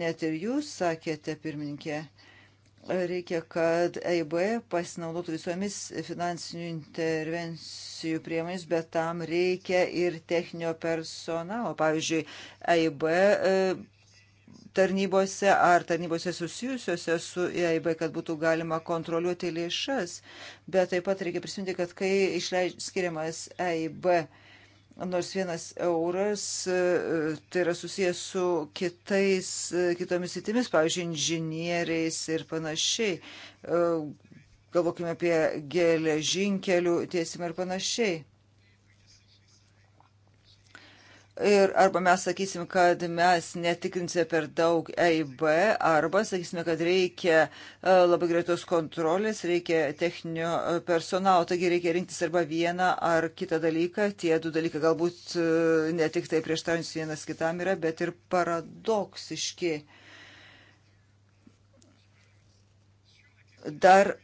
Net ir jūs sakėte, pirmininkė, Reikia, kad EIB pasinaudotų visomis finansinių intervencijų priemonės, bet tam reikia ir techninio personalo. Pavyzdžiui, EIB e, tarnybose ar tarnybose susijusiuose su EIB, kad būtų galima kontroliuoti lėšas. Bet taip pat reikia prisiminti, kad kai išleidž, skiriamas EIB nors vienas euras, e, e, tai yra susijęs su kitais, e, kitomis įtimis, pavyzdžiui, inžinieriais ir panašiai. Galvokime apie geležinkelių tiesimą ir panašiai. Ir arba mes sakysim, kad mes netikrinsime per daug EIB, arba sakysime, kad reikia e, labai greitos kontrolės, reikia techninio e, personalo, taigi reikia rinktis arba vieną ar kitą dalyką. Tie du dalykai galbūt e, ne tik tai prieštaraujantis vienas kitam yra, bet ir paradoksiški. Dar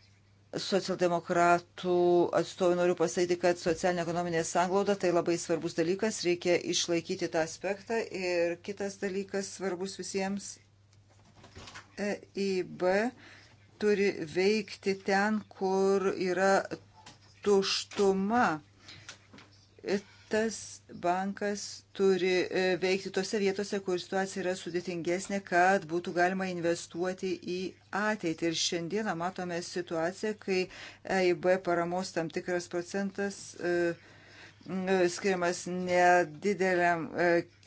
socialdemokratų atstovui noriu pasakyti, kad socialinė ekonominė sanglauda tai labai svarbus dalykas, reikia išlaikyti tą aspektą. Ir kitas dalykas svarbus visiems EIB turi veikti ten, kur yra tuštuma tas bankas turi e, veikti tose vietose, kur situacija yra sudėtingesnė, kad būtų galima investuoti į ateitį. Ir šiandieną matome situaciją, kai EIB paramos tam tikras procentas e, e, skiriamas nedideliam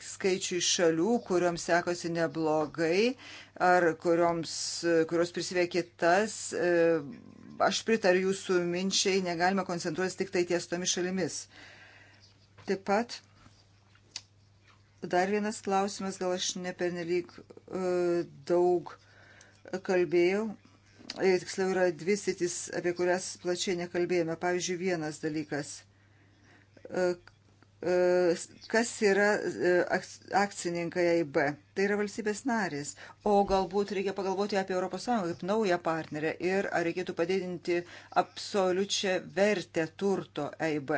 skaičiui šalių, kuriuoms sekosi neblogai ar kurioms, kurios prisivė kitas. Aš pritariu jūsų minčiai, negalime koncentruotis tik tai ties tomis šalimis. Uh, Taip pat dar vienas klausimas, gal aš nepernelyg e, daug kalbėjau. E, tiksliau yra dvi sitis, apie kurias plačiai nekalbėjome. Pavyzdžiui, vienas dalykas. E, kas yra akcininkai AIB? Tai yra valstybės narės. O galbūt reikia pagalvoti apie ES kaip naują partnerę ir ar reikėtų padidinti absoliučią vertę turto AIB.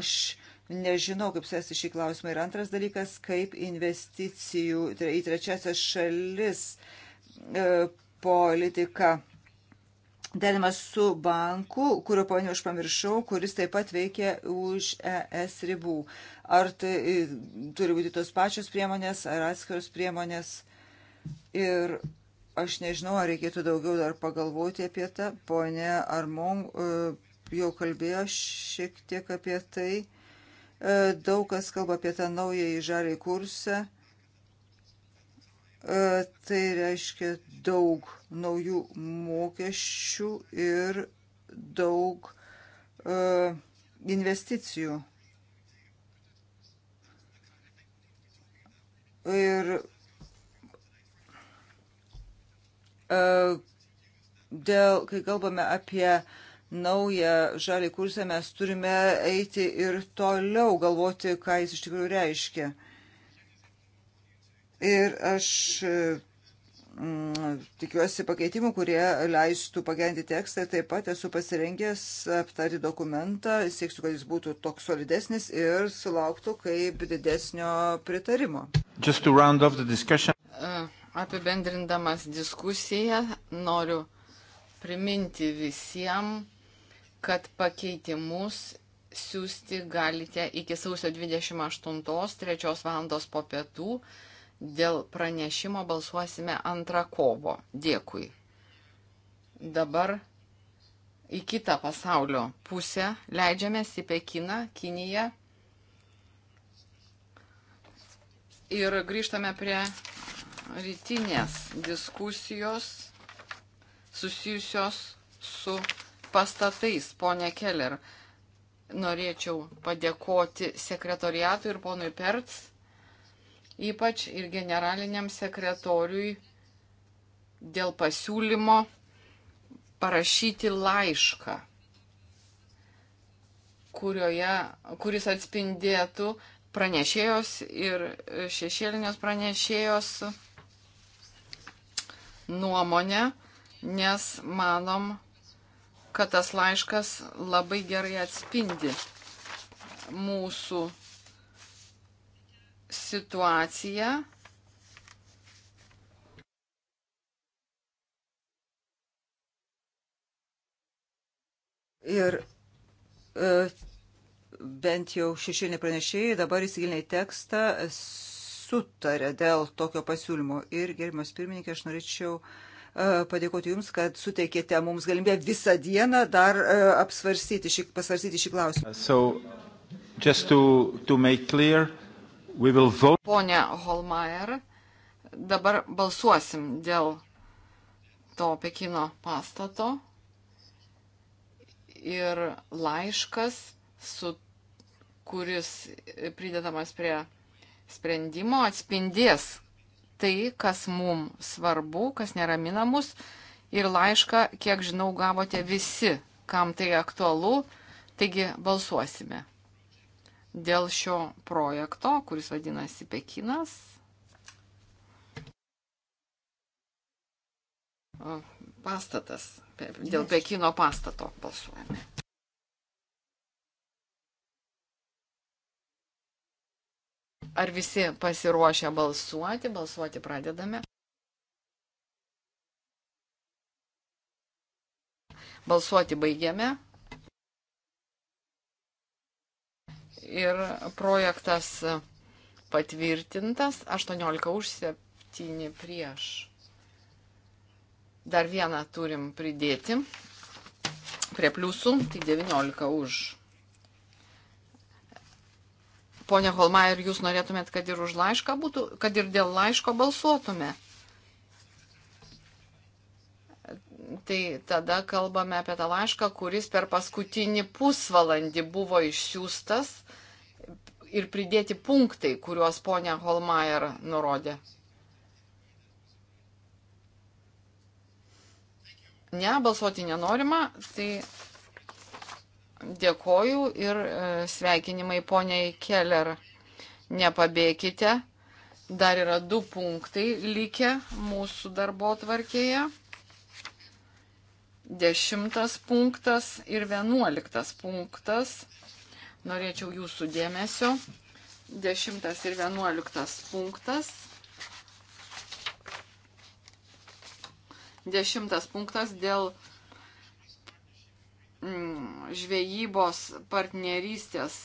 Aš uh, Nežinau, kaip sėsti šį klausimą. Ir antras dalykas, kaip investicijų į trečiasias šalis e, politika derimas su banku, kurio pavadinimą aš pamiršau, kuris taip pat veikia už ES ribų. Ar tai e, turi būti tos pačios priemonės, ar atskiros priemonės. Ir aš nežinau, ar reikėtų daugiau dar pagalvoti apie tą. Pone Armon e, jau kalbėjo šiek tiek apie tai. E, daug kas kalba apie tą naują žalį kursą. E, tai reiškia daug naujų mokesčių ir daug e, investicijų. Ir dėl, kai kalbame apie naują žalį kursą mes turime eiti ir toliau galvoti, ką jis iš tikrųjų reiškia. Ir aš mm, tikiuosi pakeitimų, kurie leistų pagerinti tekstą ir taip pat esu pasirengęs aptarti dokumentą, sieksiu, kad jis būtų toks solidesnis ir sulauktų kaip didesnio pritarimo. E, apibendrindamas diskusiją noriu priminti visiems, kad pakeitimus siūsti galite iki sausio 28-3 val. po pietų. Dėl pranešimo balsuosime antrą kovo. Dėkui. Dabar į kitą pasaulio pusę leidžiamės į Pekiną, Kiniją. Ir grįžtame prie rytinės diskusijos susijusios su pastatais, ponė Keller. Norėčiau padėkoti sekretoriatui ir ponui Perts, ypač ir generaliniam sekretoriui dėl pasiūlymo parašyti laišką, kurioje, kuris atspindėtų pranešėjos ir šešėlinės pranešėjos nuomonę, nes manom, kad tas laiškas labai gerai atspindi mūsų situaciją. Ir e, bent jau šešėlė pranešėjai dabar įsigilinę į tekstą sutarė dėl tokio pasiūlymo. Ir, gerimas pirmininkė, aš norėčiau e, E, padėkoti Jums, kad suteikėte mums galimybę visą dieną dar e, apsvarstyti šį, pasvarstyti šį klausimą. So, to, to clear, Pone Holmeier, dabar balsuosim dėl to Pekino pastato ir laiškas, su, kuris pridedamas prie sprendimo atspindės, tai, kas mum svarbu, kas neramina mus. Ir laišką, kiek žinau, gavote visi, kam tai aktualu. Taigi balsuosime dėl šio projekto, kuris vadinasi Pekinas. Pastatas. Dėl Pekino pastato balsuojame. Ar visi pasiruošę balsuoti? Balsuoti pradedame. Balsuoti baigiame. Ir projektas patvirtintas 18 už 7 prieš. Dar vieną turim pridėti prie pliusų, tai 19 už. Pone Holmaier, jūs norėtumėt, kad ir už laišką būtų, kad ir dėl laiško balsuotume. Tai tada kalbame apie tą laišką, kuris per paskutinį pusvalandį buvo išsiųstas ir pridėti punktai, kuriuos ponia Holmaier nurodė. Ne, balsuoti nenorima, tai Dėkoju ir e, sveikinimai poniai Keller. Nepabėkite. Dar yra du punktai likę mūsų darbo tvarkėje. Dešimtas punktas ir vienuoliktas punktas. Norėčiau jūsų dėmesio. Dešimtas ir vienuoliktas punktas. Dešimtas punktas dėl Mm, žvejybos partnerystės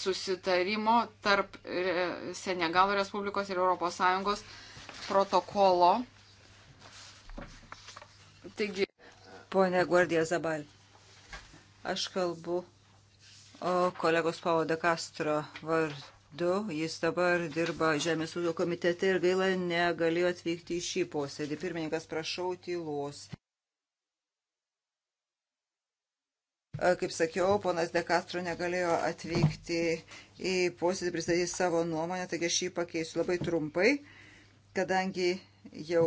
susitarimo tarp e, Senegalo Respublikos ir ES protokolo. Taigi. Pone Guardija Zabal, aš kalbu kolegos Paulo de Castro vardu du, jis dabar dirba Žemės ūkio komitete ir gaila negalėjo atvykti į šį posėdį. Pirmininkas, prašau tylos. Kaip sakiau, ponas De Castro negalėjo atvykti į posėdį pristatyti savo nuomonę, taigi aš jį pakeisiu labai trumpai, kadangi jau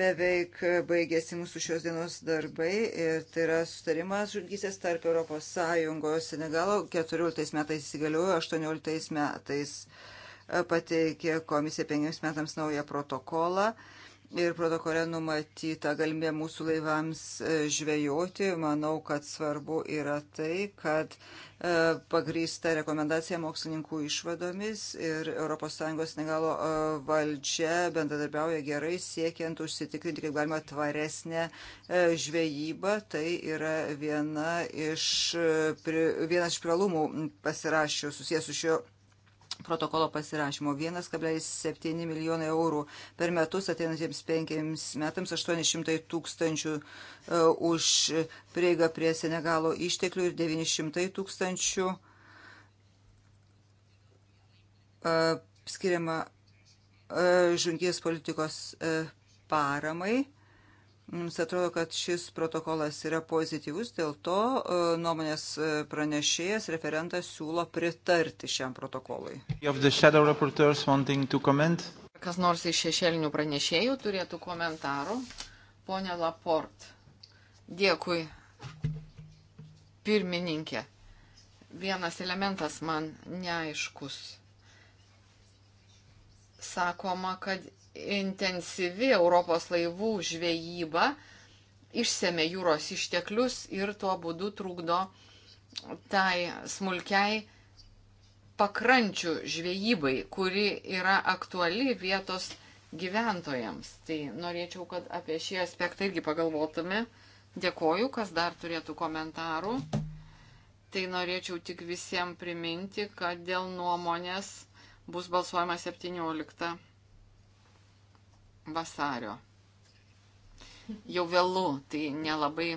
beveik baigėsi mūsų šios dienos darbai ir tai yra sustarimas žudgysės tarp Europos Sąjungos Senegalo 14 metais įsigaliojo, 18 metais pateikė komisija penkiems metams naują protokolą ir protokole numatyta galimybė mūsų laivams e, žvejoti. Manau, kad svarbu yra tai, kad e, pagrįsta rekomendacija mokslininkų išvadomis ir ES negalo e, valdžia bendradarbiauja gerai siekiant užsitikrinti kaip galima tvaresnę žvejybą. Tai yra viena iš, vienas iš privalumų pasirašyčiau susijęs su šiuo protokolo pasirašymo. 1,7 milijonai eurų per metus ateinantiems penkiems metams 800 tūkstančių e, už prieigą prie Senegalo išteklių ir 900 tūkstančių e, skiriama e, žungies politikos paramai. Mums atrodo, kad šis protokolas yra pozityvus, dėl to e, nuomonės e, pranešėjas referentas siūlo pritarti šiam protokolui. Kas nors iš šešėlinių pranešėjų turėtų komentarų? Pone Laport, dėkui, pirmininkė. Vienas elementas man neaiškus. Sakoma, kad intensyvi Europos laivų žvejyba išsėmė jūros išteklius ir tuo būdu trukdo tai smulkiai pakrančių žvejybai, kuri yra aktuali vietos gyventojams. Tai norėčiau, kad apie šį aspektą irgi pagalvotume. Dėkoju, kas dar turėtų komentarų. Tai norėčiau tik visiems priminti, kad dėl nuomonės bus balsuojama 17 vasario. Jau vėlų, tai nelabai,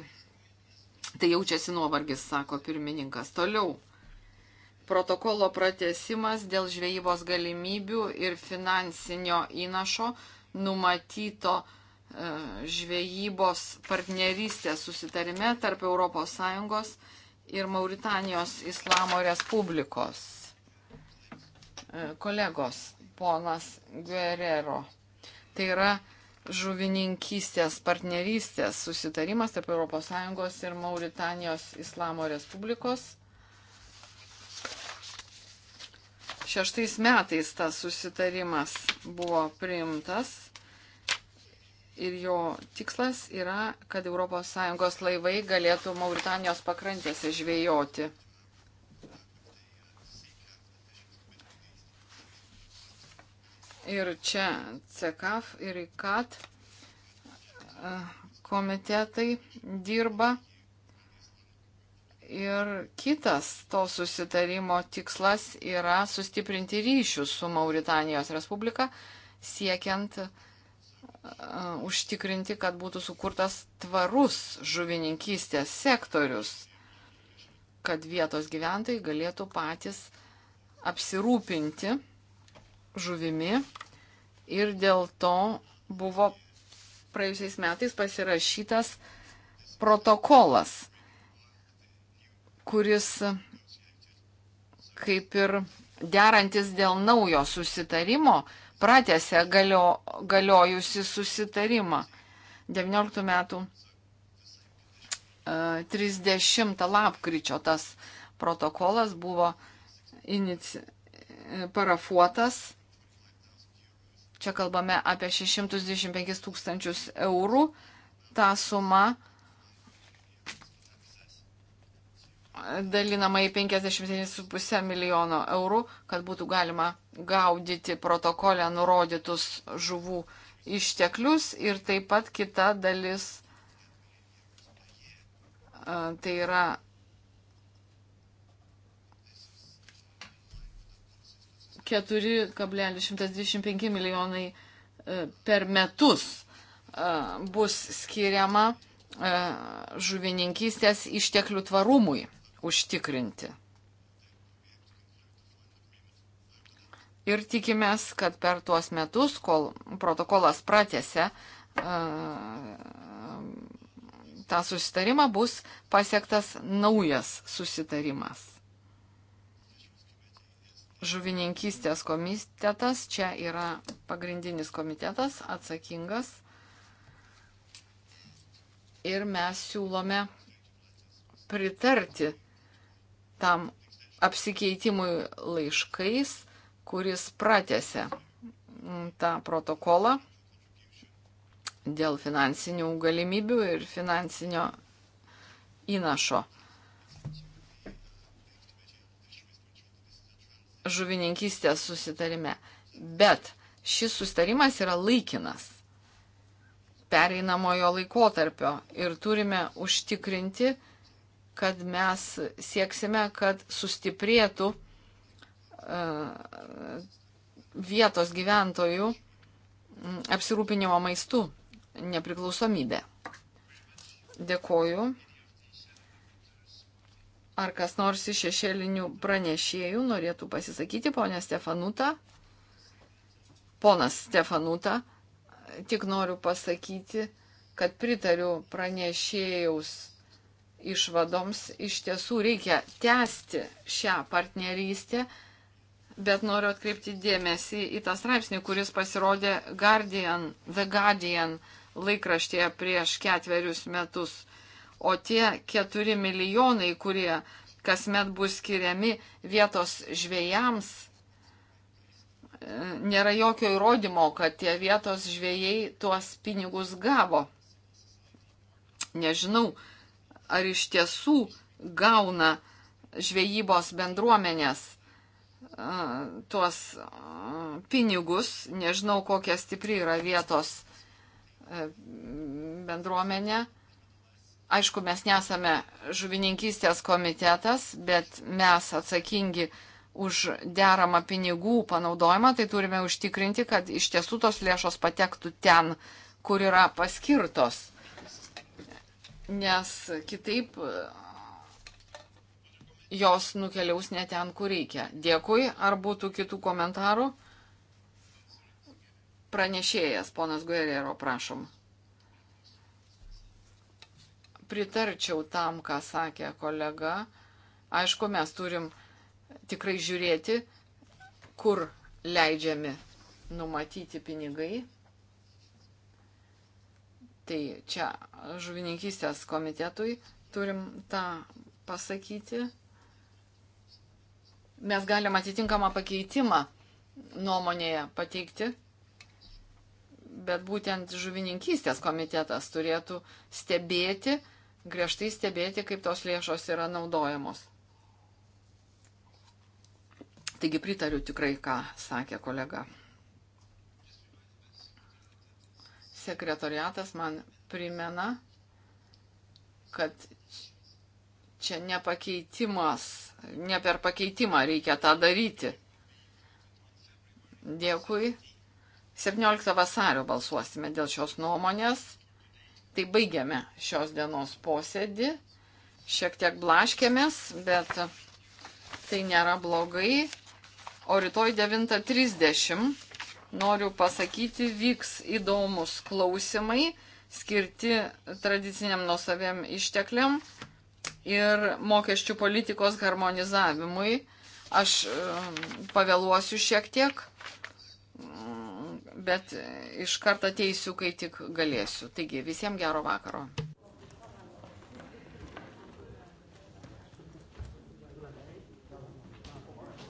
tai jaučiasi nuovargis, sako pirmininkas. Toliau, protokolo pratesimas dėl žvejybos galimybių ir finansinio įnašo numatyto e, žvejybos partnerystės susitarime tarp ES ir Mauritanijos Islamo Respublikos. E, kolegos, ponas Guerrero Tai yra žuvininkystės partnerystės susitarimas tarp ES ir Mauritanijos Islamo Respublikos. Šeštais metais tas susitarimas buvo priimtas ir jo tikslas yra, kad ES laivai galėtų Mauritanijos pakrantėse žvejoti. Ir čia CKF ir IKAT e, komitetai dirba. Ir kitas to susitarimo tikslas yra sustiprinti ryšius su Mauritanijos Respublika, siekiant uh, užtikrinti, kad būtų sukurtas tvarus žuvininkystės sektorius, kad vietos gyventojai galėtų patys apsirūpinti žuvimi ir dėl to buvo praėjusiais metais pasirašytas protokolas, kuris kaip ir derantis dėl naujo susitarimo pratėse galio, galiojusi susitarimą 19 metų 30 e, lapkričio tas protokolas buvo inici, parafuotas Čia kalbame apie 625 tūkstančius eurų. Ta suma dalinama į 57,5 milijono eurų, kad būtų galima gaudyti protokolę nurodytus žuvų išteklius ir taip pat kita dalis, e, tai yra 4,125 milijonai e, per metus e, bus skiriama e, žuvininkystės išteklių tvarumui užtikrinti. Ir tikimės, kad per tuos metus, kol protokolas pratėse, tą susitarimą bus pasiektas naujas susitarimas žuvininkystės komitetas, čia yra pagrindinis komitetas atsakingas. Ir mes siūlome pritarti tam apsikeitimui laiškais, kuris pratėse tą protokolą dėl finansinių galimybių ir finansinio įnašo. žuvininkystės susitarime. Bet šis susitarimas yra laikinas pereinamojo laikotarpio ir turime užtikrinti, kad mes sieksime, kad sustiprėtų uh, vietos gyventojų apsirūpinimo maistu nepriklausomybė. Dėkoju. Ar kas nors iš šešėlinių pranešėjų norėtų pasisakyti, ponė Stefanuta? Ponas Stefanuta, tik noriu pasakyti, kad pritariu pranešėjaus išvadoms. Iš tiesų reikia tęsti šią partnerystę, bet noriu atkreipti dėmesį į tą straipsnį, kuris pasirodė Guardian, The Guardian laikraštėje prieš ketverius metus – O tie 4 milijonai, kurie kasmet bus skiriami vietos žvėjams, e, nėra jokio įrodymo, kad tie vietos žvėjai tuos pinigus gavo. Nežinau, ar iš tiesų gauna žvejybos bendruomenės e, tuos e, pinigus, nežinau, kokia stipri yra vietos bendruomenė. Aišku, mes nesame žuvininkystės komitetas, bet mes atsakingi už deramą pinigų panaudojimą, tai turime užtikrinti, kad iš tiesų tos lėšos patektų ten, kur yra paskirtos. Nes kitaip e, jos nukeliaus ne ten, kur reikia. Dėkui, ar būtų kitų komentarų? Pranešėjas, ponas Guerrero, prašom pritarčiau tam, ką sakė kolega. Aišku, mes turim tikrai žiūrėti, kur leidžiami numatyti pinigai. Tai čia žuvininkystės komitetui turim tą pasakyti. Mes galim atitinkamą pakeitimą nuomonėje pateikti, bet būtent žuvininkystės komitetas turėtų stebėti, griežtai stebėti, kaip tos lėšos yra naudojamos. Taigi pritariu tikrai, ką sakė kolega. Sekretariatas man primena, kad čia ne pakeitimas, ne per pakeitimą reikia tą daryti. Dėkui. 17 vasario balsuosime dėl šios nuomonės. Tai baigiame šios dienos posėdį. Šiek tiek blaškėmės, bet tai nėra blogai. O rytoj 9.30 noriu pasakyti, vyks įdomus klausimai skirti tradiciniam nuosavėm ištekliam ir mokesčių politikos harmonizavimui. Aš pavėluosiu šiek tiek bet iš karto ateisiu, kai tik galėsiu. Taigi, visiems gero vakaro.